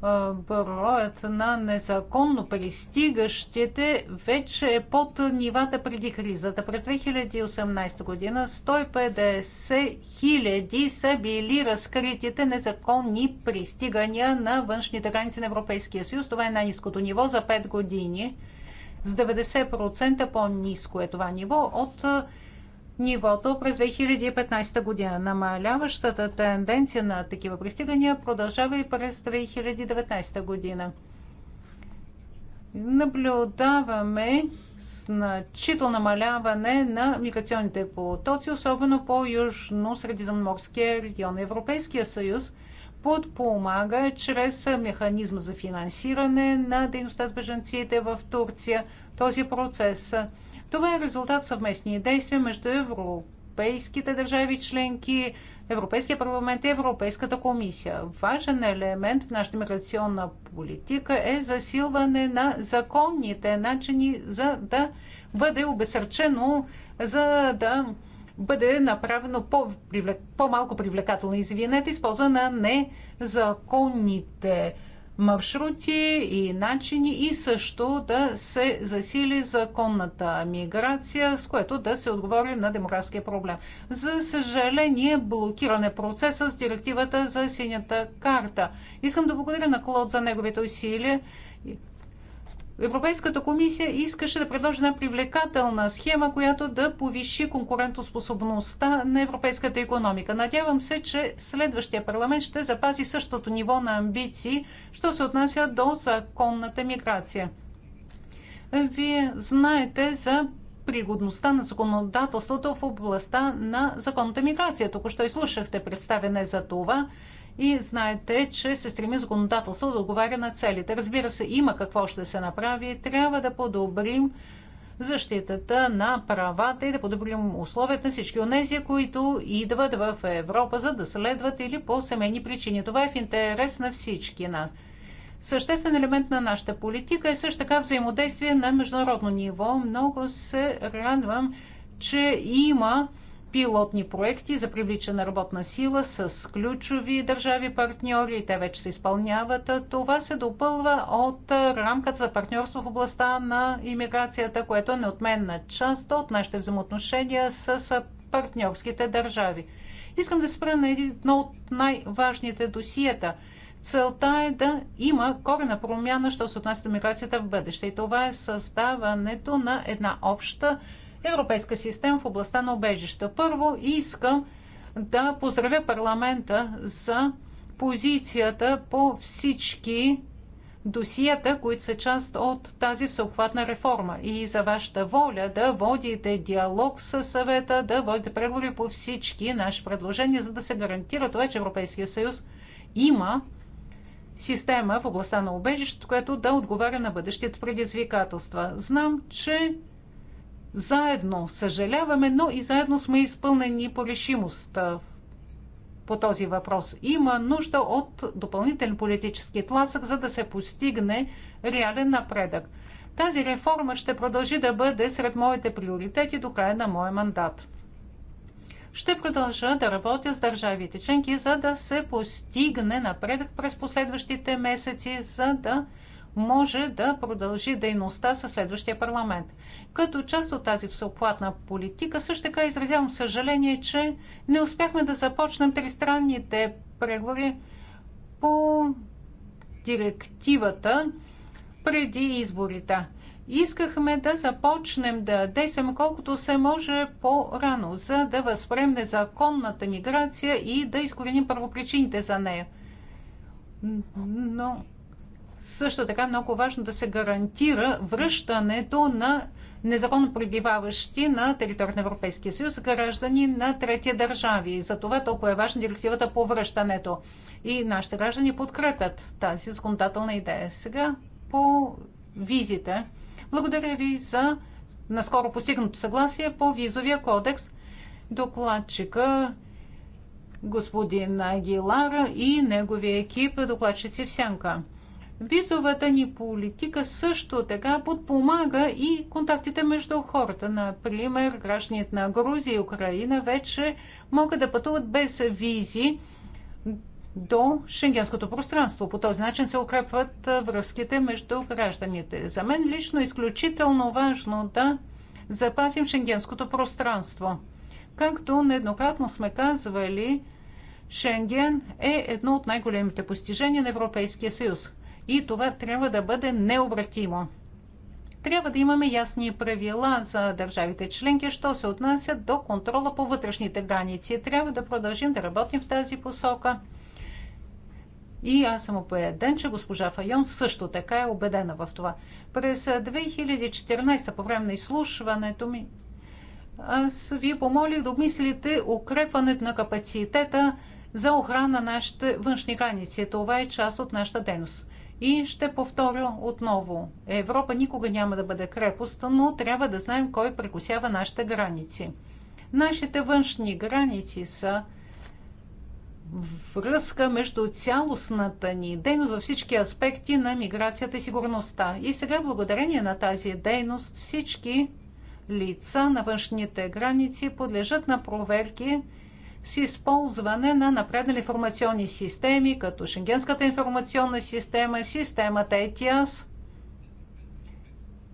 броят на незаконно пристигащите вече е под нивата преди кризата. През 2018 година 150 хиляди са били разкритите незаконни пристигания на външните граници на Европейския съюз. Това е най-низкото ниво за 5 години. С 90% по-низко е това ниво от нивото през 2015 година. Намаляващата тенденция на такива пристигания продължава и през 2019 година. Наблюдаваме значително намаляване на миграционните потоци, особено по Южно-Средиземноморския регион. Европейския съюз подпомага чрез механизма за финансиране на дейността с бежанците в Турция този процес. Това е резултат съвместни действия между европейските държави членки, Европейския парламент и Европейската комисия. Важен елемент в нашата миграционна политика е засилване на законните начини за да бъде обесърчено, за да бъде направено по-малко по привлекателно, извинете, използване на незаконните маршрути и начини и също да се засили законната миграция, с което да се отговори на демографския проблем. За съжаление, блокиране процеса с директивата за синята карта. Искам да благодаря на Клод за неговите усилия Европейската комисия искаше да предложи една привлекателна схема, която да повиши конкурентоспособността на европейската економика. Надявам се, че следващия парламент ще запази същото ниво на амбиции, що се отнася до законната миграция. Вие знаете за пригодността на законодателството в областта на законната миграция. Току-що изслушахте представене за това и знаете, че се стреми законодателство да отговаря на целите. Разбира се, има какво ще се направи. Трябва да подобрим защитата на правата и да подобрим условията на всички онези, които идват в Европа, за да следват или по семейни причини. Това е в интерес на всички нас. Съществен елемент на нашата политика е също така взаимодействие на международно ниво. Много се радвам, че има пилотни проекти за привличане работна сила с ключови държави партньори и те вече се изпълняват. Това се допълва от рамката за партньорство в областта на иммиграцията, което е неотменна част от нашите взаимоотношения с партньорските държави. Искам да спра на едно от най-важните досиета. Целта е да има корена промяна, що се отнася до миграцията в бъдеще. И това е създаването на една обща европейска система в областта на обежища. Първо искам да поздравя парламента за позицията по всички досията, които са част от тази всеобхватна реформа и за вашата воля да водите диалог с съвета, да водите преговори по всички наши предложения, за да се гарантира това, че Европейския съюз има система в областта на убежището, която да отговаря на бъдещите предизвикателства. Знам, че заедно съжаляваме, но и заедно сме изпълнени по решимост по този въпрос. Има нужда от допълнителен политически тласък, за да се постигне реален напредък. Тази реформа ще продължи да бъде сред моите приоритети до края на моя мандат. Ще продължа да работя с държавите членки, за да се постигне напредък през последващите месеци, за да може да продължи дейността със следващия парламент. Като част от тази всеоплатна политика също така изразявам съжаление, че не успяхме да започнем тристранните преговори по директивата преди изборите. Искахме да започнем да действаме колкото се може по-рано, за да възпрем незаконната миграция и да изкореним първопричините за нея. Но също така е много важно да се гарантира връщането на незаконно пребиваващи на територията на Европейския съюз граждани на трети държави. Затова толкова е важна директивата по връщането. И нашите граждани подкрепят тази законодателна идея. Сега по визите. Благодаря ви за наскоро постигнато съгласие по визовия кодекс. Докладчика господин Агилара и неговия екип докладчици в сянка. Визовата ни политика също така подпомага и контактите между хората. Например, гражданите на Грузия и Украина вече могат да пътуват без визи до шенгенското пространство. По този начин се укрепват връзките между гражданите. За мен лично е изключително важно да запазим шенгенското пространство. Както нееднократно сме казвали, Шенген е едно от най-големите постижения на Европейския съюз и това трябва да бъде необратимо. Трябва да имаме ясни правила за държавите членки, що се отнася до контрола по вътрешните граници. Трябва да продължим да работим в тази посока. И аз съм убеден, че госпожа Файон също така е убедена в това. През 2014 по време на изслушването ми аз ви помолих да обмислите укрепването на капацитета за охрана на нашите външни граници. Това е част от нашата дейност. И ще повторя отново. Европа никога няма да бъде крепост, но трябва да знаем кой прекусява нашите граници. Нашите външни граници са връзка между цялостната ни дейност във всички аспекти на миграцията и сигурността. И сега, благодарение на тази дейност, всички лица на външните граници подлежат на проверки с използване на напреднали информационни системи, като Шенгенската информационна система, системата ETIAS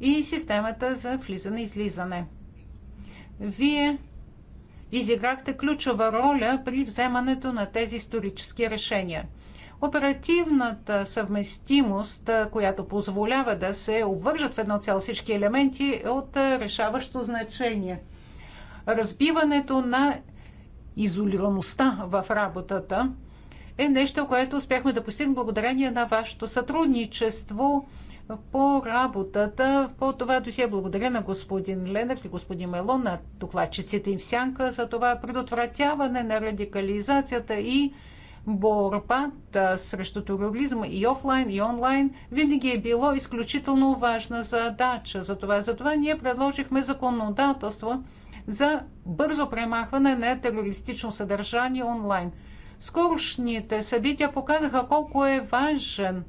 и системата за влизане и излизане. Вие изиграхте ключова роля при вземането на тези исторически решения. Оперативната съвместимост, която позволява да се обвържат в едно цяло всички елементи, е от решаващо значение. Разбиването на изолираността в работата, е нещо, което успяхме да постигнем благодарение на вашето сътрудничество по работата по това досие. Благодаря на господин Ленев и господин Мелон, на докладчиците им в сянка за това предотвратяване на радикализацията и борбата срещу тероризма и офлайн, и онлайн винаги е било изключително важна задача. За това ние предложихме законодателство, за бързо премахване на терористично съдържание онлайн. Скорошните събития показаха колко е важен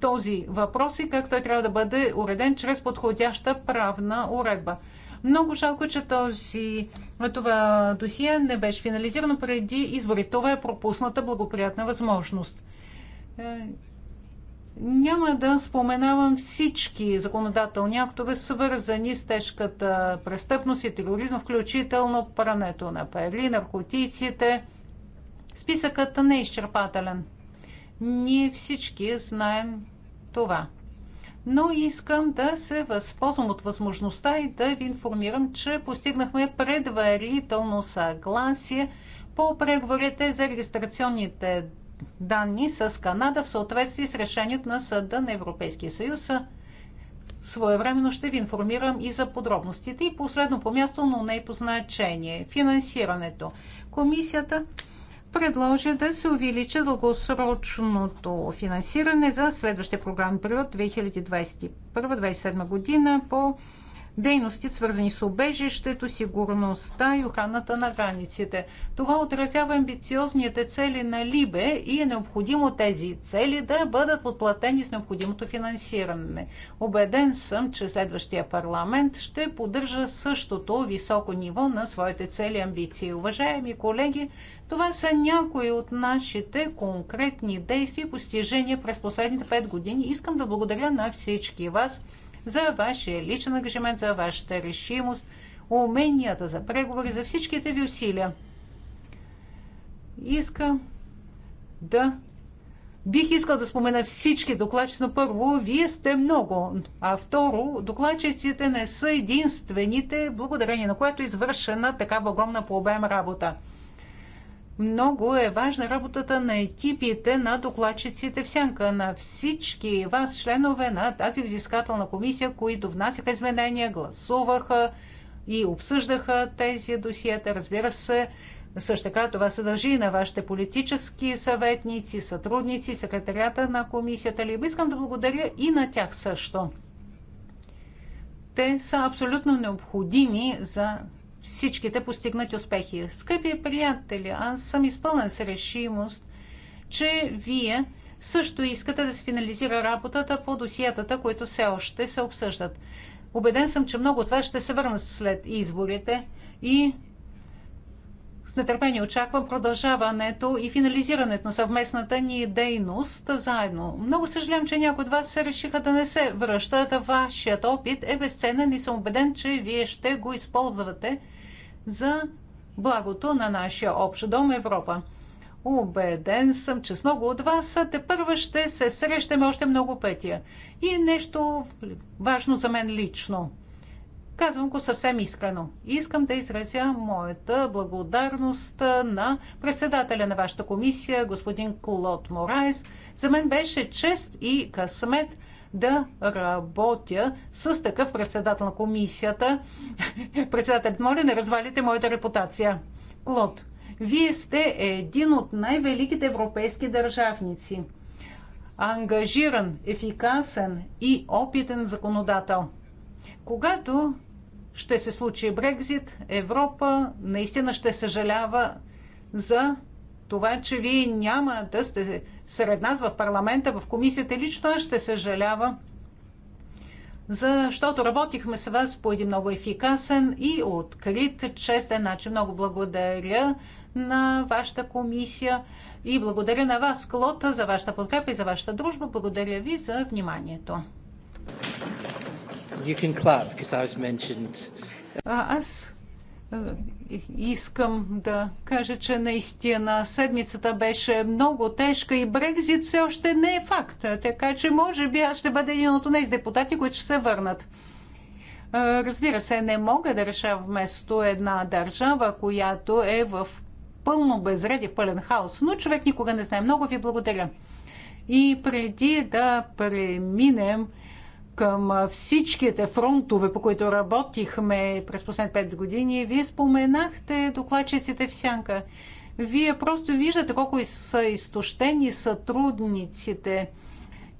този въпрос и как той трябва да бъде уреден чрез подходяща правна уредба. Много жалко, че този, това досие не беше финализирано преди избори. Това е пропусната благоприятна възможност. Е, няма да споменавам всички законодателни актове, свързани с тежката престъпност и тероризъм, включително прането на пари, наркотиците. Списъкът не е изчерпателен. Ние всички знаем това. Но искам да се възползвам от възможността и да ви информирам, че постигнахме предварително съгласие по преговорите за регистрационните данни с Канада в съответствие с решението на Съда на Европейския съюз. Своевременно ще ви информирам и за подробностите. И последно по място, но не и по значение. Финансирането. Комисията предложи да се увеличи дългосрочното финансиране за следващия програмен период 2021-2027 година по дейности, свързани с обежището, сигурността и охраната на границите. Това отразява амбициозните цели на Либе и е необходимо тези цели да бъдат подплатени с необходимото финансиране. Обеден съм, че следващия парламент ще поддържа същото високо ниво на своите цели и амбиции. Уважаеми колеги, това са някои от нашите конкретни действия и постижения през последните 5 години. Искам да благодаря на всички вас за вашия личен ангажимент, за вашата решимост, уменията за преговори, за всичките ви усилия. Иска да Бих искал да спомена всички докладчици, но първо, вие сте много, а второ, докладчиците не са единствените, благодарение на което е извършена такава огромна по обем работа много е важна работата на екипите на докладчиците в сянка, на всички вас, членове на тази взискателна комисия, които внасяха изменения, гласуваха и обсъждаха тези досиета. Разбира се, също така това се дължи и на вашите политически съветници, сътрудници, секретарията на комисията. Ли? искам да благодаря и на тях също. Те са абсолютно необходими за всичките постигнати успехи. Скъпи приятели, аз съм изпълнен с решимост, че вие също искате да се финализира работата по досиетата, които все още се обсъждат. Обеден съм, че много от вас ще се върнат след изборите и с нетърпение очаквам продължаването и финализирането на съвместната ни дейност заедно. Много съжалявам, че някои от вас се решиха да не се връщат. Вашият опит е безценен и съм убеден, че вие ще го използвате за благото на нашия общ дом Европа. Убеден съм, че с много от вас те първа ще се срещаме още много пъти. И нещо важно за мен лично. Казвам го съвсем искрено. Искам да изразя моята благодарност на председателя на вашата комисия, господин Клод Морайс. За мен беше чест и късмет да работя с такъв председател на комисията. *laughs* Председателят, моля, не развалите моята репутация. Клод, вие сте един от най-великите европейски държавници. Ангажиран, ефикасен и опитен законодател. Когато ще се случи Брекзит, Европа наистина ще съжалява за това, че вие няма да сте сред нас в парламента, в комисията. Лично аз ще съжалявам. защото работихме с вас по един много ефикасен и открит, честен начин. Много благодаря на вашата комисия и благодаря на вас, Клота, за вашата подкрепа и за вашата дружба. Благодаря ви за вниманието. You can clap, I was mentioned. Аз е, искам да кажа, че наистина седмицата беше много тежка и Брекзит все още не е факт. Така че може би аз ще бъда един от тези депутати, които ще се върнат. Е, разбира се, не мога да реша вместо една държава, която е в пълно безреди, в пълен хаос. Но човек никога не знае. Много ви благодаря. И преди да преминем към всичките фронтове, по които работихме през последните пет години. Вие споменахте докладчиците в сянка. Вие просто виждате колко са изтощени сътрудниците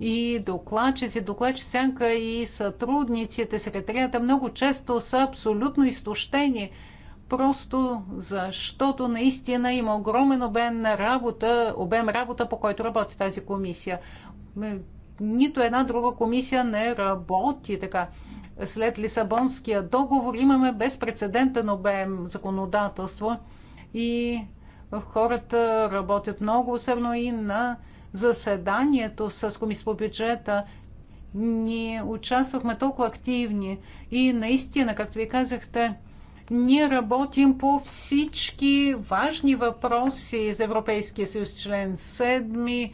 и докладчици, докладчици сянка и сътрудниците, секретарията много често са абсолютно изтощени просто защото наистина има огромен обем на работа, обем работа, по който работи тази комисия. Нито една друга комисия не работи така. След Лисабонския договор имаме безпредседентен обем законодателство и хората работят много, особено и на заседанието с Комисия по бюджета ние участвахме толкова активни и наистина, както ви казахте, ние работим по всички важни въпроси за Европейския съюз, член 7,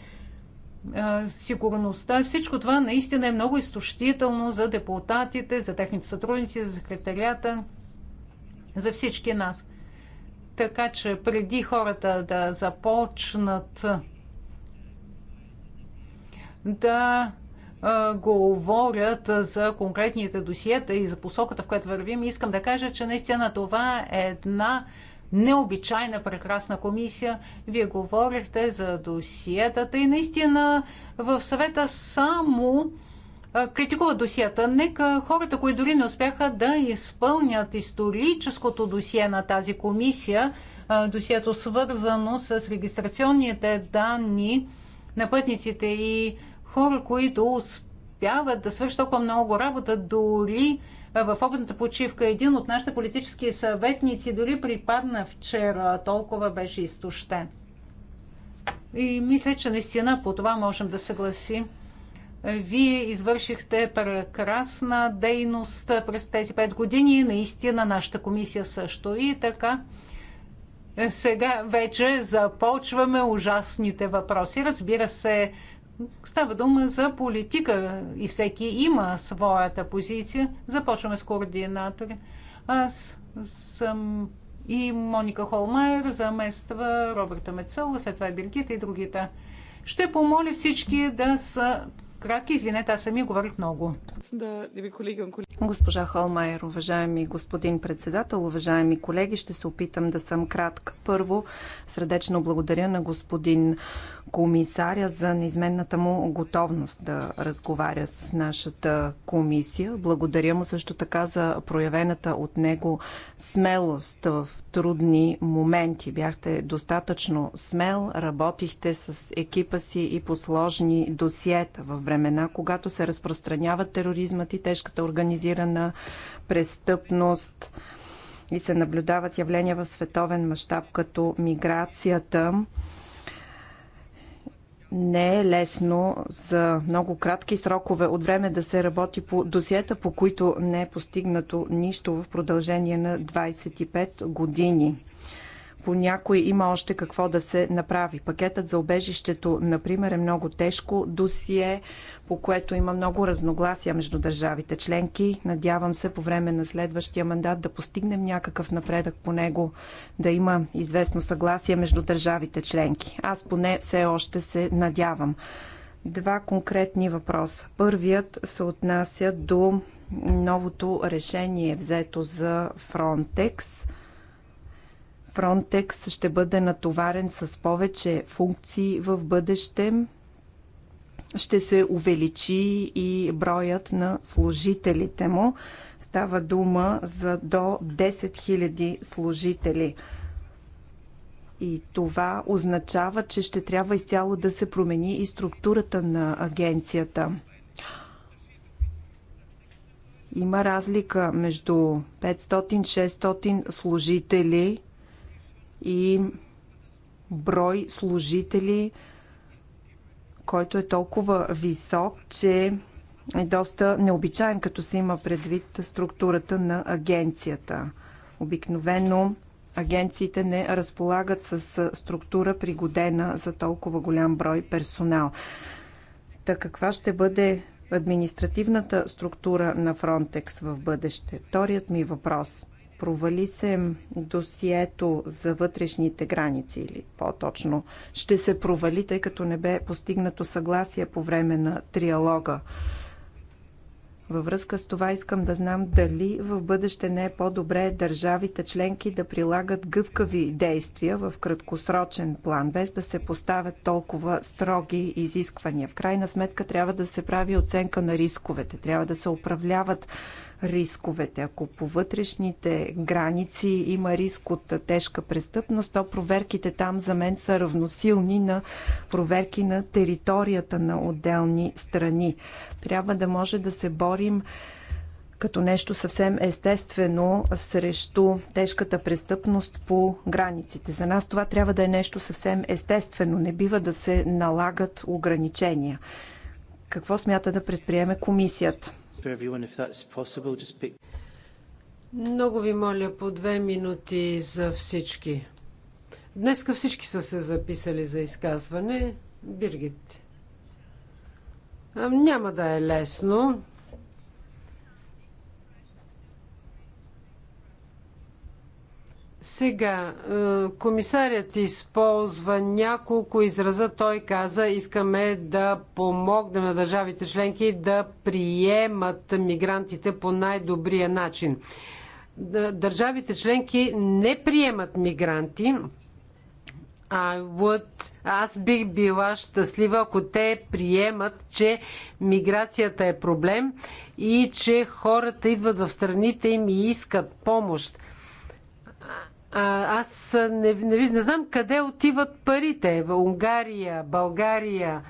сигурността. Всичко това наистина е много изтощително за депутатите, за техните сътрудници, за секретарията, за всички нас. Така че преди хората да започнат да говорят за конкретните досиета и за посоката, в която вървим, искам да кажа, че наистина това е една необичайна, прекрасна комисия. Вие говорихте за досиетата и наистина в съвета само критикуват досията. Нека хората, които дори не успяха да изпълнят историческото досие на тази комисия, досието свързано с регистрационните данни на пътниците и хора, които успяват да свършат толкова много работа, дори в обедната почивка. Един от нашите политически съветници дори припадна вчера, толкова беше изтощен. И мисля, че наистина по това можем да съгласим. Вие извършихте прекрасна дейност през тези пет години. Наистина нашата комисия също и така. Сега вече започваме ужасните въпроси. Разбира се, Става дума за политика и всеки има своята позиция. Започваме с координатори. Аз съм и Моника Холмайер замества Роберта Мецола, след това е Биргита и другите. Ще помоля всички да са кратки. Извинете, аз сами говорих много. Госпожа Холмайер, уважаеми господин председател, уважаеми колеги, ще се опитам да съм кратка. Първо, сърдечно благодаря на господин комисаря за неизменната му готовност да разговаря с нашата комисия. Благодаря му също така за проявената от него смелост в трудни моменти. Бяхте достатъчно смел, работихте с екипа си и по сложни досиета в времена, когато се разпространява тероризмът и тежката организация организирана престъпност и се наблюдават явления в световен мащаб като миграцията. Не е лесно за много кратки срокове от време да се работи по досиета, по които не е постигнато нищо в продължение на 25 години по някой има още какво да се направи. Пакетът за обежището, например, е много тежко досие, по което има много разногласия между държавите членки. Надявам се по време на следващия мандат да постигнем някакъв напредък по него, да има известно съгласие между държавите членки. Аз поне все още се надявам. Два конкретни въпроса. Първият се отнася до новото решение взето за Фронтекс – Фронтекс ще бъде натоварен с повече функции в бъдеще. Ще се увеличи и броят на служителите му. Става дума за до 10 000 служители. И това означава, че ще трябва изцяло да се промени и структурата на агенцията. Има разлика между 500-600 служители – и брой служители, който е толкова висок, че е доста необичайен, като се има предвид структурата на агенцията. Обикновено агенциите не разполагат с структура пригодена за толкова голям брой персонал. Та каква ще бъде административната структура на Фронтекс в бъдеще? Вторият ми въпрос. Провали се досието за вътрешните граници или по-точно ще се провали, тъй като не бе постигнато съгласие по време на триалога. Във връзка с това искам да знам дали в бъдеще не е по-добре държавите членки да прилагат гъвкави действия в краткосрочен план, без да се поставят толкова строги изисквания. В крайна сметка трябва да се прави оценка на рисковете, трябва да се управляват рисковете. Ако по вътрешните граници има риск от тежка престъпност, то проверките там за мен са равносилни на проверки на територията на отделни страни. Трябва да може да се борим като нещо съвсем естествено срещу тежката престъпност по границите. За нас това трябва да е нещо съвсем естествено. Не бива да се налагат ограничения. Какво смята да предприеме комисията? Everyone, Много ви моля по две минути за всички. Днеска всички са се записали за изказване. Биргит. Няма да е лесно. Сега, е, комисарят използва няколко израза. Той каза, искаме да помогнем на държавите членки да приемат мигрантите по най-добрия начин. Държавите членки не приемат мигранти. I would, аз бих била щастлива, ако те приемат, че миграцията е проблем и че хората идват в страните им и искат помощ а, аз не, не, не знам къде отиват парите. В Унгария, България,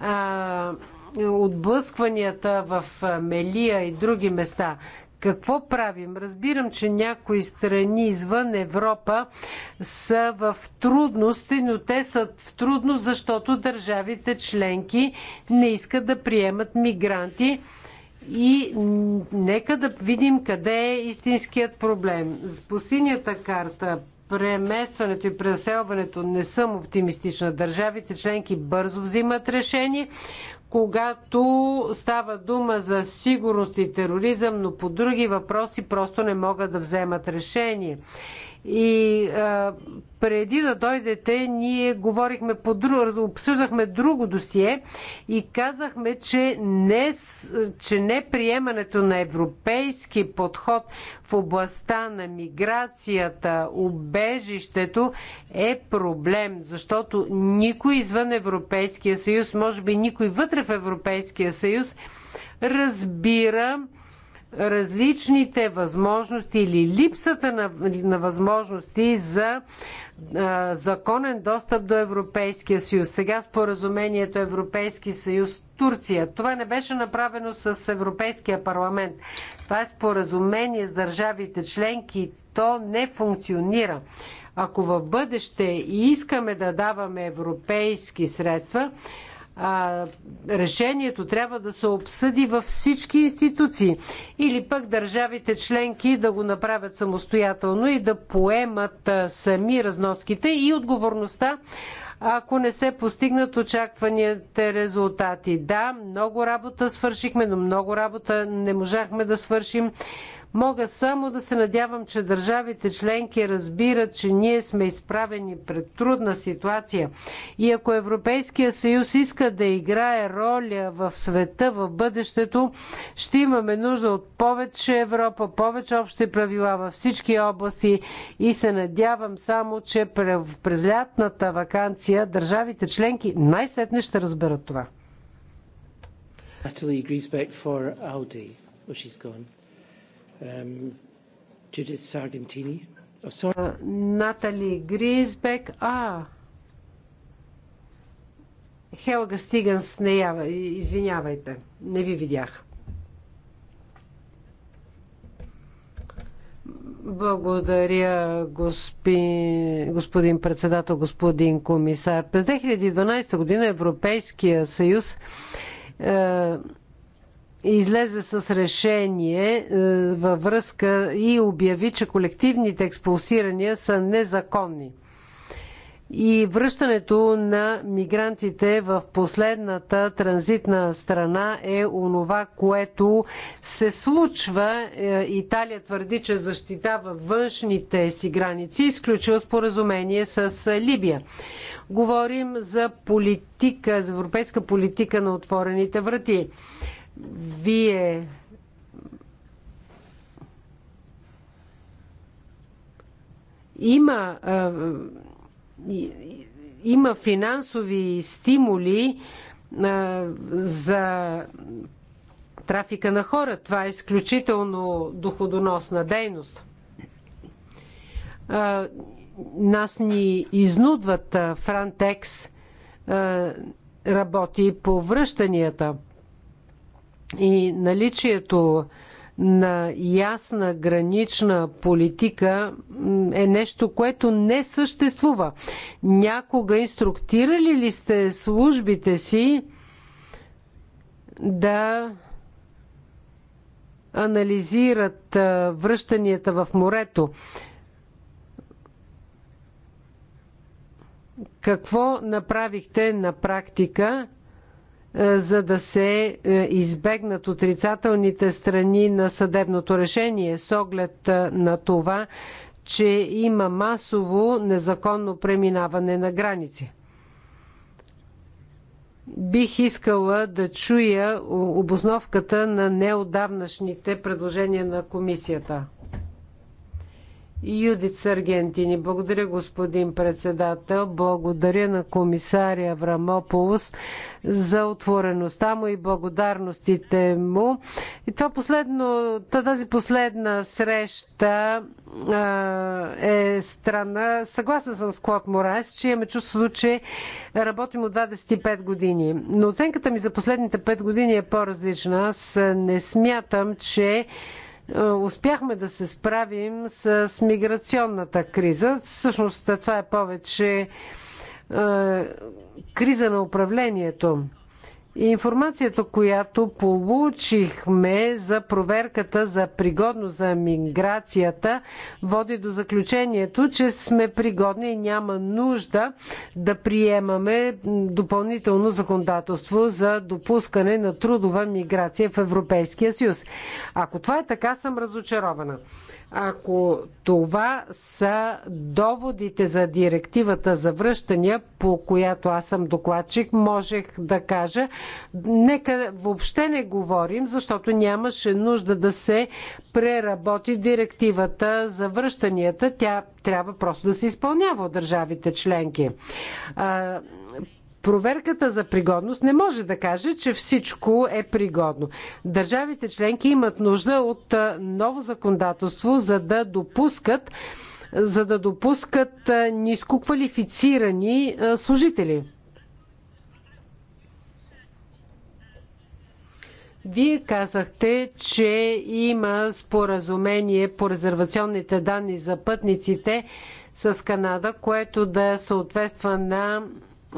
а, отблъскванията в Мелия и други места. Какво правим? Разбирам, че някои страни извън Европа са в трудности, но те са в трудност, защото държавите членки не искат да приемат мигранти и нека да видим къде е истинският проблем. По синята карта преместването и преселването не съм оптимистична. Държавите членки бързо взимат решение, когато става дума за сигурност и тероризъм, но по други въпроси просто не могат да вземат решение. И а, преди да дойдете, ние говорихме по друго, обсъждахме друго досие и казахме, че не, че не приемането на европейски подход в областта на миграцията, убежището е проблем, защото никой извън Европейския съюз, може би никой вътре в Европейския съюз, разбира различните възможности или липсата на, на възможности за а, законен достъп до Европейския съюз. Сега споразумението Европейски съюз Турция. Това не беше направено с Европейския парламент. Това е споразумение с държавите членки. То не функционира. Ако в бъдеще искаме да даваме европейски средства, а, решението трябва да се обсъди във всички институции или пък държавите членки да го направят самостоятелно и да поемат а, сами разноските и отговорността ако не се постигнат очакваните резултати. Да, много работа свършихме, но много работа не можахме да свършим Мога само да се надявам, че държавите членки разбират, че ние сме изправени пред трудна ситуация. И ако Европейския съюз иска да играе роля в света, в бъдещето, ще имаме нужда от повече Европа, повече общи правила във всички области и се надявам само, че през лятната вакансия държавите членки най-сетне ще разберат това. Natalie Griesbeck for Audi. Well, she's gone. Um, Judith Sargentini. Oh, sorry. Uh, Натали Гризбек. А, Хелга Стиганс, не ява, извинявайте, не ви видях. Благодаря, госпи... господин председател, господин комисар. През 2012 година Европейския съюз е излезе с решение е, във връзка и обяви, че колективните експулсирания са незаконни. И връщането на мигрантите в последната транзитна страна е онова, което се случва. Е, Италия твърди, че защитава външните си граници, изключва споразумение с е, Либия. Говорим за политика, за европейска политика на отворените врати вие има, а, има финансови стимули а, за трафика на хора. Това е изключително доходоносна дейност. А, нас ни изнудват Франтекс работи по връщанията и наличието на ясна гранична политика е нещо, което не съществува. Някога инструктирали ли сте службите си да анализират връщанията в морето? Какво направихте на практика? Е, за да се е, избегнат отрицателните страни на съдебното решение с оглед е, на това, че има масово незаконно преминаване на граници. Бих искала да чуя обосновката на неодавнашните предложения на комисията. Юдит Саргентини. Благодаря, господин председател. Благодаря на комисаря Аврамополос за отвореността му и благодарностите му. И това последно, тази последна среща е страна. Съгласна съм с Клод Морайс, че имаме чувство, че работим от 25 години. Но оценката ми за последните 5 години е по-различна. Аз не смятам, че е, успяхме да се справим с миграционната криза. Всъщност това е повече е, криза на управлението. Информацията, която получихме за проверката за пригодност за миграцията, води до заключението, че сме пригодни и няма нужда да приемаме допълнително законодателство за допускане на трудова миграция в Европейския съюз. Ако това е така, съм разочарована. Ако това са доводите за директивата за връщания, по която аз съм докладчик, можех да кажа, нека въобще не говорим, защото нямаше нужда да се преработи директивата за връщанията. Тя трябва просто да се изпълнява от държавите членки Проверката за пригодност не може да каже, че всичко е пригодно. Държавите членки имат нужда от ново законодателство, за да допускат за да допускат ниско квалифицирани служители. Вие казахте, че има споразумение по резервационните данни за пътниците с Канада, което да съответства на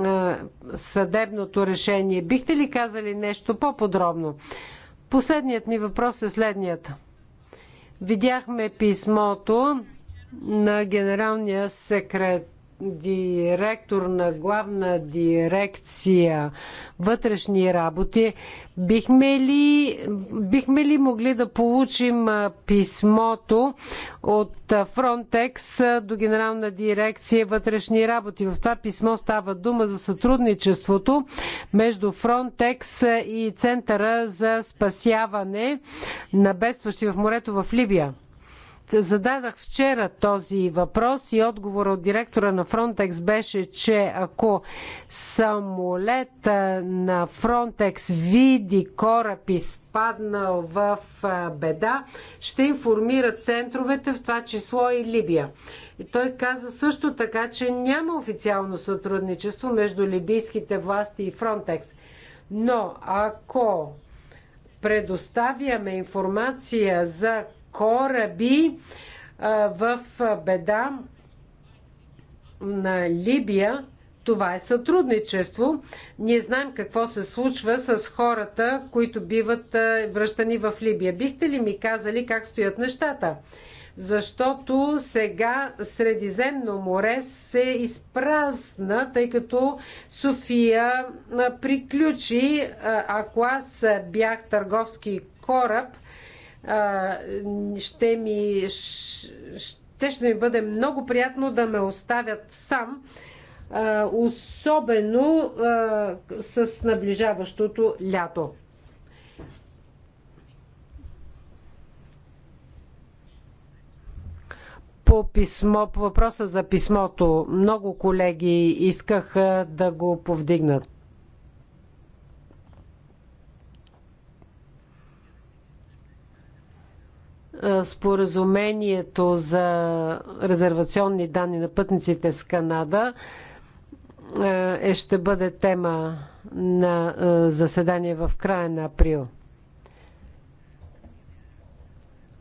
е, съдебното решение. Бихте ли казали нещо по-подробно? Последният ми въпрос е следният. Видяхме писмото на генералния секретар директор на главна дирекция вътрешни работи, бихме ли, бихме ли могли да получим писмото от Frontex до генерална дирекция вътрешни работи? В това писмо става дума за сътрудничеството между Frontex и Центъра за спасяване на бедстващи в морето в Либия зададах вчера този въпрос и отговор от директора на Фронтекс беше, че ако самолет на Frontex види кораб изпаднал в беда, ще информира центровете, в това число и Либия. И той каза също така, че няма официално сътрудничество между либийските власти и Frontex. Но ако предоставяме информация за кораби в беда на Либия. Това е сътрудничество. Ние знаем какво се случва с хората, които биват връщани в Либия. Бихте ли ми казали как стоят нещата? Защото сега Средиземно море се изпразна, тъй като София приключи. Ако аз бях търговски кораб, ще ми, ще, ще ми бъде много приятно да ме оставят сам, особено с наближаващото лято. по писмо, по въпроса за писмото. Много колеги искаха да го повдигнат. Е, споразумението за резервационни данни на пътниците с Канада е, е ще бъде тема на е, заседание в края на април.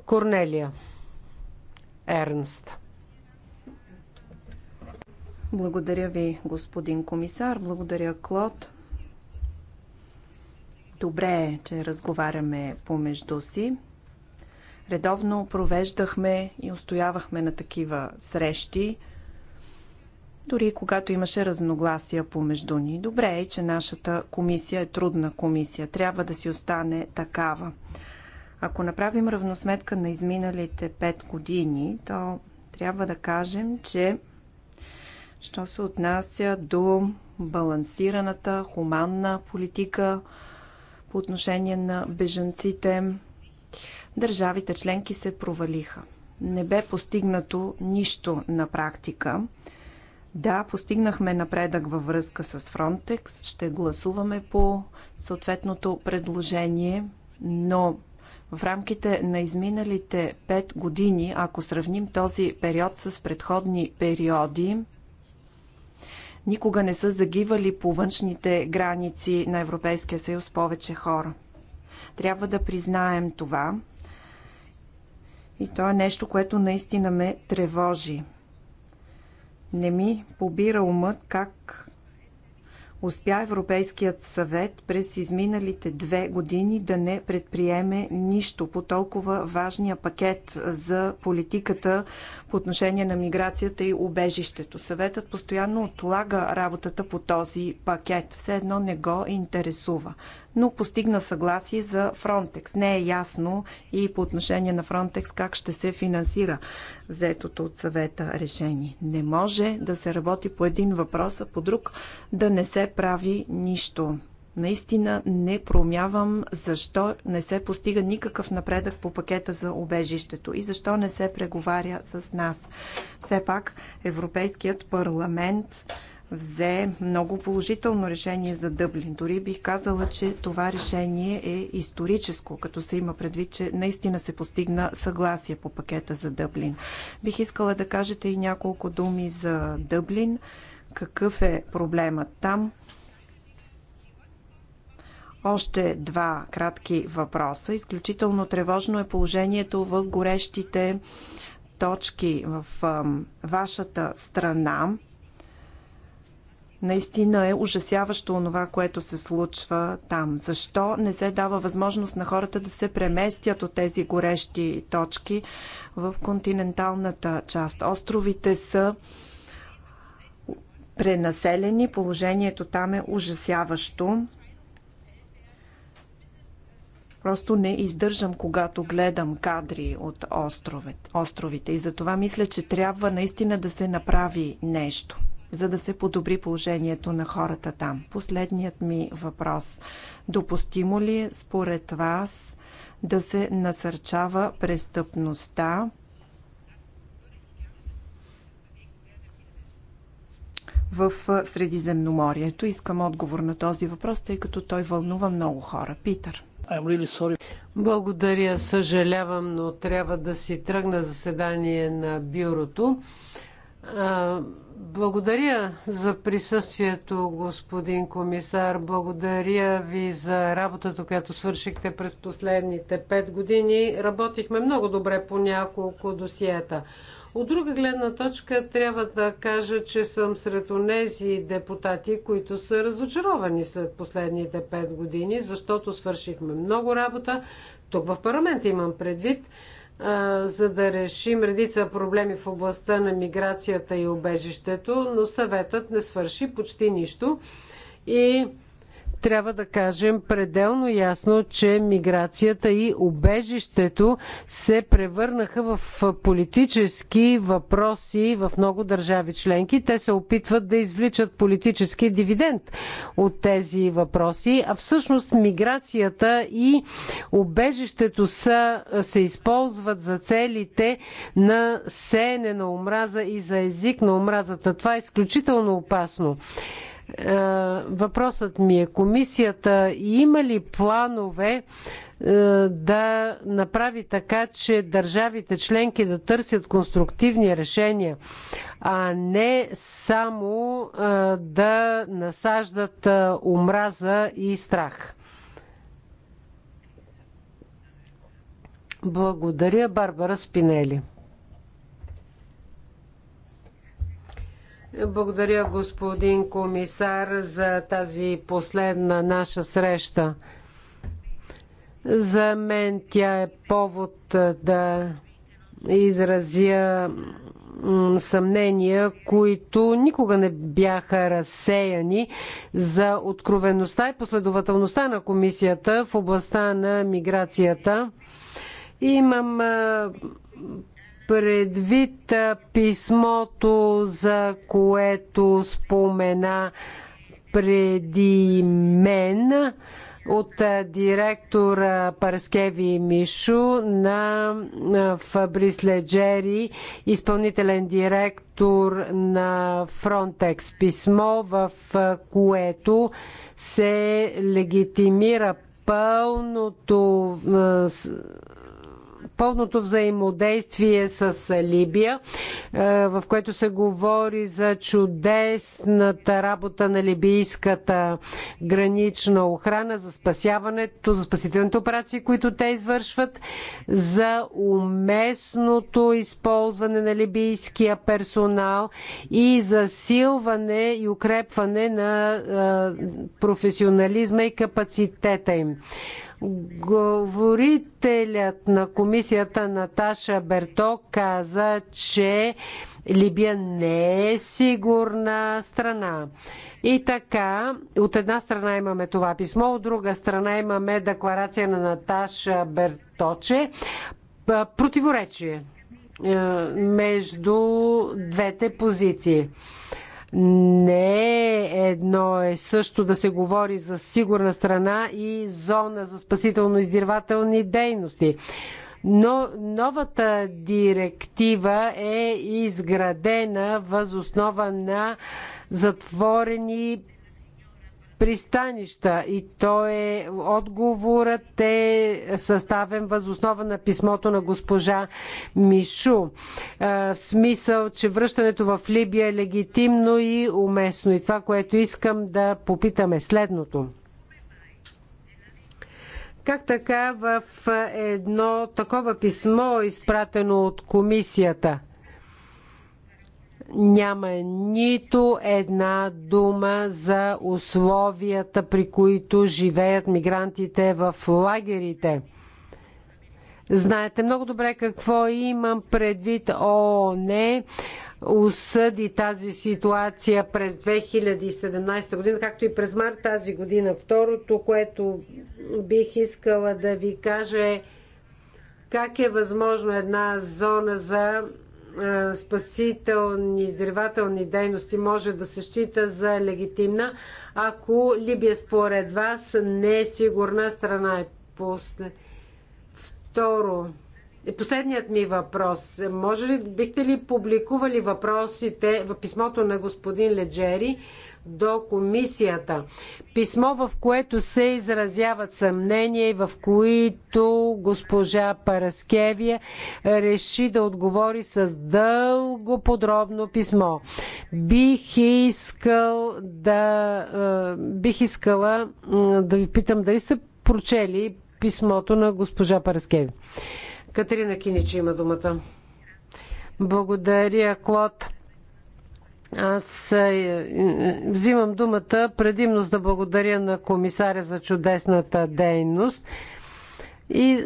Корнелия Ернст. Благодаря ви, господин комисар. Благодаря, Клод. Добре е, че разговаряме помежду си. Редовно провеждахме и устоявахме на такива срещи, дори когато имаше разногласия помежду ни. Добре е, че нашата комисия е трудна комисия. Трябва да си остане такава. Ако направим равносметка на изминалите 5 години, то трябва да кажем, че що се отнася до балансираната, хуманна политика по отношение на бежанците, Държавите членки се провалиха. Не бе постигнато нищо на практика. Да, постигнахме напредък във връзка с Фронтекс, Ще гласуваме по съответното предложение, но в рамките на изминалите 5 години, ако сравним този период с предходни периоди, никога не са загивали по външните граници на Европейския съюз повече хора. Трябва да признаем това. И то е нещо, което наистина ме тревожи. Не ми побира умът как успя Европейският съвет през изминалите две години да не предприеме нищо по толкова важния пакет за политиката по отношение на миграцията и убежището. Съветът постоянно отлага работата по този пакет. Все едно не го интересува. Но постигна съгласие за Фронтекс. Не е ясно и по отношение на Фронтекс как ще се финансира взетото от съвета решение. Не може да се работи по един въпрос, а по друг да не се прави нищо. Наистина не промявам защо не се постига никакъв напредък по пакета за обежището и защо не се преговаря с нас. Все пак Европейският парламент взе много положително решение за Дъблин. Дори бих казала, че това решение е историческо, като се има предвид, че наистина се постигна съгласие по пакета за Дъблин. Бих искала да кажете и няколко думи за Дъблин. Какъв е проблемът там? Още два кратки въпроса. Изключително тревожно е положението в горещите точки в вашата страна. Наистина е ужасяващо онова, което се случва там. Защо не се дава възможност на хората да се преместят от тези горещи точки в континенталната част? Островите са пренаселени, положението там е ужасяващо. Просто не издържам, когато гледам кадри от островет, островите. И затова мисля, че трябва наистина да се направи нещо, за да се подобри положението на хората там. Последният ми въпрос. Допустимо ли е, според вас да се насърчава престъпността в Средиземноморието? Искам отговор на този въпрос, тъй като той вълнува много хора. Питър really Благодаря, съжалявам, но трябва да си тръгна заседание на бюрото. Благодаря за присъствието, господин комисар. Благодаря ви за работата, която свършихте през последните пет години. Работихме много добре по няколко досиета. От друга гледна точка трябва да кажа, че съм сред онези депутати, които са разочаровани след последните пет години, защото свършихме много работа. Тук в парламента имам предвид за да решим редица проблеми в областта на миграцията и убежището, но съветът не свърши почти нищо. И трябва да кажем пределно ясно, че миграцията и убежището се превърнаха в политически въпроси в много държави членки. Те се опитват да извличат политически дивиденд от тези въпроси, а всъщност миграцията и убежището са, се използват за целите на сеене на омраза и за език на омразата. Това е изключително опасно. Е, въпросът ми е, комисията има ли планове е, да направи така, че държавите членки да търсят конструктивни решения, а не само е, да насаждат омраза и страх? Благодаря, Барбара Спинели. Благодаря, господин комисар, за тази последна наша среща. За мен тя е повод да изразя съмнения, които никога не бяха разсеяни за откровеността и последователността на комисията в областта на миграцията. Имам Предвид писмото, за което спомена преди мен, от директор Парскеви Мишу на Фабрис Леджери, изпълнителен директор на Frontex. Писмо, в което се легитимира пълното пълното взаимодействие с е, Либия, е, в което се говори за чудесната работа на либийската гранична охрана, за спасяването, за спасителните операции, които те извършват, за уместното използване на либийския персонал и засилване и укрепване на е, професионализма и капацитета им. Говорителят на комисията Наташа Берто каза, че Либия не е сигурна страна. И така, от една страна имаме това писмо, от друга страна имаме декларация на Наташа Берточе. Противоречие е, между двете позиции. Не е едно е също да се говори за сигурна страна и зона за спасително-издирвателни дейности. Но новата директива е изградена въз основа на затворени пристанища и то е отговорът е съставен възоснова на писмото на госпожа Мишу. Е, в смисъл, че връщането в Либия е легитимно и уместно. И това, което искам да попитаме следното. Как така в едно такова писмо, изпратено от комисията – няма нито една дума за условията, при които живеят мигрантите в лагерите. Знаете много добре какво имам предвид. ООН осъди тази ситуация през 2017 година, както и през март тази година. Второто, което бих искала да ви кажа е как е възможно една зона за е, спасителни издревателни дейности може да се счита за легитимна, ако Либия според вас не е сигурна страна. е После... Второ, Последният ми въпрос. Може ли, бихте ли публикували въпросите в писмото на господин Леджери до комисията. Писмо, в което се изразяват съмнения и в които госпожа Параскевия реши да отговори с дълго подробно писмо. Бих, искал да, е, бих искала да ви питам дали сте прочели писмото на госпожа Параскеви. Катерина Кинич има думата. Благодаря, Клод. Аз е, е, взимам думата предимно за да благодаря на комисаря за чудесната дейност и,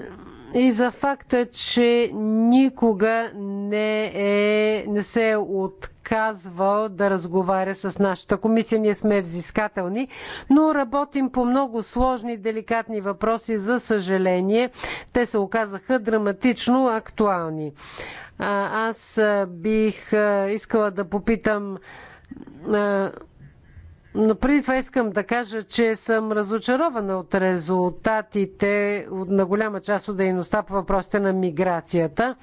и за факта, че никога не, е, не се е отказвал да разговаря с нашата комисия. Ние сме взискателни, но работим по много сложни и деликатни въпроси. За съжаление, те се оказаха драматично актуални. Аз бих искала да попитам. Но преди това искам да кажа, че съм разочарована от резултатите на голяма част от дейността по въпросите на миграцията.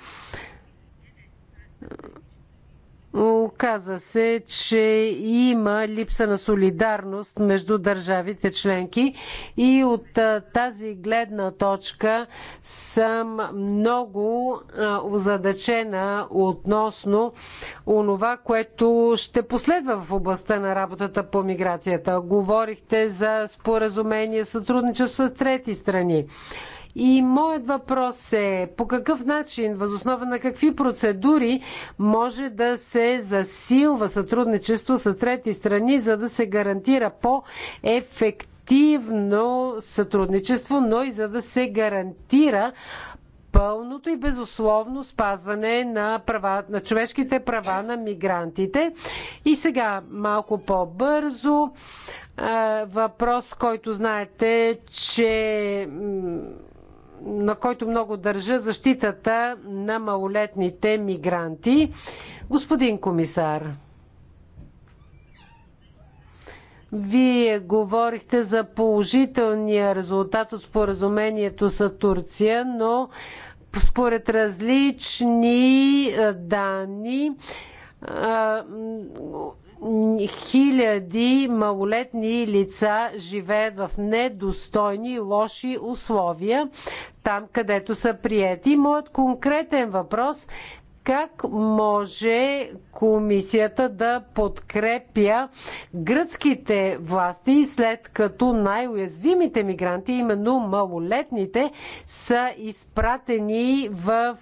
Оказа се, че има липса на солидарност между държавите членки и от тази гледна точка съм много озадачена относно онова, което ще последва в областта на работата по миграцията. Говорихте за споразумение, сътрудничество с трети страни. И моят въпрос е по какъв начин, възоснова на какви процедури може да се засилва сътрудничество с трети страни, за да се гарантира по-ефективно сътрудничество, но и за да се гарантира пълното и безусловно спазване на, права, на човешките права на мигрантите. И сега малко по-бързо въпрос, който знаете, че на който много държа, защитата на малолетните мигранти. Господин комисар, вие говорихте за положителния резултат от споразумението с Турция, но според различни данни хиляди малолетни лица живеят в недостойни и лоши условия там, където са приети. Моят конкретен въпрос как може комисията да подкрепя гръцките власти, след като най-уязвимите мигранти, именно малолетните, са изпратени в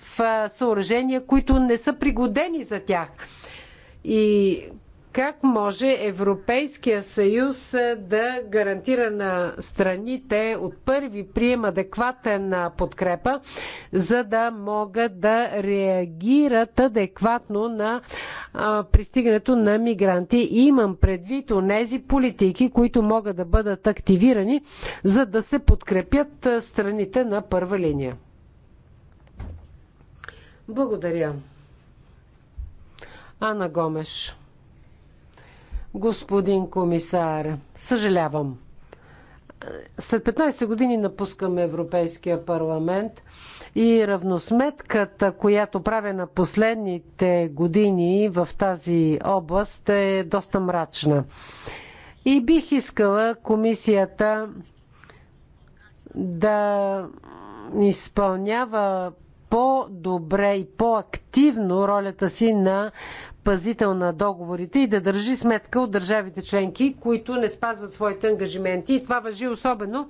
съоръжения, които не са пригодени за тях. И как може Европейския съюз да гарантира на страните от първи прием адекватен подкрепа, за да могат да реагират адекватно на пристигането на мигранти? И имам предвид онези политики, които могат да бъдат активирани, за да се подкрепят страните на първа линия. Благодаря. Ана Гомеш. Господин комисар, съжалявам. След 15 години напускам Европейския парламент и равносметката, която правя на последните години в тази област е доста мрачна. И бих искала комисията да изпълнява по-добре и по-активно ролята си на пазител на договорите и да държи сметка от държавите членки, които не спазват своите ангажименти. И това въжи особено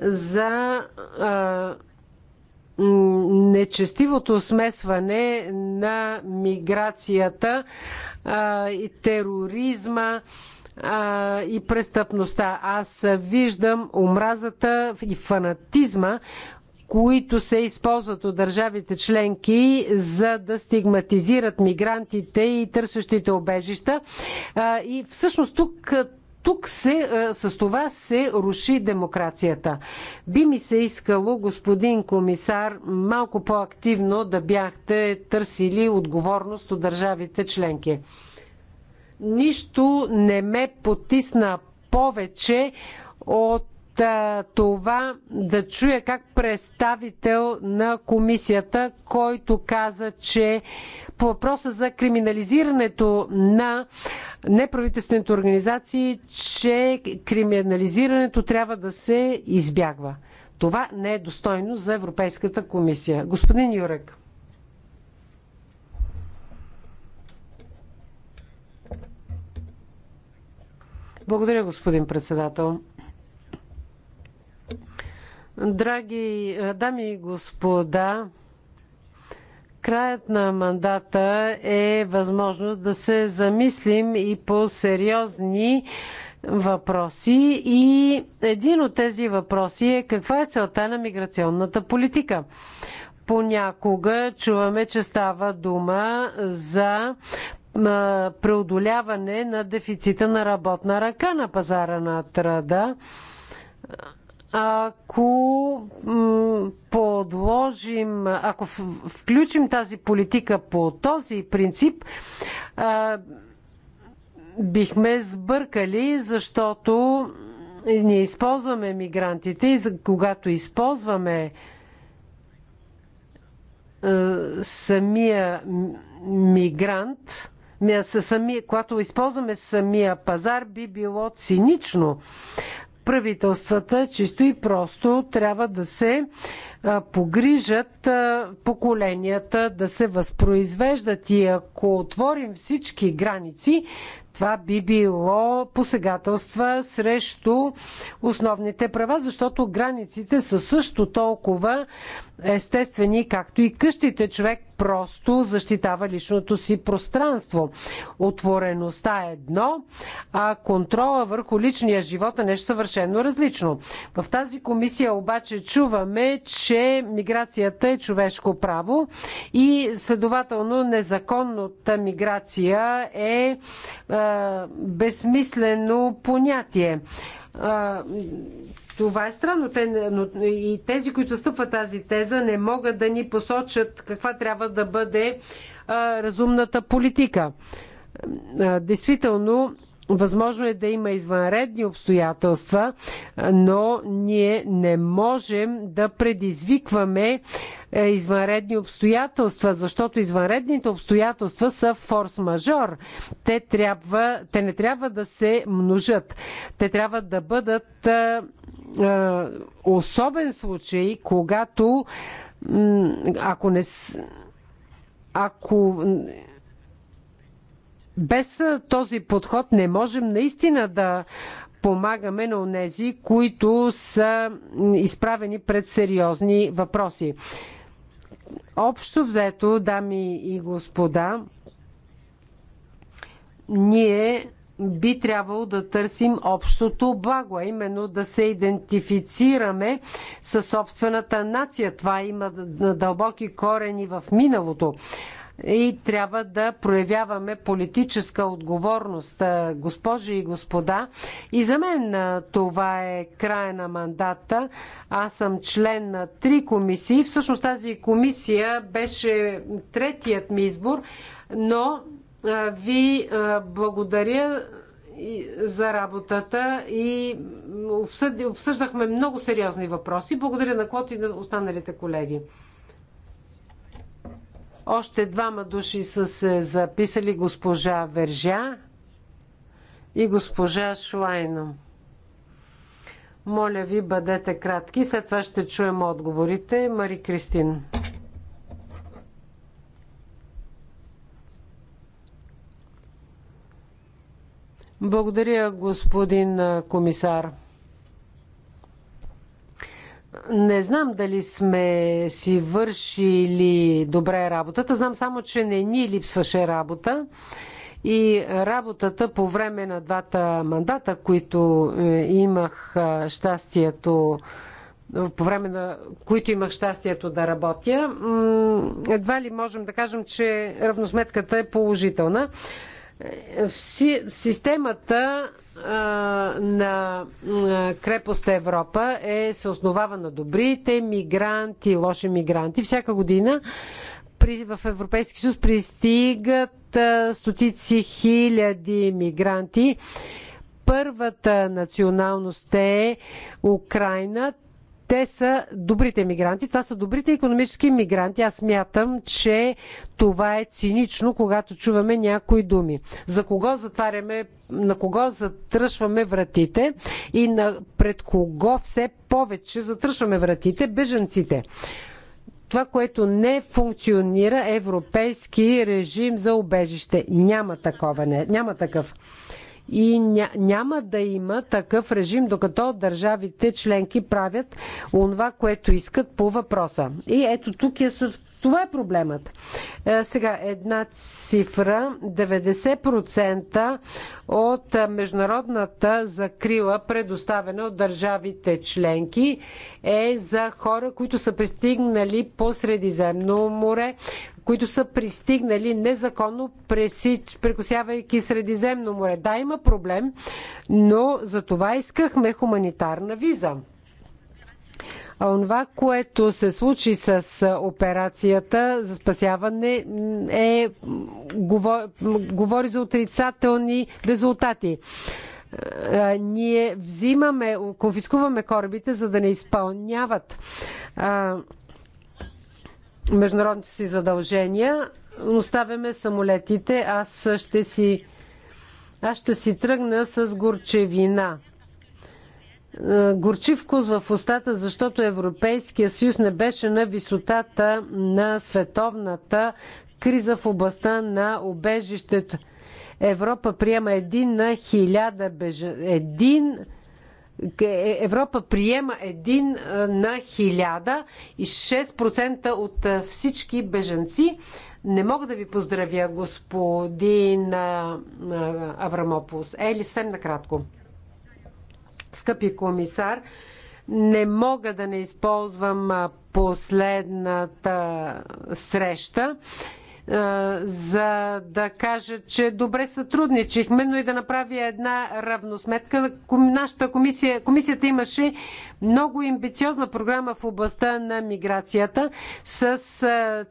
за а, нечестивото смесване на миграцията а, и тероризма а, и престъпността. Аз виждам омразата и фанатизма, които се използват от държавите членки за да стигматизират мигрантите и търсещите обежища. И всъщност тук тук се, с това се руши демокрацията. Би ми се искало, господин комисар, малко по-активно да бяхте търсили отговорност от държавите членки. Нищо не ме потисна повече от това да чуя как представител на комисията, който каза, че по въпроса за криминализирането на неправителствените организации, че криминализирането трябва да се избягва. Това не е достойно за Европейската комисия. Господин Юрек. Благодаря, господин председател. Драги е, дами и господа, краят на мандата е възможност да се замислим и по сериозни въпроси и един от тези въпроси е каква е целта на миграционната политика. Понякога чуваме, че става дума за е, преодоляване на дефицита на работна ръка на пазара на труда ако подложим, ако включим тази политика по този принцип, бихме сбъркали, защото ние използваме мигрантите и когато използваме самия мигрант, самия, когато използваме самия пазар, би било цинично правителствата чисто и просто трябва да се погрижат поколенията да се възпроизвеждат и ако отворим всички граници, това би било посегателства срещу основните права, защото границите са също толкова естествени, както и къщите. Човек просто защитава личното си пространство. Отвореността е едно, а контрола върху личния живот е нещо съвършено различно. В тази комисия обаче чуваме, че миграцията е човешко право и следователно незаконната миграция е, е безсмислено понятие. Това е странно. Те, но, и тези, които стъпват тази теза, не могат да ни посочат каква трябва да бъде а, разумната политика. А, действително, Възможно е да има извънредни обстоятелства, но ние не можем да предизвикваме е, извънредни обстоятелства, защото извънредните обстоятелства са форс-мажор. Те, трябва, те не трябва да се множат. Те трябва да бъдат а, е, е, особен случай, когато ако не. Ако без този подход не можем наистина да помагаме на онези, които са изправени пред сериозни въпроси. Общо взето, дами и господа, ние би трябвало да търсим общото благо, а именно да се идентифицираме със собствената нация. Това има дълбоки корени в миналото и трябва да проявяваме политическа отговорност, госпожи и господа. И за мен това е края на мандата. Аз съм член на три комисии. Всъщност тази комисия беше третият ми избор, но ви благодаря за работата и обсъждахме много сериозни въпроси. Благодаря на Клод и на останалите колеги. Още двама души са се записали госпожа Вержа и госпожа Шлайно. Моля ви, бъдете кратки. След това ще чуем отговорите. Мари Кристин. Благодаря, господин комисар. Не знам дали сме си вършили добре работата. Знам само, че не ни липсваше работа. И работата по време на двата мандата, които е, имах е, щастието по време на които имах щастието да работя, едва ли можем да кажем, че равносметката е положителна. Е, системата на крепост Европа е, се основава на добрите мигранти, лоши мигранти. Всяка година при, в Европейски съюз пристигат а, стотици хиляди мигранти. Първата националност е Украина те са добрите мигранти. Това са добрите економически мигранти. Аз мятам, че това е цинично, когато чуваме някои думи. За кого затваряме, на кого затръшваме вратите и на, пред кого все повече затръшваме вратите? Беженците. Това, което не функционира, е европейски режим за убежище. Няма такова, не, няма такъв и няма да има такъв режим, докато държавите членки правят онова, което искат по въпроса. И ето тук е съв... това е проблемът. Е, сега една цифра 90% от международната закрила, предоставена от държавите членки, е за хора, които са пристигнали по Средиземно море които са пристигнали незаконно, прекусявайки Средиземно море. Да, има проблем, но за това искахме хуманитарна виза. А това, което се случи с операцията за спасяване, е, говори за отрицателни резултати ние взимаме, конфискуваме корабите, за да не изпълняват а, международните си задължения. Оставяме самолетите. Аз ще си, аз ще си тръгна с горчевина. Е, горчив вкус в устата, защото Европейския съюз не беше на висотата на световната криза в областта на обежището. Европа приема един на хиляда бежанци. един е, Европа приема един на хиляда и 6% от всички бежанци. Не мога да ви поздравя, господин Аврамопус. Ели, съм накратко. Скъпи комисар, не мога да не използвам последната среща за да кажа, че добре сътрудничихме, но и да направя една равносметка. Нашата комисия, комисията имаше много амбициозна програма в областта на миграцията с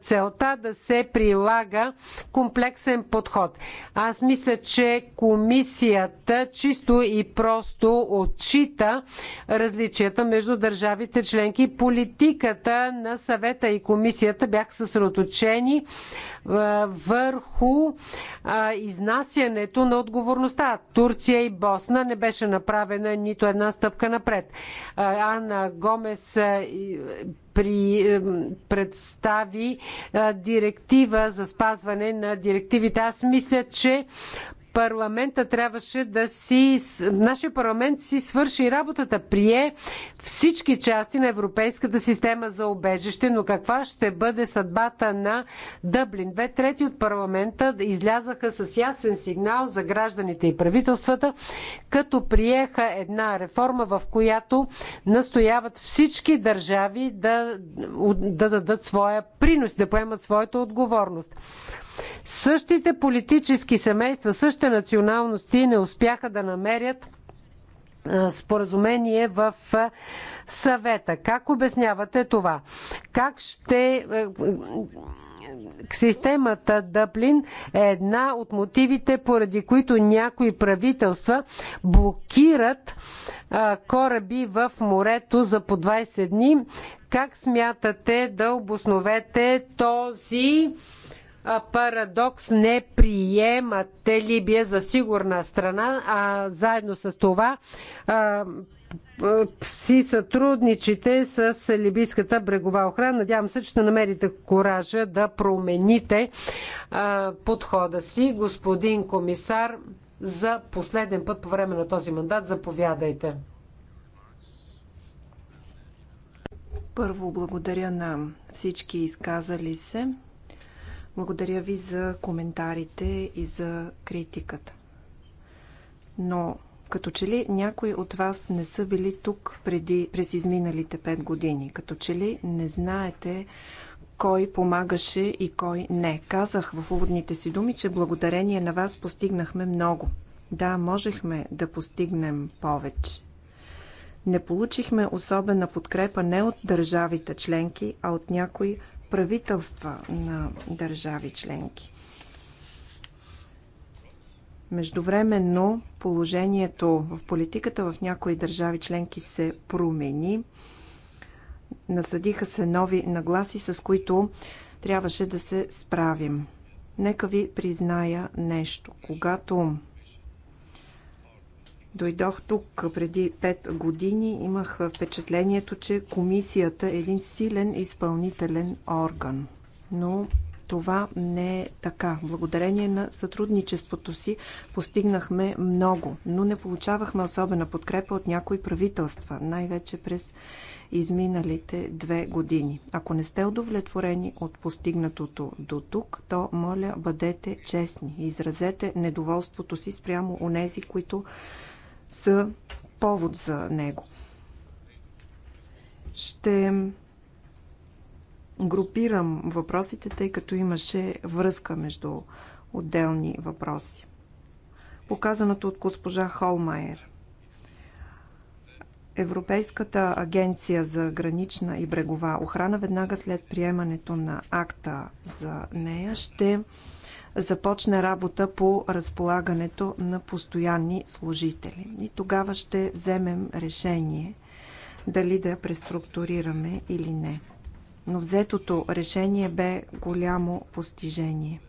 целта да се прилага комплексен подход. Аз мисля, че комисията чисто и просто отчита различията между държавите членки. Политиката на съвета и комисията бяха съсредоточени върху изнасянето на отговорността. Турция и Босна не беше направена нито една стъпка напред. Анна Гомес при, представи директива за спазване на директивите. Аз мисля, че парламента трябваше да си... Нашия парламент си свърши работата. Прие всички части на европейската система за обежище, но каква ще бъде съдбата на Дъблин? Две трети от парламента излязаха с ясен сигнал за гражданите и правителствата, като приеха една реформа, в която настояват всички държави да, да дадат своя принос, да поемат своята отговорност. Същите политически семейства, същите националности не успяха да намерят споразумение в съвета. Как обяснявате това? Как ще системата Дъблин е една от мотивите, поради които някои правителства блокират кораби в морето за по 20 дни. Как смятате да обосновете този парадокс не приемате Либия за сигурна страна, а заедно с това си сътрудничите с либийската брегова охрана. Надявам се, че ще намерите коража да промените подхода си. Господин комисар, за последен път по време на този мандат заповядайте. Първо благодаря на всички изказали се. Благодаря ви за коментарите и за критиката. Но като че ли някои от вас не са били тук преди, през изминалите 5 години? Като че ли не знаете кой помагаше и кой не? Казах в уводните си думи, че благодарение на вас постигнахме много. Да, можехме да постигнем повече. Не получихме особена подкрепа не от държавите членки, а от някои правителства на държави членки. Междувременно положението в политиката в някои държави членки се промени. Насъдиха се нови нагласи, с които трябваше да се справим. Нека ви призная нещо. Когато дойдох тук преди 5 години, имах впечатлението, че комисията е един силен изпълнителен орган. Но това не е така. Благодарение на сътрудничеството си постигнахме много, но не получавахме особена подкрепа от някои правителства, най-вече през изминалите две години. Ако не сте удовлетворени от постигнатото до тук, то моля бъдете честни и изразете недоволството си спрямо у нези, които са повод за него. Ще групирам въпросите, тъй като имаше връзка между отделни въпроси. Показаното от госпожа Холмайер. Европейската агенция за гранична и брегова охрана веднага след приемането на акта за нея ще започне работа по разполагането на постоянни служители. И тогава ще вземем решение дали да преструктурираме или не. Но взетото решение бе голямо постижение.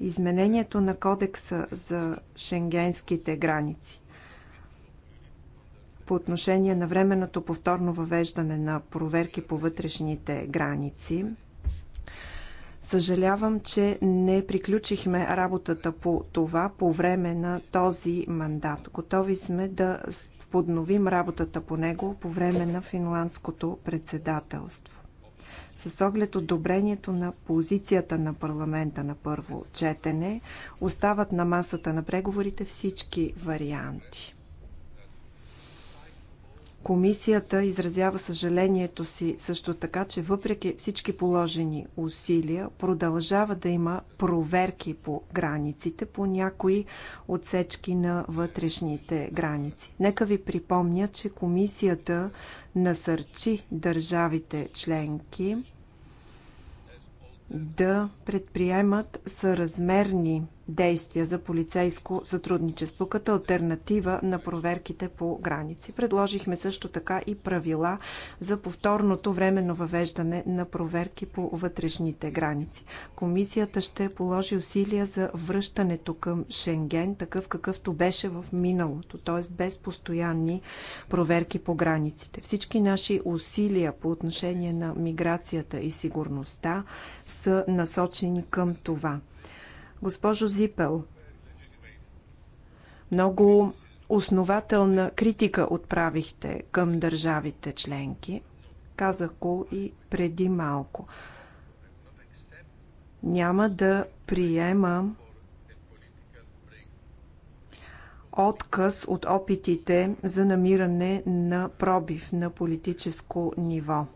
Изменението на кодекса за шенгенските граници по отношение на временното повторно въвеждане на проверки по вътрешните граници – Съжалявам, че не приключихме работата по това по време на този мандат. Готови сме да подновим работата по него по време на финландското председателство. С оглед одобрението на позицията на парламента на първо четене, остават на масата на преговорите всички варианти. Комисията изразява съжалението си също така, че въпреки всички положени усилия, продължава да има проверки по границите, по някои отсечки на вътрешните граници. Нека ви припомня, че Комисията насърчи държавите членки да предприемат съразмерни действия за полицейско сътрудничество като альтернатива на проверките по граници. Предложихме също така и правила за повторното временно въвеждане на проверки по вътрешните граници. Комисията ще положи усилия за връщането към Шенген, такъв какъвто беше в миналото, т.е. без постоянни проверки по границите. Всички наши усилия по отношение на миграцията и сигурността са насочени към това. Госпожо Зипел, много основателна критика отправихте към държавите членки. Казах го и преди малко. Няма да приема отказ от опитите за намиране на пробив на политическо ниво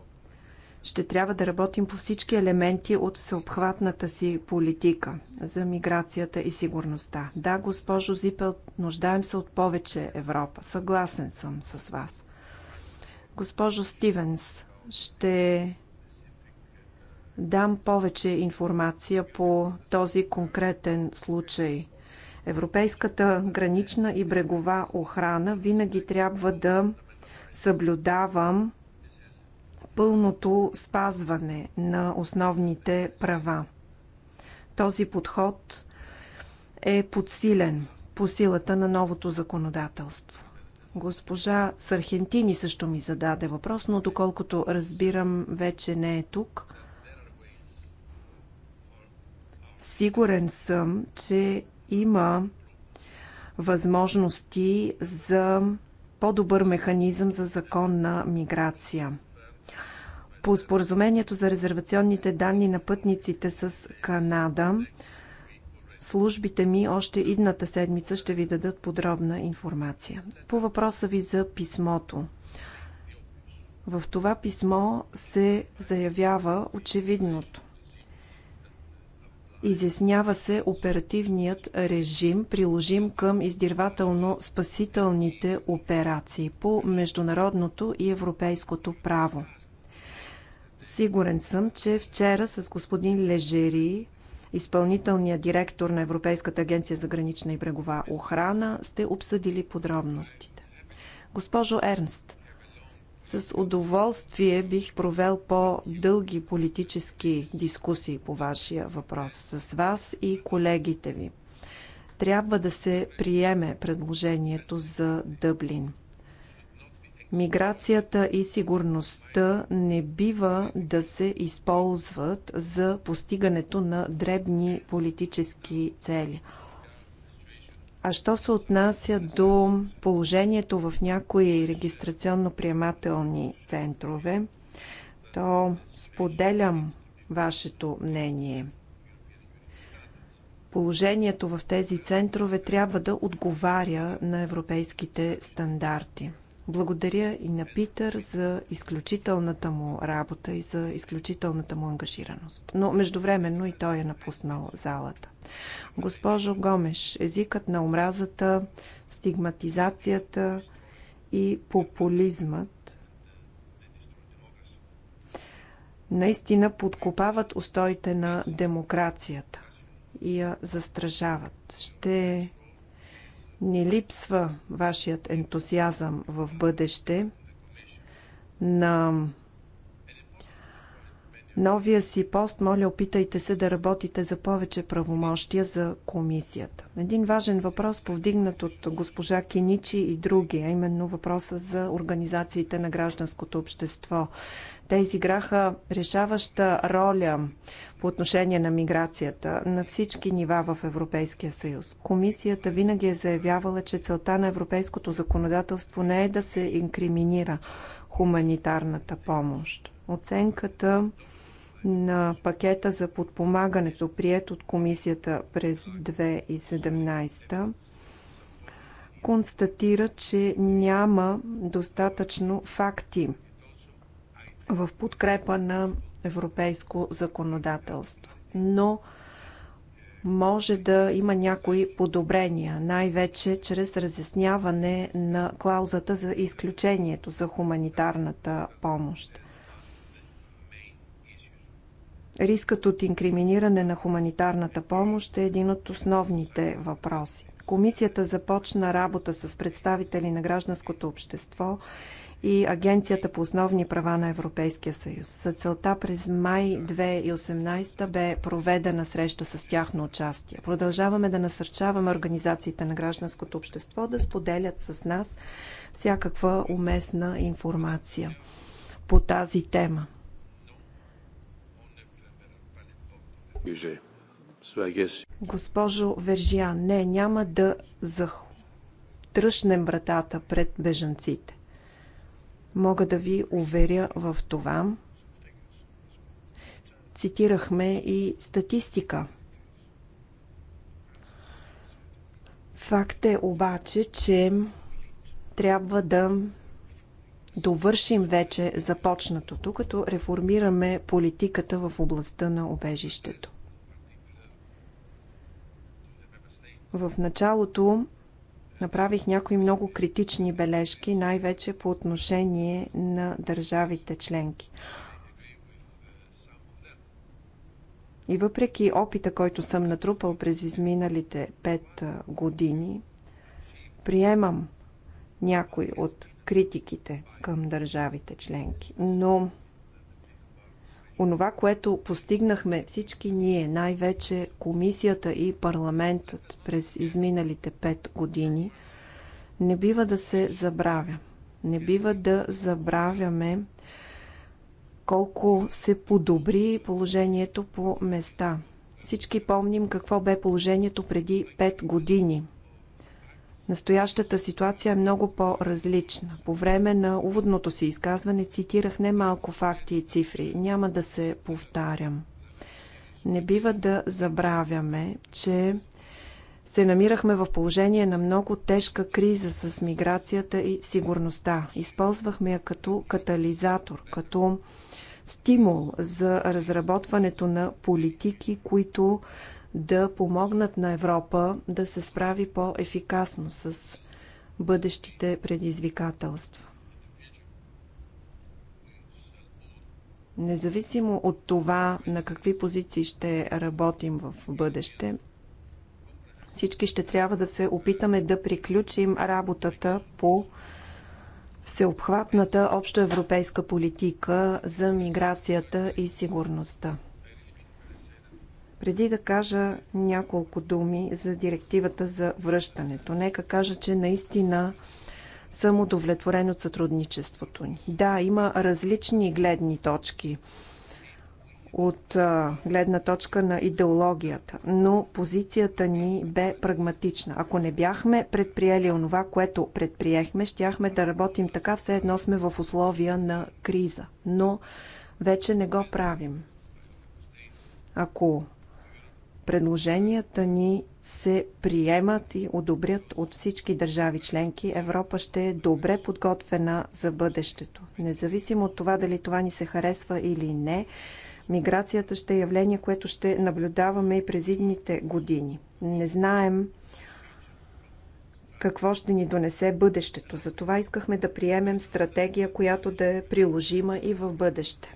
ще трябва да работим по всички елементи от всеобхватната си политика за миграцията и сигурността. Да, госпожо Зипел, нуждаем се от повече Европа. Съгласен съм с вас. Госпожо Стивенс, ще дам повече информация по този конкретен случай. Европейската гранична и брегова охрана винаги трябва да съблюдавам пълното спазване на основните права. Този подход е подсилен по силата на новото законодателство. Госпожа Сархентини също ми зададе въпрос, но доколкото разбирам, вече не е тук. Сигурен съм, че има възможности за по-добър механизъм за законна миграция. По споразумението за резервационните данни на пътниците с Канада, службите ми още идната седмица ще ви дадат подробна информация. По въпроса ви за писмото. В това писмо се заявява очевидното. Изяснява се оперативният режим, приложим към издирвателно-спасителните операции по международното и европейското право. Сигурен съм, че вчера с господин Лежери, изпълнителният директор на Европейската агенция за гранична и брегова охрана, сте обсъдили подробностите. Госпожо Ернст, с удоволствие бих провел по-дълги политически дискусии по вашия въпрос с вас и колегите ви. Трябва да се приеме предложението за Дъблин. Миграцията и сигурността не бива да се използват за постигането на дребни политически цели. А що се отнася до положението в някои регистрационно-приемателни центрове, то споделям вашето мнение. Положението в тези центрове трябва да отговаря на европейските стандарти. Благодаря и на Питър за изключителната му работа и за изключителната му ангажираност. Но междувременно и той е напуснал залата. Госпожо Гомеш, езикът на омразата, стигматизацията и популизмът наистина подкопават устоите на демокрацията и я застражават. Ще ни липсва вашият ентусиазъм в бъдеще на новия си пост, моля, опитайте се да работите за повече правомощия за комисията. Един важен въпрос, повдигнат от госпожа Киничи и други, а именно въпроса за организациите на гражданското общество. Те изиграха решаваща роля по отношение на миграцията на всички нива в Европейския съюз. Комисията винаги е заявявала, че целта на европейското законодателство не е да се инкриминира хуманитарната помощ. Оценката на пакета за подпомагането, прият от комисията през 2017, констатира, че няма достатъчно факти в подкрепа на европейско законодателство. Но може да има някои подобрения, най-вече чрез разясняване на клаузата за изключението за хуманитарната помощ. Рискът от инкриминиране на хуманитарната помощ е един от основните въпроси. Комисията започна работа с представители на гражданското общество и Агенцията по основни права на Европейския съюз. За целта през май 2018 бе проведена среща с тяхно участие. Продължаваме да насърчаваме организациите на гражданското общество да споделят с нас всякаква уместна информация по тази тема. Госпожо Вержия, не, няма да захлопнем тръшнем вратата пред бежанците. Мога да ви уверя в това. Цитирахме и статистика. Факт е обаче, че трябва да довършим вече започнатото, като реформираме политиката в областта на обежището. В началото направих някои много критични бележки, най-вече по отношение на държавите членки. И въпреки опита, който съм натрупал през изминалите пет години, приемам някои от критиките към държавите членки. Но онова, което постигнахме всички ние, най-вече комисията и парламентът през изминалите пет години, не бива да се забравя. Не бива да забравяме колко се подобри положението по места. Всички помним какво бе положението преди 5 години. Настоящата ситуация е много по-различна. По време на уводното си изказване цитирах немалко факти и цифри. Няма да се повтарям. Не бива да забравяме, че се намирахме в положение на много тежка криза с миграцията и сигурността. Използвахме я като катализатор, като стимул за разработването на политики, които да помогнат на Европа да се справи по-ефикасно с бъдещите предизвикателства. Независимо от това на какви позиции ще работим в бъдеще, всички ще трябва да се опитаме да приключим работата по всеобхватната общоевропейска политика за миграцията и сигурността. Преди да кажа няколко думи за директивата за връщането, нека кажа, че наистина съм удовлетворен от сътрудничеството ни. Да, има различни гледни точки от а, гледна точка на идеологията, но позицията ни бе прагматична. Ако не бяхме предприели онова, което предприехме, щяхме да работим така, все едно сме в условия на криза. Но вече не го правим. Ако предложенията ни се приемат и одобрят от всички държави членки, Европа ще е добре подготвена за бъдещето. Независимо от това дали това ни се харесва или не, миграцията ще е явление, което ще наблюдаваме и през идните години. Не знаем какво ще ни донесе бъдещето. Затова искахме да приемем стратегия, която да е приложима и в бъдеще.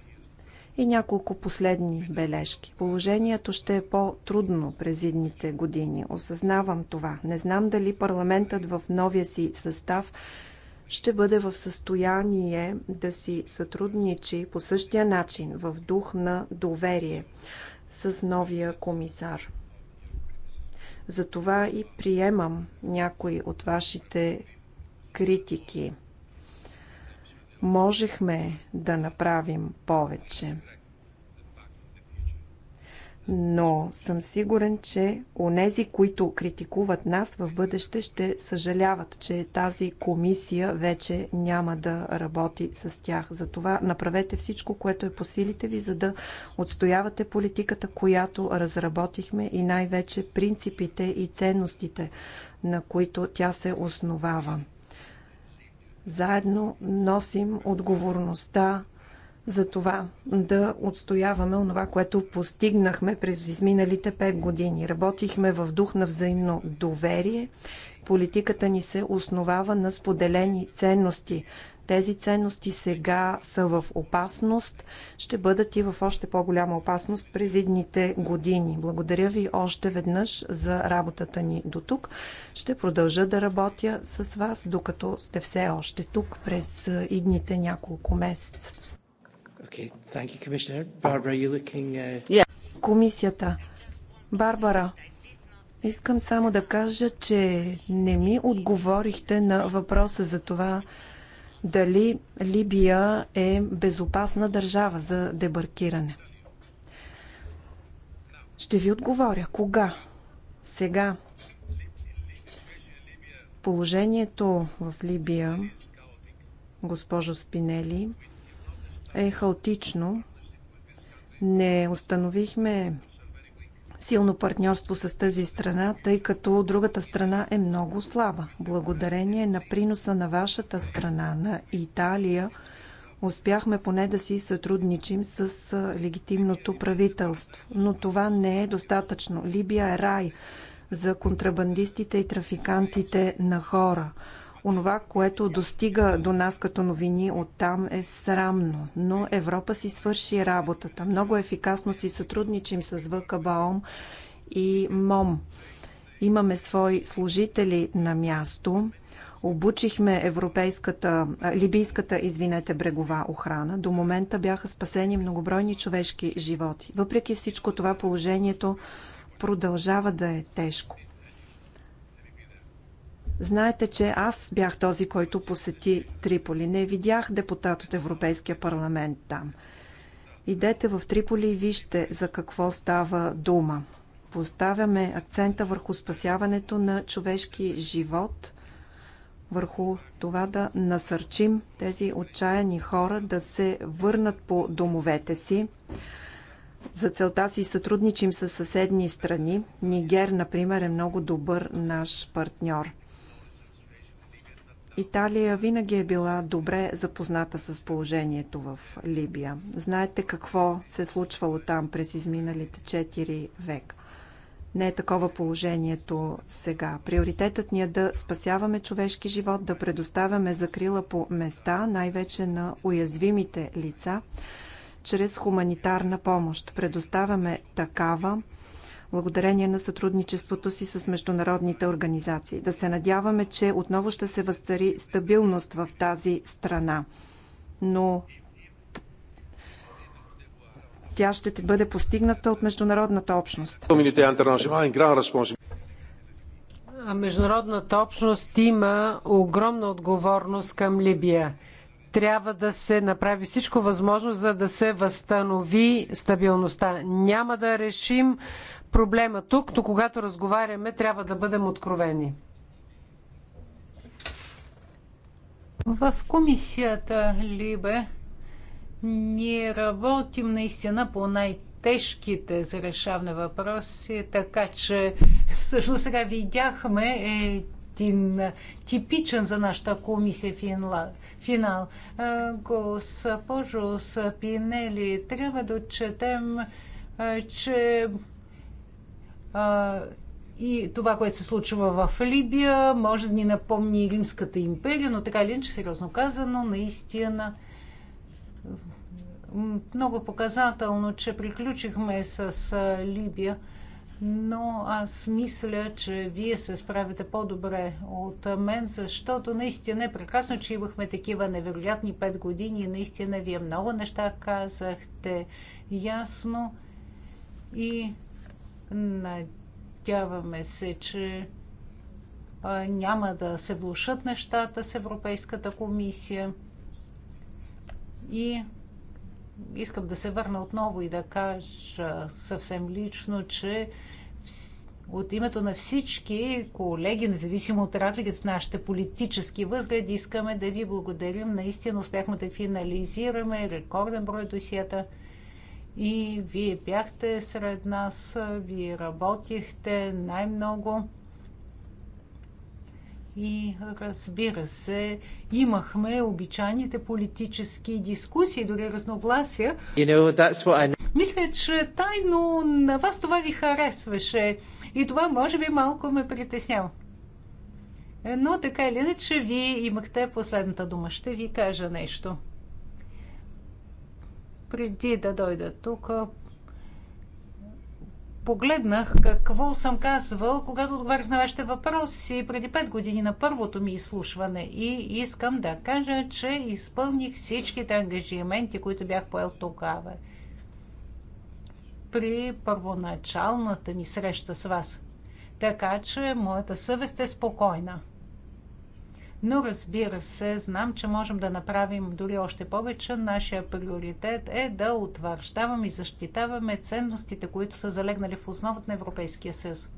И няколко последни бележки. Положението ще е по-трудно през идните години. Осъзнавам това. Не знам дали парламентът в новия си състав ще бъде в състояние да си сътрудничи по същия начин, в дух на доверие с новия комисар. Затова и приемам някои от вашите критики – можехме да направим повече. Но съм сигурен, че онези, които критикуват нас в бъдеще, ще съжаляват, че тази комисия вече няма да работи с тях. Затова направете всичко, което е по силите ви, за да отстоявате политиката, която разработихме и най-вече принципите и ценностите, на които тя се основава. Заедно носим отговорността за това да отстояваме онова, което постигнахме през изминалите пет години. Работихме в дух на взаимно доверие. Политиката ни се основава на споделени ценности тези ценности сега са в опасност, ще бъдат и в още по-голяма опасност през идните години. Благодаря ви още веднъж за работата ни до тук. Ще продължа да работя с вас, докато сте все още тук през е, идните няколко месеца. Okay, thank you, Commissioner. Barbara, you looking... Uh... Yeah. Комисията. Барбара, Искам само да кажа, че не ми отговорихте на въпроса за това дали Либия е безопасна държава за дебаркиране. Ще ви отговоря. Кога? Сега. Положението в Либия, госпожо Спинели, е хаотично. Не установихме силно партньорство с тази страна, тъй като другата страна е много слаба. Благодарение на приноса на вашата страна, на Италия, успяхме поне да си сътрудничим с легитимното правителство. Но това не е достатъчно. Либия е рай за контрабандистите и трафикантите на хора. Онова, което достига до нас като новини оттам е срамно, но Европа си свърши работата. Много ефикасно си сътрудничим с ВКБОМ и МОМ. Имаме свои служители на място. Обучихме европейската, либийската, извинете, брегова охрана. До момента бяха спасени многобройни човешки животи. Въпреки всичко това положението продължава да е тежко. Знаете, че аз бях този, който посети Триполи. Не видях депутат от Европейския парламент там. Идете в Триполи и вижте за какво става дума. Поставяме акцента върху спасяването на човешки живот, върху това да насърчим тези отчаяни хора да се върнат по домовете си. За целта си сътрудничим с съседни страни. Нигер, например, е много добър наш партньор. Италия винаги е била добре запозната с положението в Либия. Знаете какво се е случвало там през изминалите 4 века. Не е такова положението сега. Приоритетът ни е да спасяваме човешки живот, да предоставяме закрила по места, най-вече на уязвимите лица, чрез хуманитарна помощ. Предоставяме такава благодарение на сътрудничеството си с международните организации. Да се надяваме, че отново ще се възцари стабилност в тази страна. Но тя ще бъде постигната от международната общност. Международната общност има огромна отговорност към Либия. Трябва да се направи всичко възможно, за да се възстанови стабилността. Няма да решим проблема тук, то когато разговаряме, трябва да бъдем откровени. В комисията Либе ние работим наистина по най-тежките за решаване въпроси, така че всъщност сега видяхме един типичен за нашата комисия финла, финал. Госпожо Сапинели, трябва да отчетем, че и това, което се случва в Либия, може да ни напомни и Римската империя, но така или иначе, сериозно казано, наистина много показателно, че приключихме с Либия, но аз мисля, че вие се справите по-добре от мен, защото наистина е прекрасно, че имахме такива невероятни пет години. и Наистина вие много неща казахте ясно и Надяваме се, че няма да се влушат нещата с Европейската комисия. И искам да се върна отново и да кажа съвсем лично, че от името на всички колеги, независимо от разликата в нашите политически възгледи, искаме да ви благодарим. Наистина успяхме да финализираме рекорден брой досията – и вие бяхте сред нас, вие работихте най-много. И разбира се, имахме обичайните политически дискусии, дори разногласия. You know, I... Мисля, че тайно на вас това ви харесваше и това може би малко ме притеснява. Но така или иначе, вие имахте последната дума. Ще ви кажа нещо преди да дойда тук, погледнах какво съм казвал, когато отговарях на вашите въпроси преди 5 години на първото ми изслушване. И искам да кажа, че изпълних всичките ангажименти, които бях поел тогава. При първоначалната ми среща с вас. Така че моята съвест е спокойна. Но разбира се, знам, че можем да направим дори още повече. Нашия приоритет е да утвърждаваме и защитаваме ценностите, които са залегнали в основата на Европейския съюз.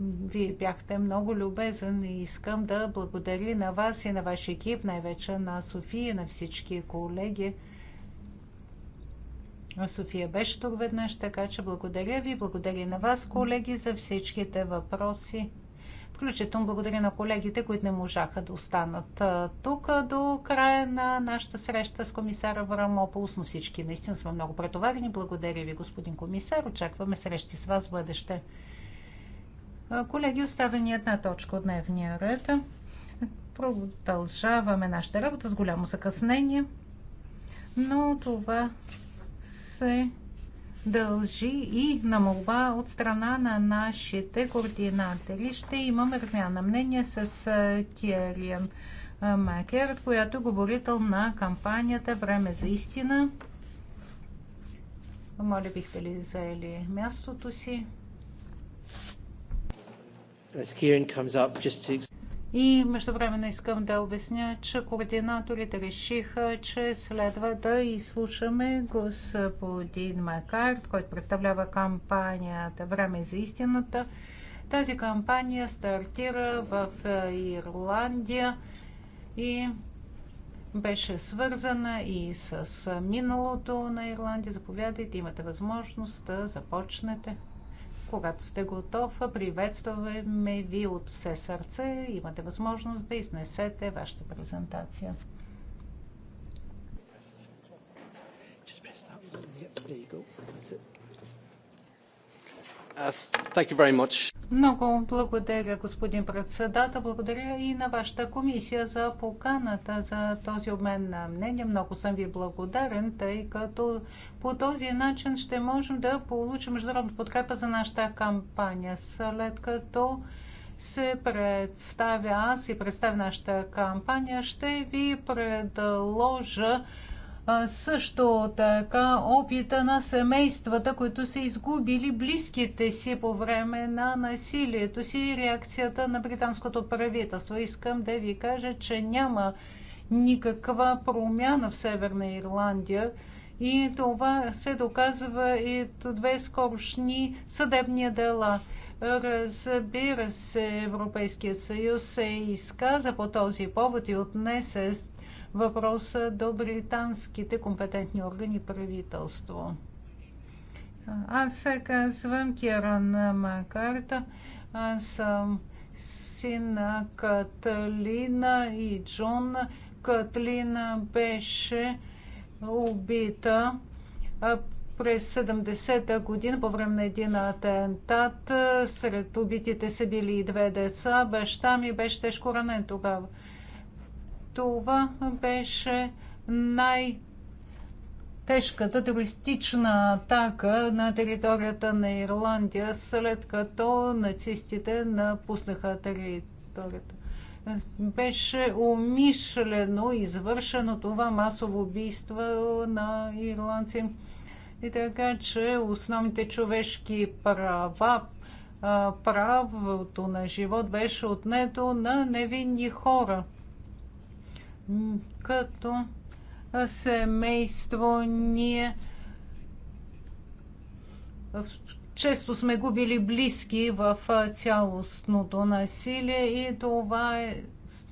Вие бяхте много любезен и искам да благодаря на вас и на вашия екип, най-вече на София, на всички колеги. София беше тук веднъж, така че благодаря ви, благодаря на вас, колеги, за всичките въпроси. Включително благодаря на колегите, които не можаха да останат тук до края на нашата среща с комисара Врамополос, но всички наистина сме много претоварени. Благодаря ви, господин комисар. Очакваме срещи с вас в бъдеще. Колеги, оставя ни една точка от дневния ред. Продължаваме нашата работа с голямо закъснение, но това се дължи и на молба от страна на нашите координатели Ще имаме размяна мнение с Кириан Макер, която е говорител на кампанията Време за истина. Моля, бихте ли заели мястото си? И междувременно искам да обясня, че координаторите решиха, че следва да изслушаме господин Макарт, който представлява кампанията Време за истината. Тази кампания стартира в е, Ирландия и беше свързана и с миналото на Ирландия. Заповядайте, имате възможност да започнете. Когато сте готов, приветстваме ви от все сърце. Имате възможност да изнесете вашата презентация. Just press that button. Yep, there you go. That's it. Uh, Много благодаря, господин председател. Благодаря и на вашата комисия за поканата за този обмен на мнение. Много съм ви благодарен, тъй като по този начин ще можем да получим международна подкрепа за нашата кампания. След като се представя аз и представя нашата кампания, ще ви предложа също така опита на семействата, които са изгубили близките си по време на насилието си и реакцията на британското правителство. Искам да ви кажа, че няма никаква промяна в Северна Ирландия и това се доказва и от две скорошни съдебни дела. Разбира се, Европейският съюз се изказа по този повод и отнесе въпроса до британските компетентни органи и правителство. Аз се казвам Киран Макарта. Аз съм син на Катлина и Джон. Катлина беше убита през 70-та година по време на един атентат. Сред убитите са били и две деца. Баща ми беше тежко ранен тогава. Това беше най- тежката терористична атака на територията на Ирландия, след като нацистите напуснаха територията. Беше умишлено извършено това масово убийство на ирландци. И така, че основните човешки права, правото на живот беше отнето на невинни хора – като семейство ние често сме губили близки в цялостното насилие и това е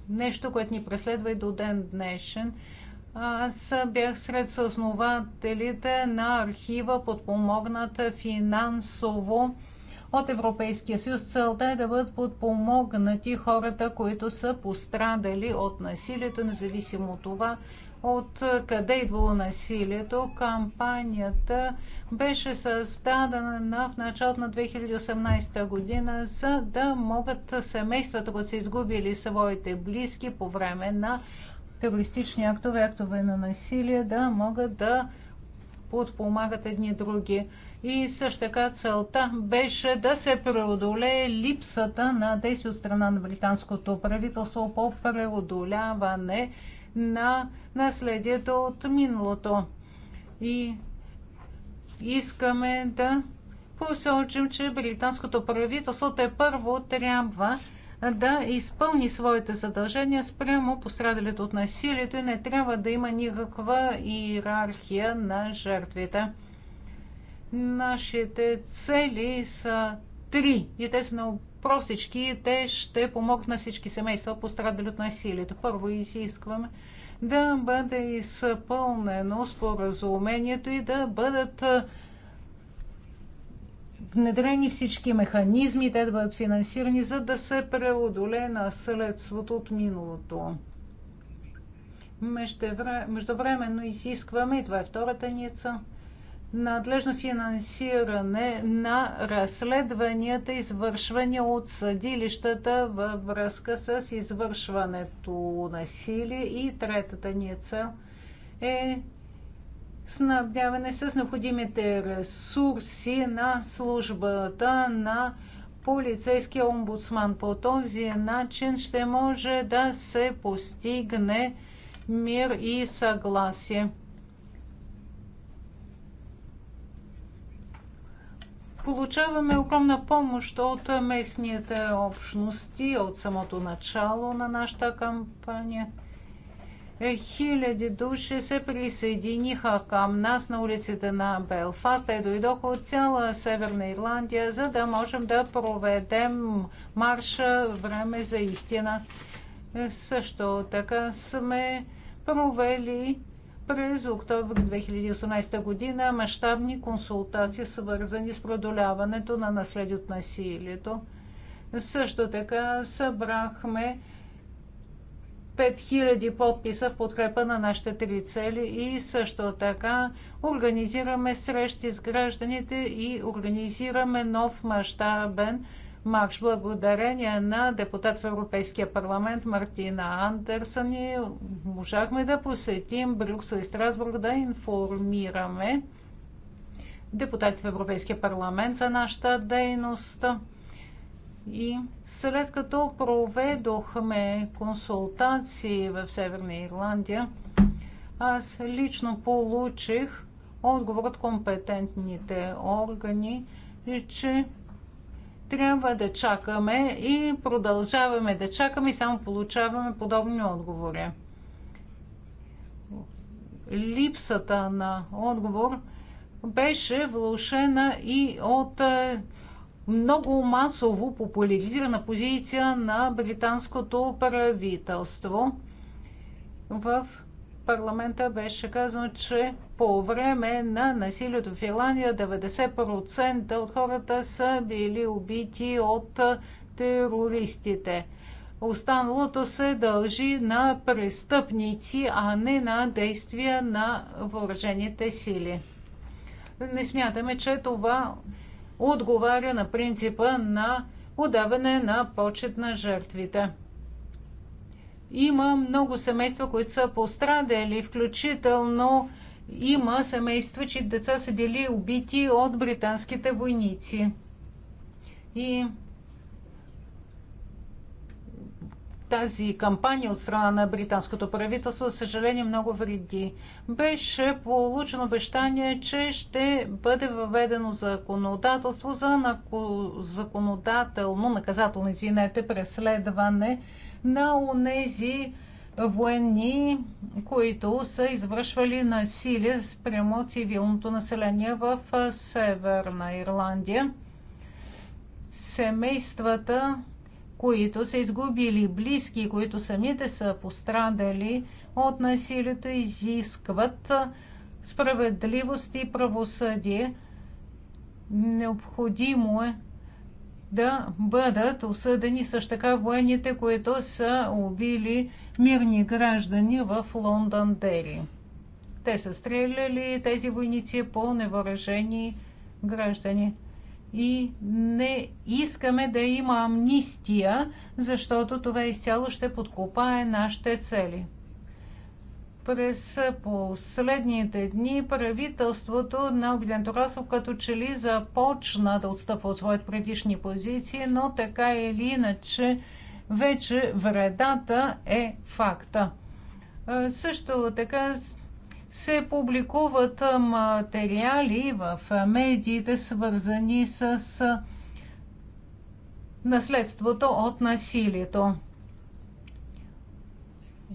нещо, което ни преследва и до ден днешен. Аз бях сред съоснователите на архива, подпомогната финансово от Европейския съюз. Целта е да бъдат подпомогнати хората, които са пострадали от насилието, независимо от това, от къде е идвало насилието. Кампанията беше създадена в началото на 2018 година, за да могат семействата, които са изгубили своите близки по време на терористични актове, актове на насилие, да могат да подпомагат едни други. И също така целта беше да се преодолее липсата на действие от страна на британското правителство по преодоляване на наследието от миналото. И искаме да посочим, че британското правителство те първо трябва да изпълни своите задължения спрямо пострадалите от насилието и не трябва да има никаква иерархия на жертвите. Нашите цели са три и те са много простички и те ще помогнат на всички семейства, пострадали от насилието. Първо изискваме да бъде изпълнено споразумението и да бъдат внедрени всички механизми, те да бъдат финансирани, за да се преодолее наследството от миналото. Междувременно изискваме, и това е втората ница, надлежно финансиране на разследванията, извършвани от съдилищата във връзка с извършването на сили. И третата ни цел е снабдяване с необходимите ресурси на службата на полицейския омбудсман. По този начин ще може да се постигне мир и съгласие. получаваме огромна помощ от местните общности, от самото начало на нашата кампания. Е, хиляди души се присъединиха към нас на улиците на Белфаст. и дойдоха от цяла Северна Ирландия, за да можем да проведем марша Време за истина. Е, също така сме провели през октомври 2018 година мащабни консултации, свързани с продоляването на наследие от насилието. Също така събрахме 5000 подписа в подкрепа на нашите три цели и също така организираме срещи с гражданите и организираме нов мащабен марш. Благодарение на депутат в Европейския парламент Мартина Андерсън и можахме да посетим Брюксел и Страсбург да информираме депутати в Европейския парламент за нашата дейност. И след като проведохме консултации в Северна Ирландия, аз лично получих отговор от компетентните органи, че трябва да чакаме и продължаваме да чакаме и само получаваме подобни отговори. Липсата на отговор беше влушена и от е, много масово популяризирана позиция на британското правителство в парламента беше казано, че по време на насилието в Ирландия 90% от хората са били убити от терористите. Останалото се дължи на престъпници, а не на действия на въоръжените сили. Не смятаме, че това отговаря на принципа на отдаване на почет на жертвите. Има много семейства, които са пострадали, включително има семейства, че деца са били убити от британските войници. И тази кампания от страна на британското правителство, за съжаление, много вреди. Беше получено обещание, че ще бъде въведено законодателство за законодателно, наказателно, извинете, преследване на онези военни, които са извършвали насилие спрямо цивилното население в Северна Ирландия. Семействата, които са изгубили близки, които самите са пострадали от насилието, изискват справедливост и правосъдие. Необходимо е да бъдат осъдени също така военните, които са убили мирни граждани в Лондон Дери. Те са стреляли тези войници по невъоръжени граждани. И не искаме да има амнистия, защото това изцяло ще подкопае нашите цели. През последните дни правителството на Обединеното Торасов като че ли започна да отстъпва от своите предишни позиции, но така или иначе вече вредата е факта. Също така се публикуват материали в медиите, свързани с наследството от насилието.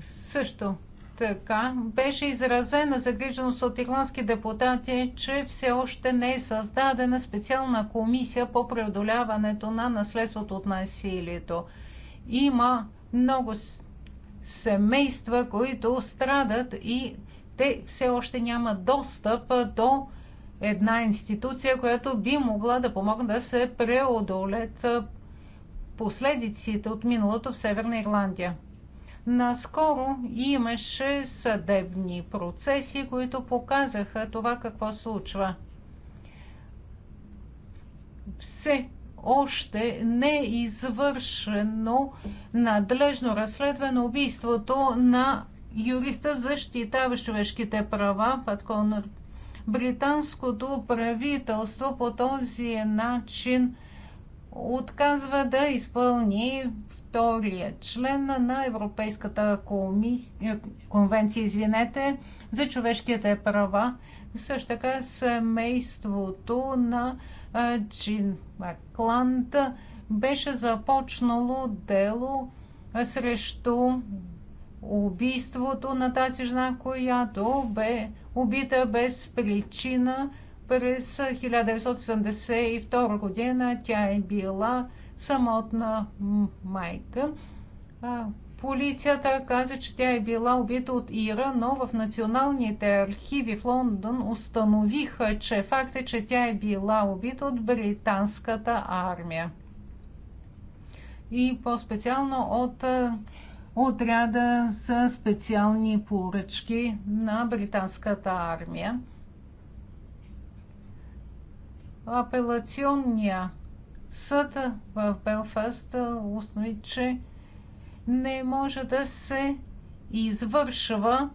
Също така беше изразена загриженост от ирландски депутати, че все още не е създадена специална комисия по преодоляването на наследството от насилието. Има много семейства, които страдат и те все още нямат достъп до една институция, която би могла да помогне да се преодолят последиците от миналото в Северна Ирландия. Наскоро имаше съдебни процеси, които показаха това какво случва. Все още не е извършено надлежно разследване убийството на юриста, защитаващ човешките права под Конър. Британското правителство по този начин отказва да изпълни втория член на Европейската е, конвенция извинете, за човешките права. Също така семейството на Джин Макланд беше започнало дело срещу убийството на тази жена, която бе убита без причина през 1972 година. Тя е била самотна майка. Полицията каза, че тя е била убита от Ира, но в националните архиви в Лондон установиха, че факт е, че тя е била убита от британската армия. И по-специално от отряда за специални поръчки на британската армия. Апелационния Съда в Белфаст установи, че не може да се извършва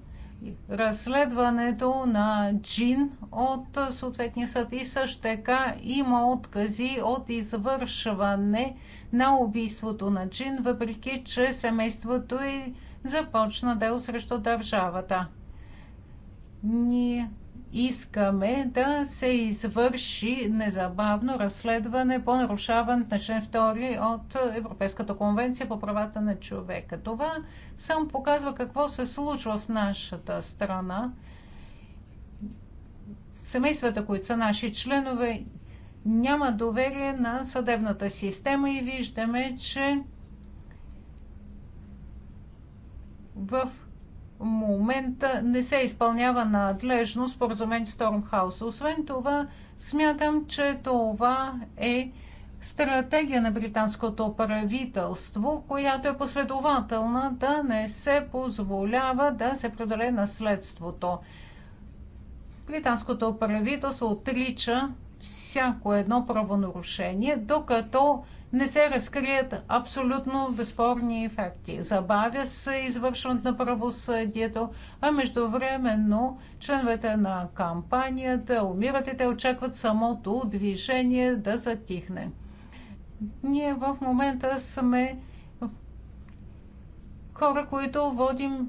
разследването на джин от съответния съд и също така има откази от извършване на убийството на джин, въпреки че семейството и започна дело срещу държавата. Ние искаме да се извърши незабавно разследване по нарушаването на член 2 от Европейската конвенция по правата на човека. Това само показва какво се случва в нашата страна. Семействата, които са наши членове, няма доверие на съдебната система и виждаме, че в момента не се изпълнява надлежно споразумение с Освен това, смятам, че това е стратегия на британското правителство, която е последователна да не се позволява да се продаде наследството. Британското правителство отрича всяко едно правонарушение, докато не се разкрият абсолютно безспорни факти. Забавя се извършването на правосъдието, а междувременно членовете на кампанията умират и те очакват самото движение да затихне. Ние в момента сме хора, които водим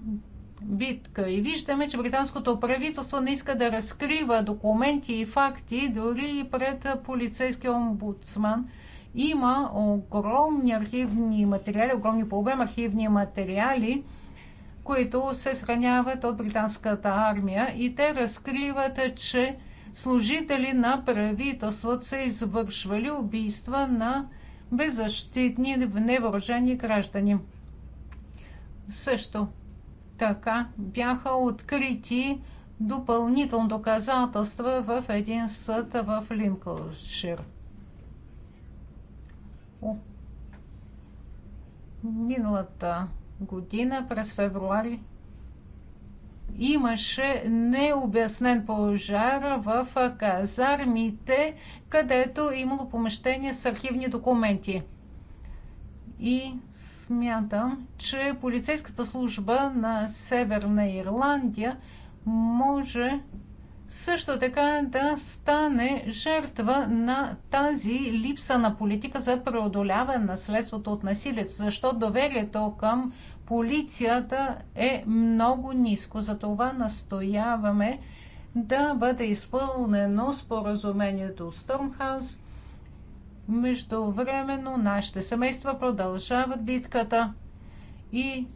битка. И виждаме, че британското правителство не иска да разкрива документи и факти дори и пред полицейския омбудсман – има огромни архивни материали, огромни по обем архивни материали, които се сраняват от британската армия и те разкриват, че служители на правителството са извършвали убийства на беззащитни невъоръжени граждани. Също така бяха открити допълнително доказателства в един съд в Линкълшир. Миналата година, през февруари, имаше необяснен пожар в казармите, където е имало помещение с архивни документи. И смятам, че полицейската служба на Северна Ирландия може също така да стане жертва на тази липса на политика за преодоляване на следството от насилието, защото доверието към полицията е много ниско. Затова настояваме да бъде изпълнено споразумението от Стормхаус. Междувременно нашите семейства продължават битката и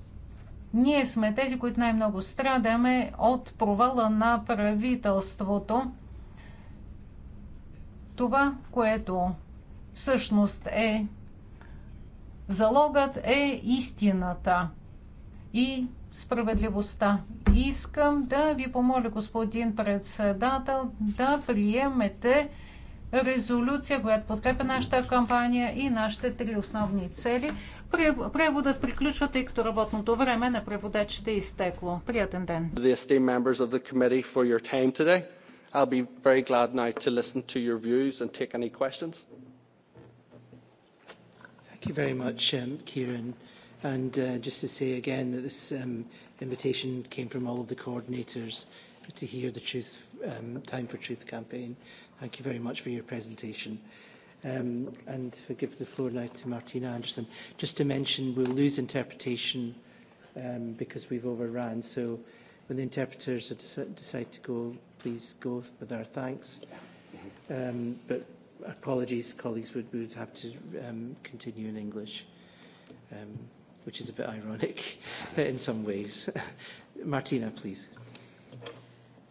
ние сме тези, които най-много страдаме от провала на правителството. Това, което всъщност е залогът, е истината и справедливостта. Искам да ви помоля, господин председател, да приемете резолюция, която подкрепя нашата кампания и нашите три основни цели. Преводът приключва, тъй като работното време на преводачите е изтекло. Приятен ден! I'll be very glad now to listen to your views and take any questions. Thank you very much, um, Kieran. And uh, just to say again that this um, invitation came from all of the coordinators to hear the Truth um, Time for Truth campaign. Thank you very much for your presentation um, and forgive the floor now to Martina Anderson. Just to mention, we'll lose interpretation um, because we've overran. So when the interpreters decide to go, please go with our thanks. Um, but apologies, colleagues, would would have to um, continue in English, um, which is a bit ironic in some ways. Martina, please.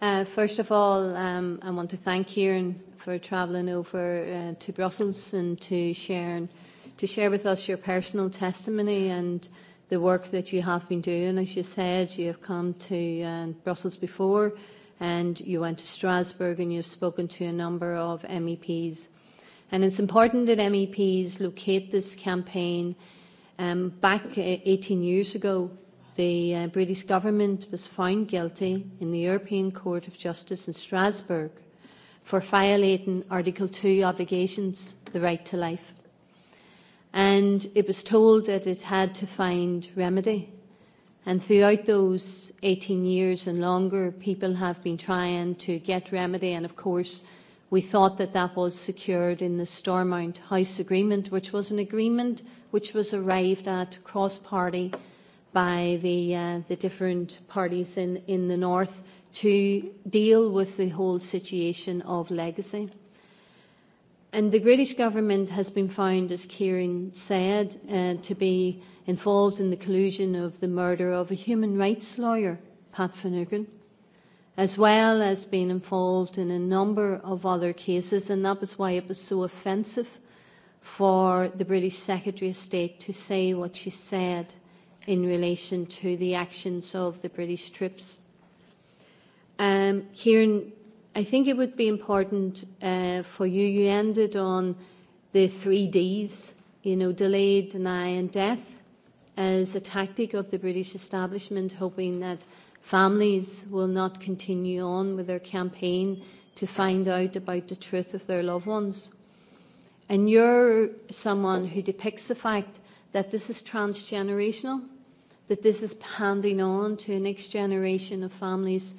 Uh, first of all, um, I want to thank Kieran for travelling over uh, to Brussels and to share, to share with us your personal testimony and the work that you have been doing. As you said, you have come to uh, Brussels before and you went to Strasbourg and you've spoken to a number of MEPs. And it's important that MEPs locate this campaign. Um, back 18 years ago, the uh, British government was found guilty in the European Court of Justice in Strasbourg for violating Article 2 obligations, the right to life. And it was told that it had to find remedy. And throughout those 18 years and longer, people have been trying to get remedy. And of course, we thought that that was secured in the Stormont House Agreement, which was an agreement which was arrived at cross-party by the, uh, the different parties in, in the north to deal with the whole situation of legacy. And the British government has been found, as Kieran said, uh, to be involved in the collusion of the murder of a human rights lawyer, Pat Finnegan, as well as being involved in a number of other cases, and that was why it was so offensive for the British Secretary of State to say what she said in relation to the actions of the British troops. Um, Kieran, I think it would be important uh, for you. You ended on the three Ds, you know, delay, deny, and death, as a tactic of the British establishment, hoping that families will not continue on with their campaign to find out about the truth of their loved ones. And you're someone who depicts the fact that this is transgenerational, that this is handing on to a next generation of families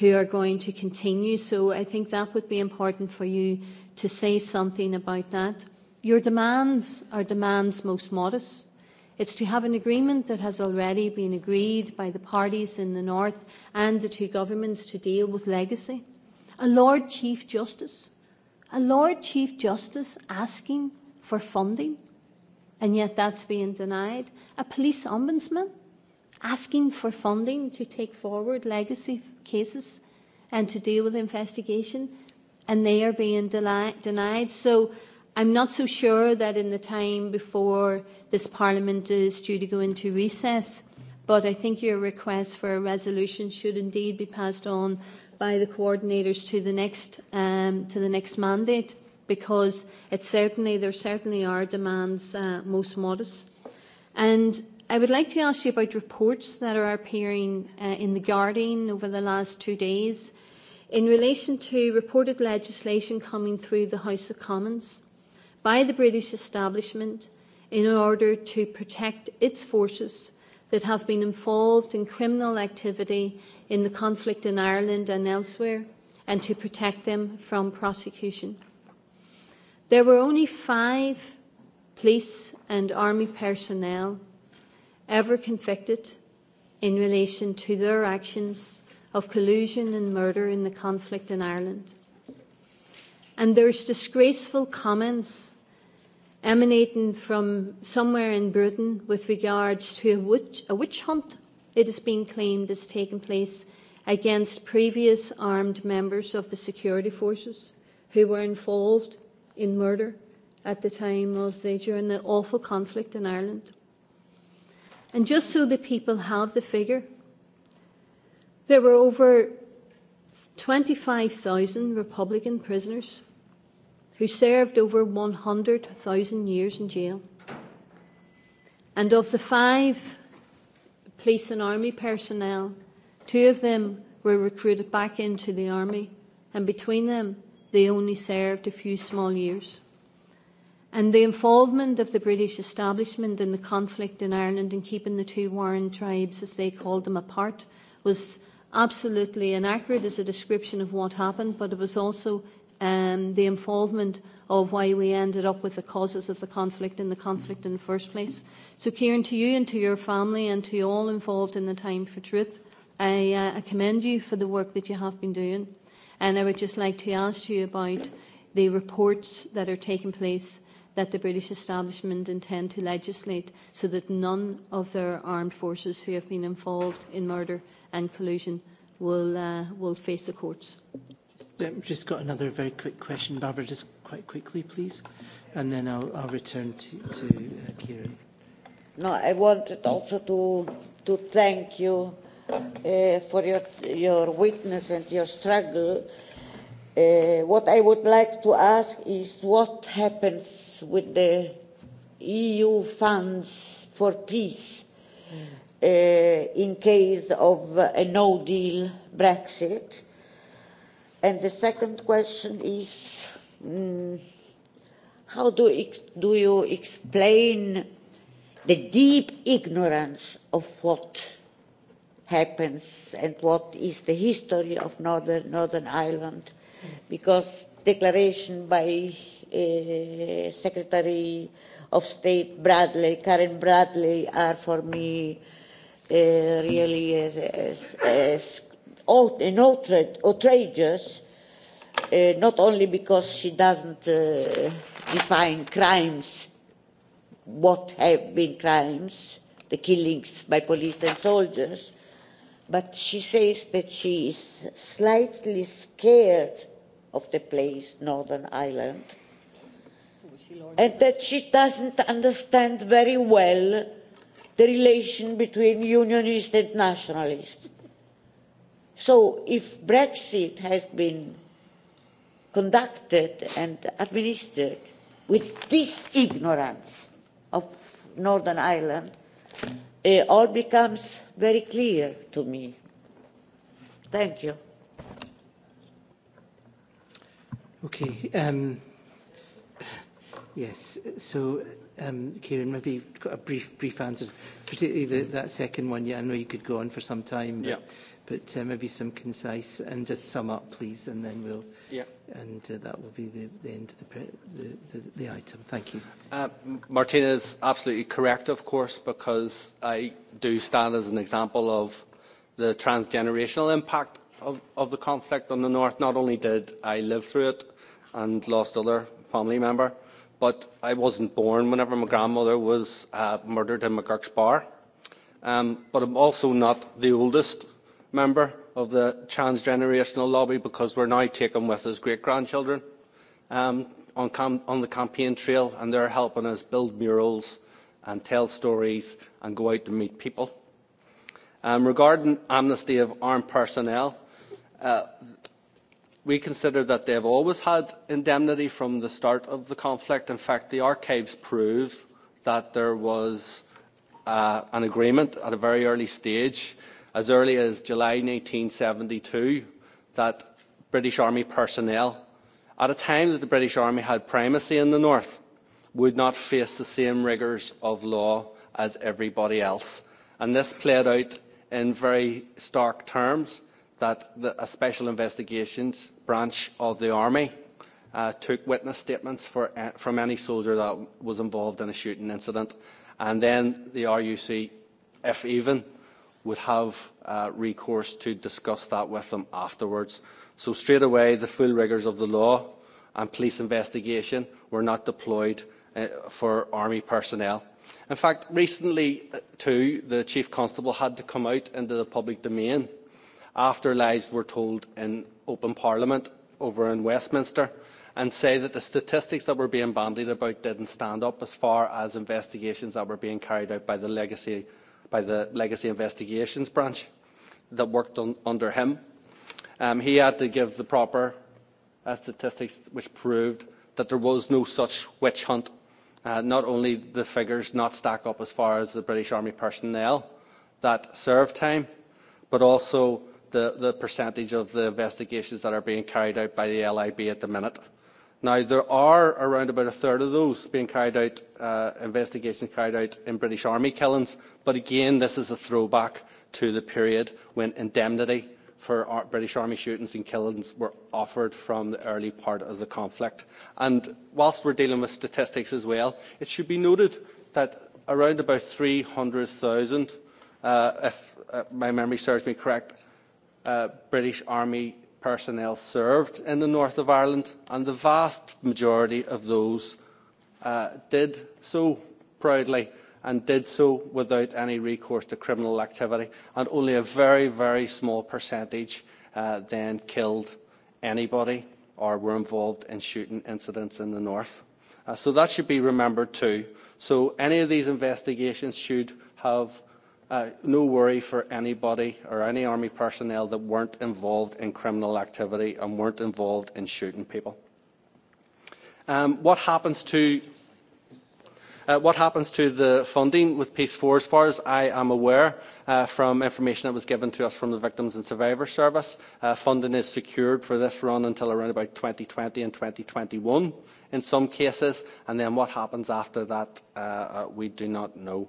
who are going to continue. So I think that would be important for you to say something about that. Your demands are demands most modest. It's to have an agreement that has already been agreed by the parties in the North and the two governments to deal with legacy. A Lord Chief Justice. A Lord Chief Justice asking for funding, and yet that's being denied. A police ombudsman asking for funding to take forward legacy cases and to deal with investigation, and they are being denied. So I'm not so sure that in the time before this Parliament is due to go into recess, but I think your request for a resolution should indeed be passed on by the coordinators to the next um, to the next mandate because it certainly there certainly are demands uh, most modest. And I would like to ask you about reports that are appearing uh, in The Guardian over the last two days in relation to reported legislation coming through the House of Commons by the British establishment in order to protect its forces that have been involved in criminal activity in the conflict in Ireland and elsewhere and to protect them from prosecution. There were only five police and army personnel ever convicted in relation to their actions of collusion and murder in the conflict in Ireland. And there's disgraceful comments emanating from somewhere in Britain with regards to a witch, a witch hunt, it has been claimed, has taken place against previous armed members of the security forces who were involved in murder at the time of the during the awful conflict in Ireland. And just so the people have the figure, there were over 25,000 Republican prisoners who served over 100,000 years in jail. And of the five police and army personnel, two of them were recruited back into the army, and between them, they only served a few small years and the involvement of the British establishment in the conflict in Ireland and keeping the two warring tribes, as they called them, apart was absolutely inaccurate as a description of what happened, but it was also um, the involvement of why we ended up with the causes of the conflict and the conflict in the first place. So, Kieran, to you and to your family and to all involved in the Time for Truth, I, uh, I commend you for the work that you have been doing. And I would just like to ask you about the reports that are taking place that the British establishment intend to legislate so that none of their armed forces who have been involved in murder and collusion will, uh, will face the courts. Just, just got another very quick question, Barbara, just quite quickly, please, and then I'll, I'll return to, to uh, Kieran. No, I wanted also to, to thank you uh, for your, your witness and your struggle Uh, what I would like to ask is what happens with the EU funds for peace uh, in case of a no deal Brexit? And the second question is um, how do, ex- do you explain the deep ignorance of what happens and what is the history of Northern, Northern Ireland? because declaration by uh, Secretary of State Bradley, Karen Bradley, are for me uh, really as, as, as out, an outrageous, uh, not only because she doesn't uh, define crimes, what have been crimes, the killings by police and soldiers, but she says that she is slightly scared of the place, Northern Ireland, and that she doesn't understand very well the relation between unionists and nationalists. So if Brexit has been conducted and administered with this ignorance of Northern Ireland, it all becomes very clear to me. Thank you. Okay. Um, yes. So, um, Kieran, maybe you've got a brief, brief answer. particularly the, that second one. Yeah, I know you could go on for some time. But, yeah. But uh, maybe some concise and just sum up, please, and then we'll. Yeah. And uh, that will be the, the end of the, pre the, the, the item. Thank you. Uh, Martina is absolutely correct, of course, because I do stand as an example of the transgenerational impact of, of the conflict on the north. Not only did I live through it, and lost other family member. But I wasn't born whenever my grandmother was uh, murdered in McGurk's Bar. Um, but I'm also not the oldest member of the transgenerational lobby because we're now taken with as great-grandchildren um, on, cam- on the campaign trail and they're helping us build murals and tell stories and go out to meet people. Um, regarding amnesty of armed personnel, uh, We consider that they have always had indemnity from the start of the conflict. In fact, the archives prove that there was uh, an agreement at a very early stage, as early as July seventy two, that British Army personnel, at a time that the British Army had primacy in the north, would not face the same rigours of law as everybody else. And this played out in very stark terms that the, a special investigations branch of the army uh, took witness statements for, uh, from any soldier that was involved in a shooting incident, and then the RUC, if even, would have uh, recourse to discuss that with them afterwards. So straight away, the full rigours of the law and police investigation were not deployed uh, for army personnel. In fact, recently too, the chief constable had to come out into the public domain after lies were told in open parliament over in Westminster and say that the statistics that were being bandied about didn't stand up as far as investigations that were being carried out by the legacy, by the legacy investigations branch that worked on, under him. Um, he had to give the proper uh, statistics which proved that there was no such witch hunt. Uh, not only the figures not stack up as far as the British Army personnel that served time, but also the, the percentage of the investigations that are being carried out by the LIB at the minute. Now, there are around about a third of those being carried out, uh, investigations carried out in British Army killings, but again, this is a throwback to the period when indemnity for our British Army shootings and killings were offered from the early part of the conflict. And whilst we're dealing with statistics as well, it should be noted that around about 300,000, uh, if uh, my memory serves me correct, British Army personnel served in the north of Ireland, and the vast majority of those did so proudly and did so without any recourse to criminal activity, and only a very, very small percentage then killed anybody or were involved in shooting incidents in the north. so that should be remembered too. So any of these investigations should have no worry for anybody or any army personnel that weren't involved in criminal activity and weren't involved in shooting people. Um, what happens to what happens to the funding with Peace Four? As far as I am aware, from information that was given to us from the Victims and Survivors Service, funding is secured for this run until around about twenty and twenty one in some cases, and then what happens after that, we do not know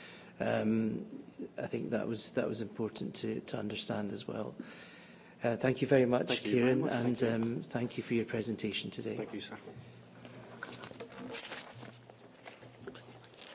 Um, I think that was that was important to, to understand as well. Uh, thank you very much, thank Kieran, you very much. and thank you. Um, thank you for your presentation today. Thank you, sir.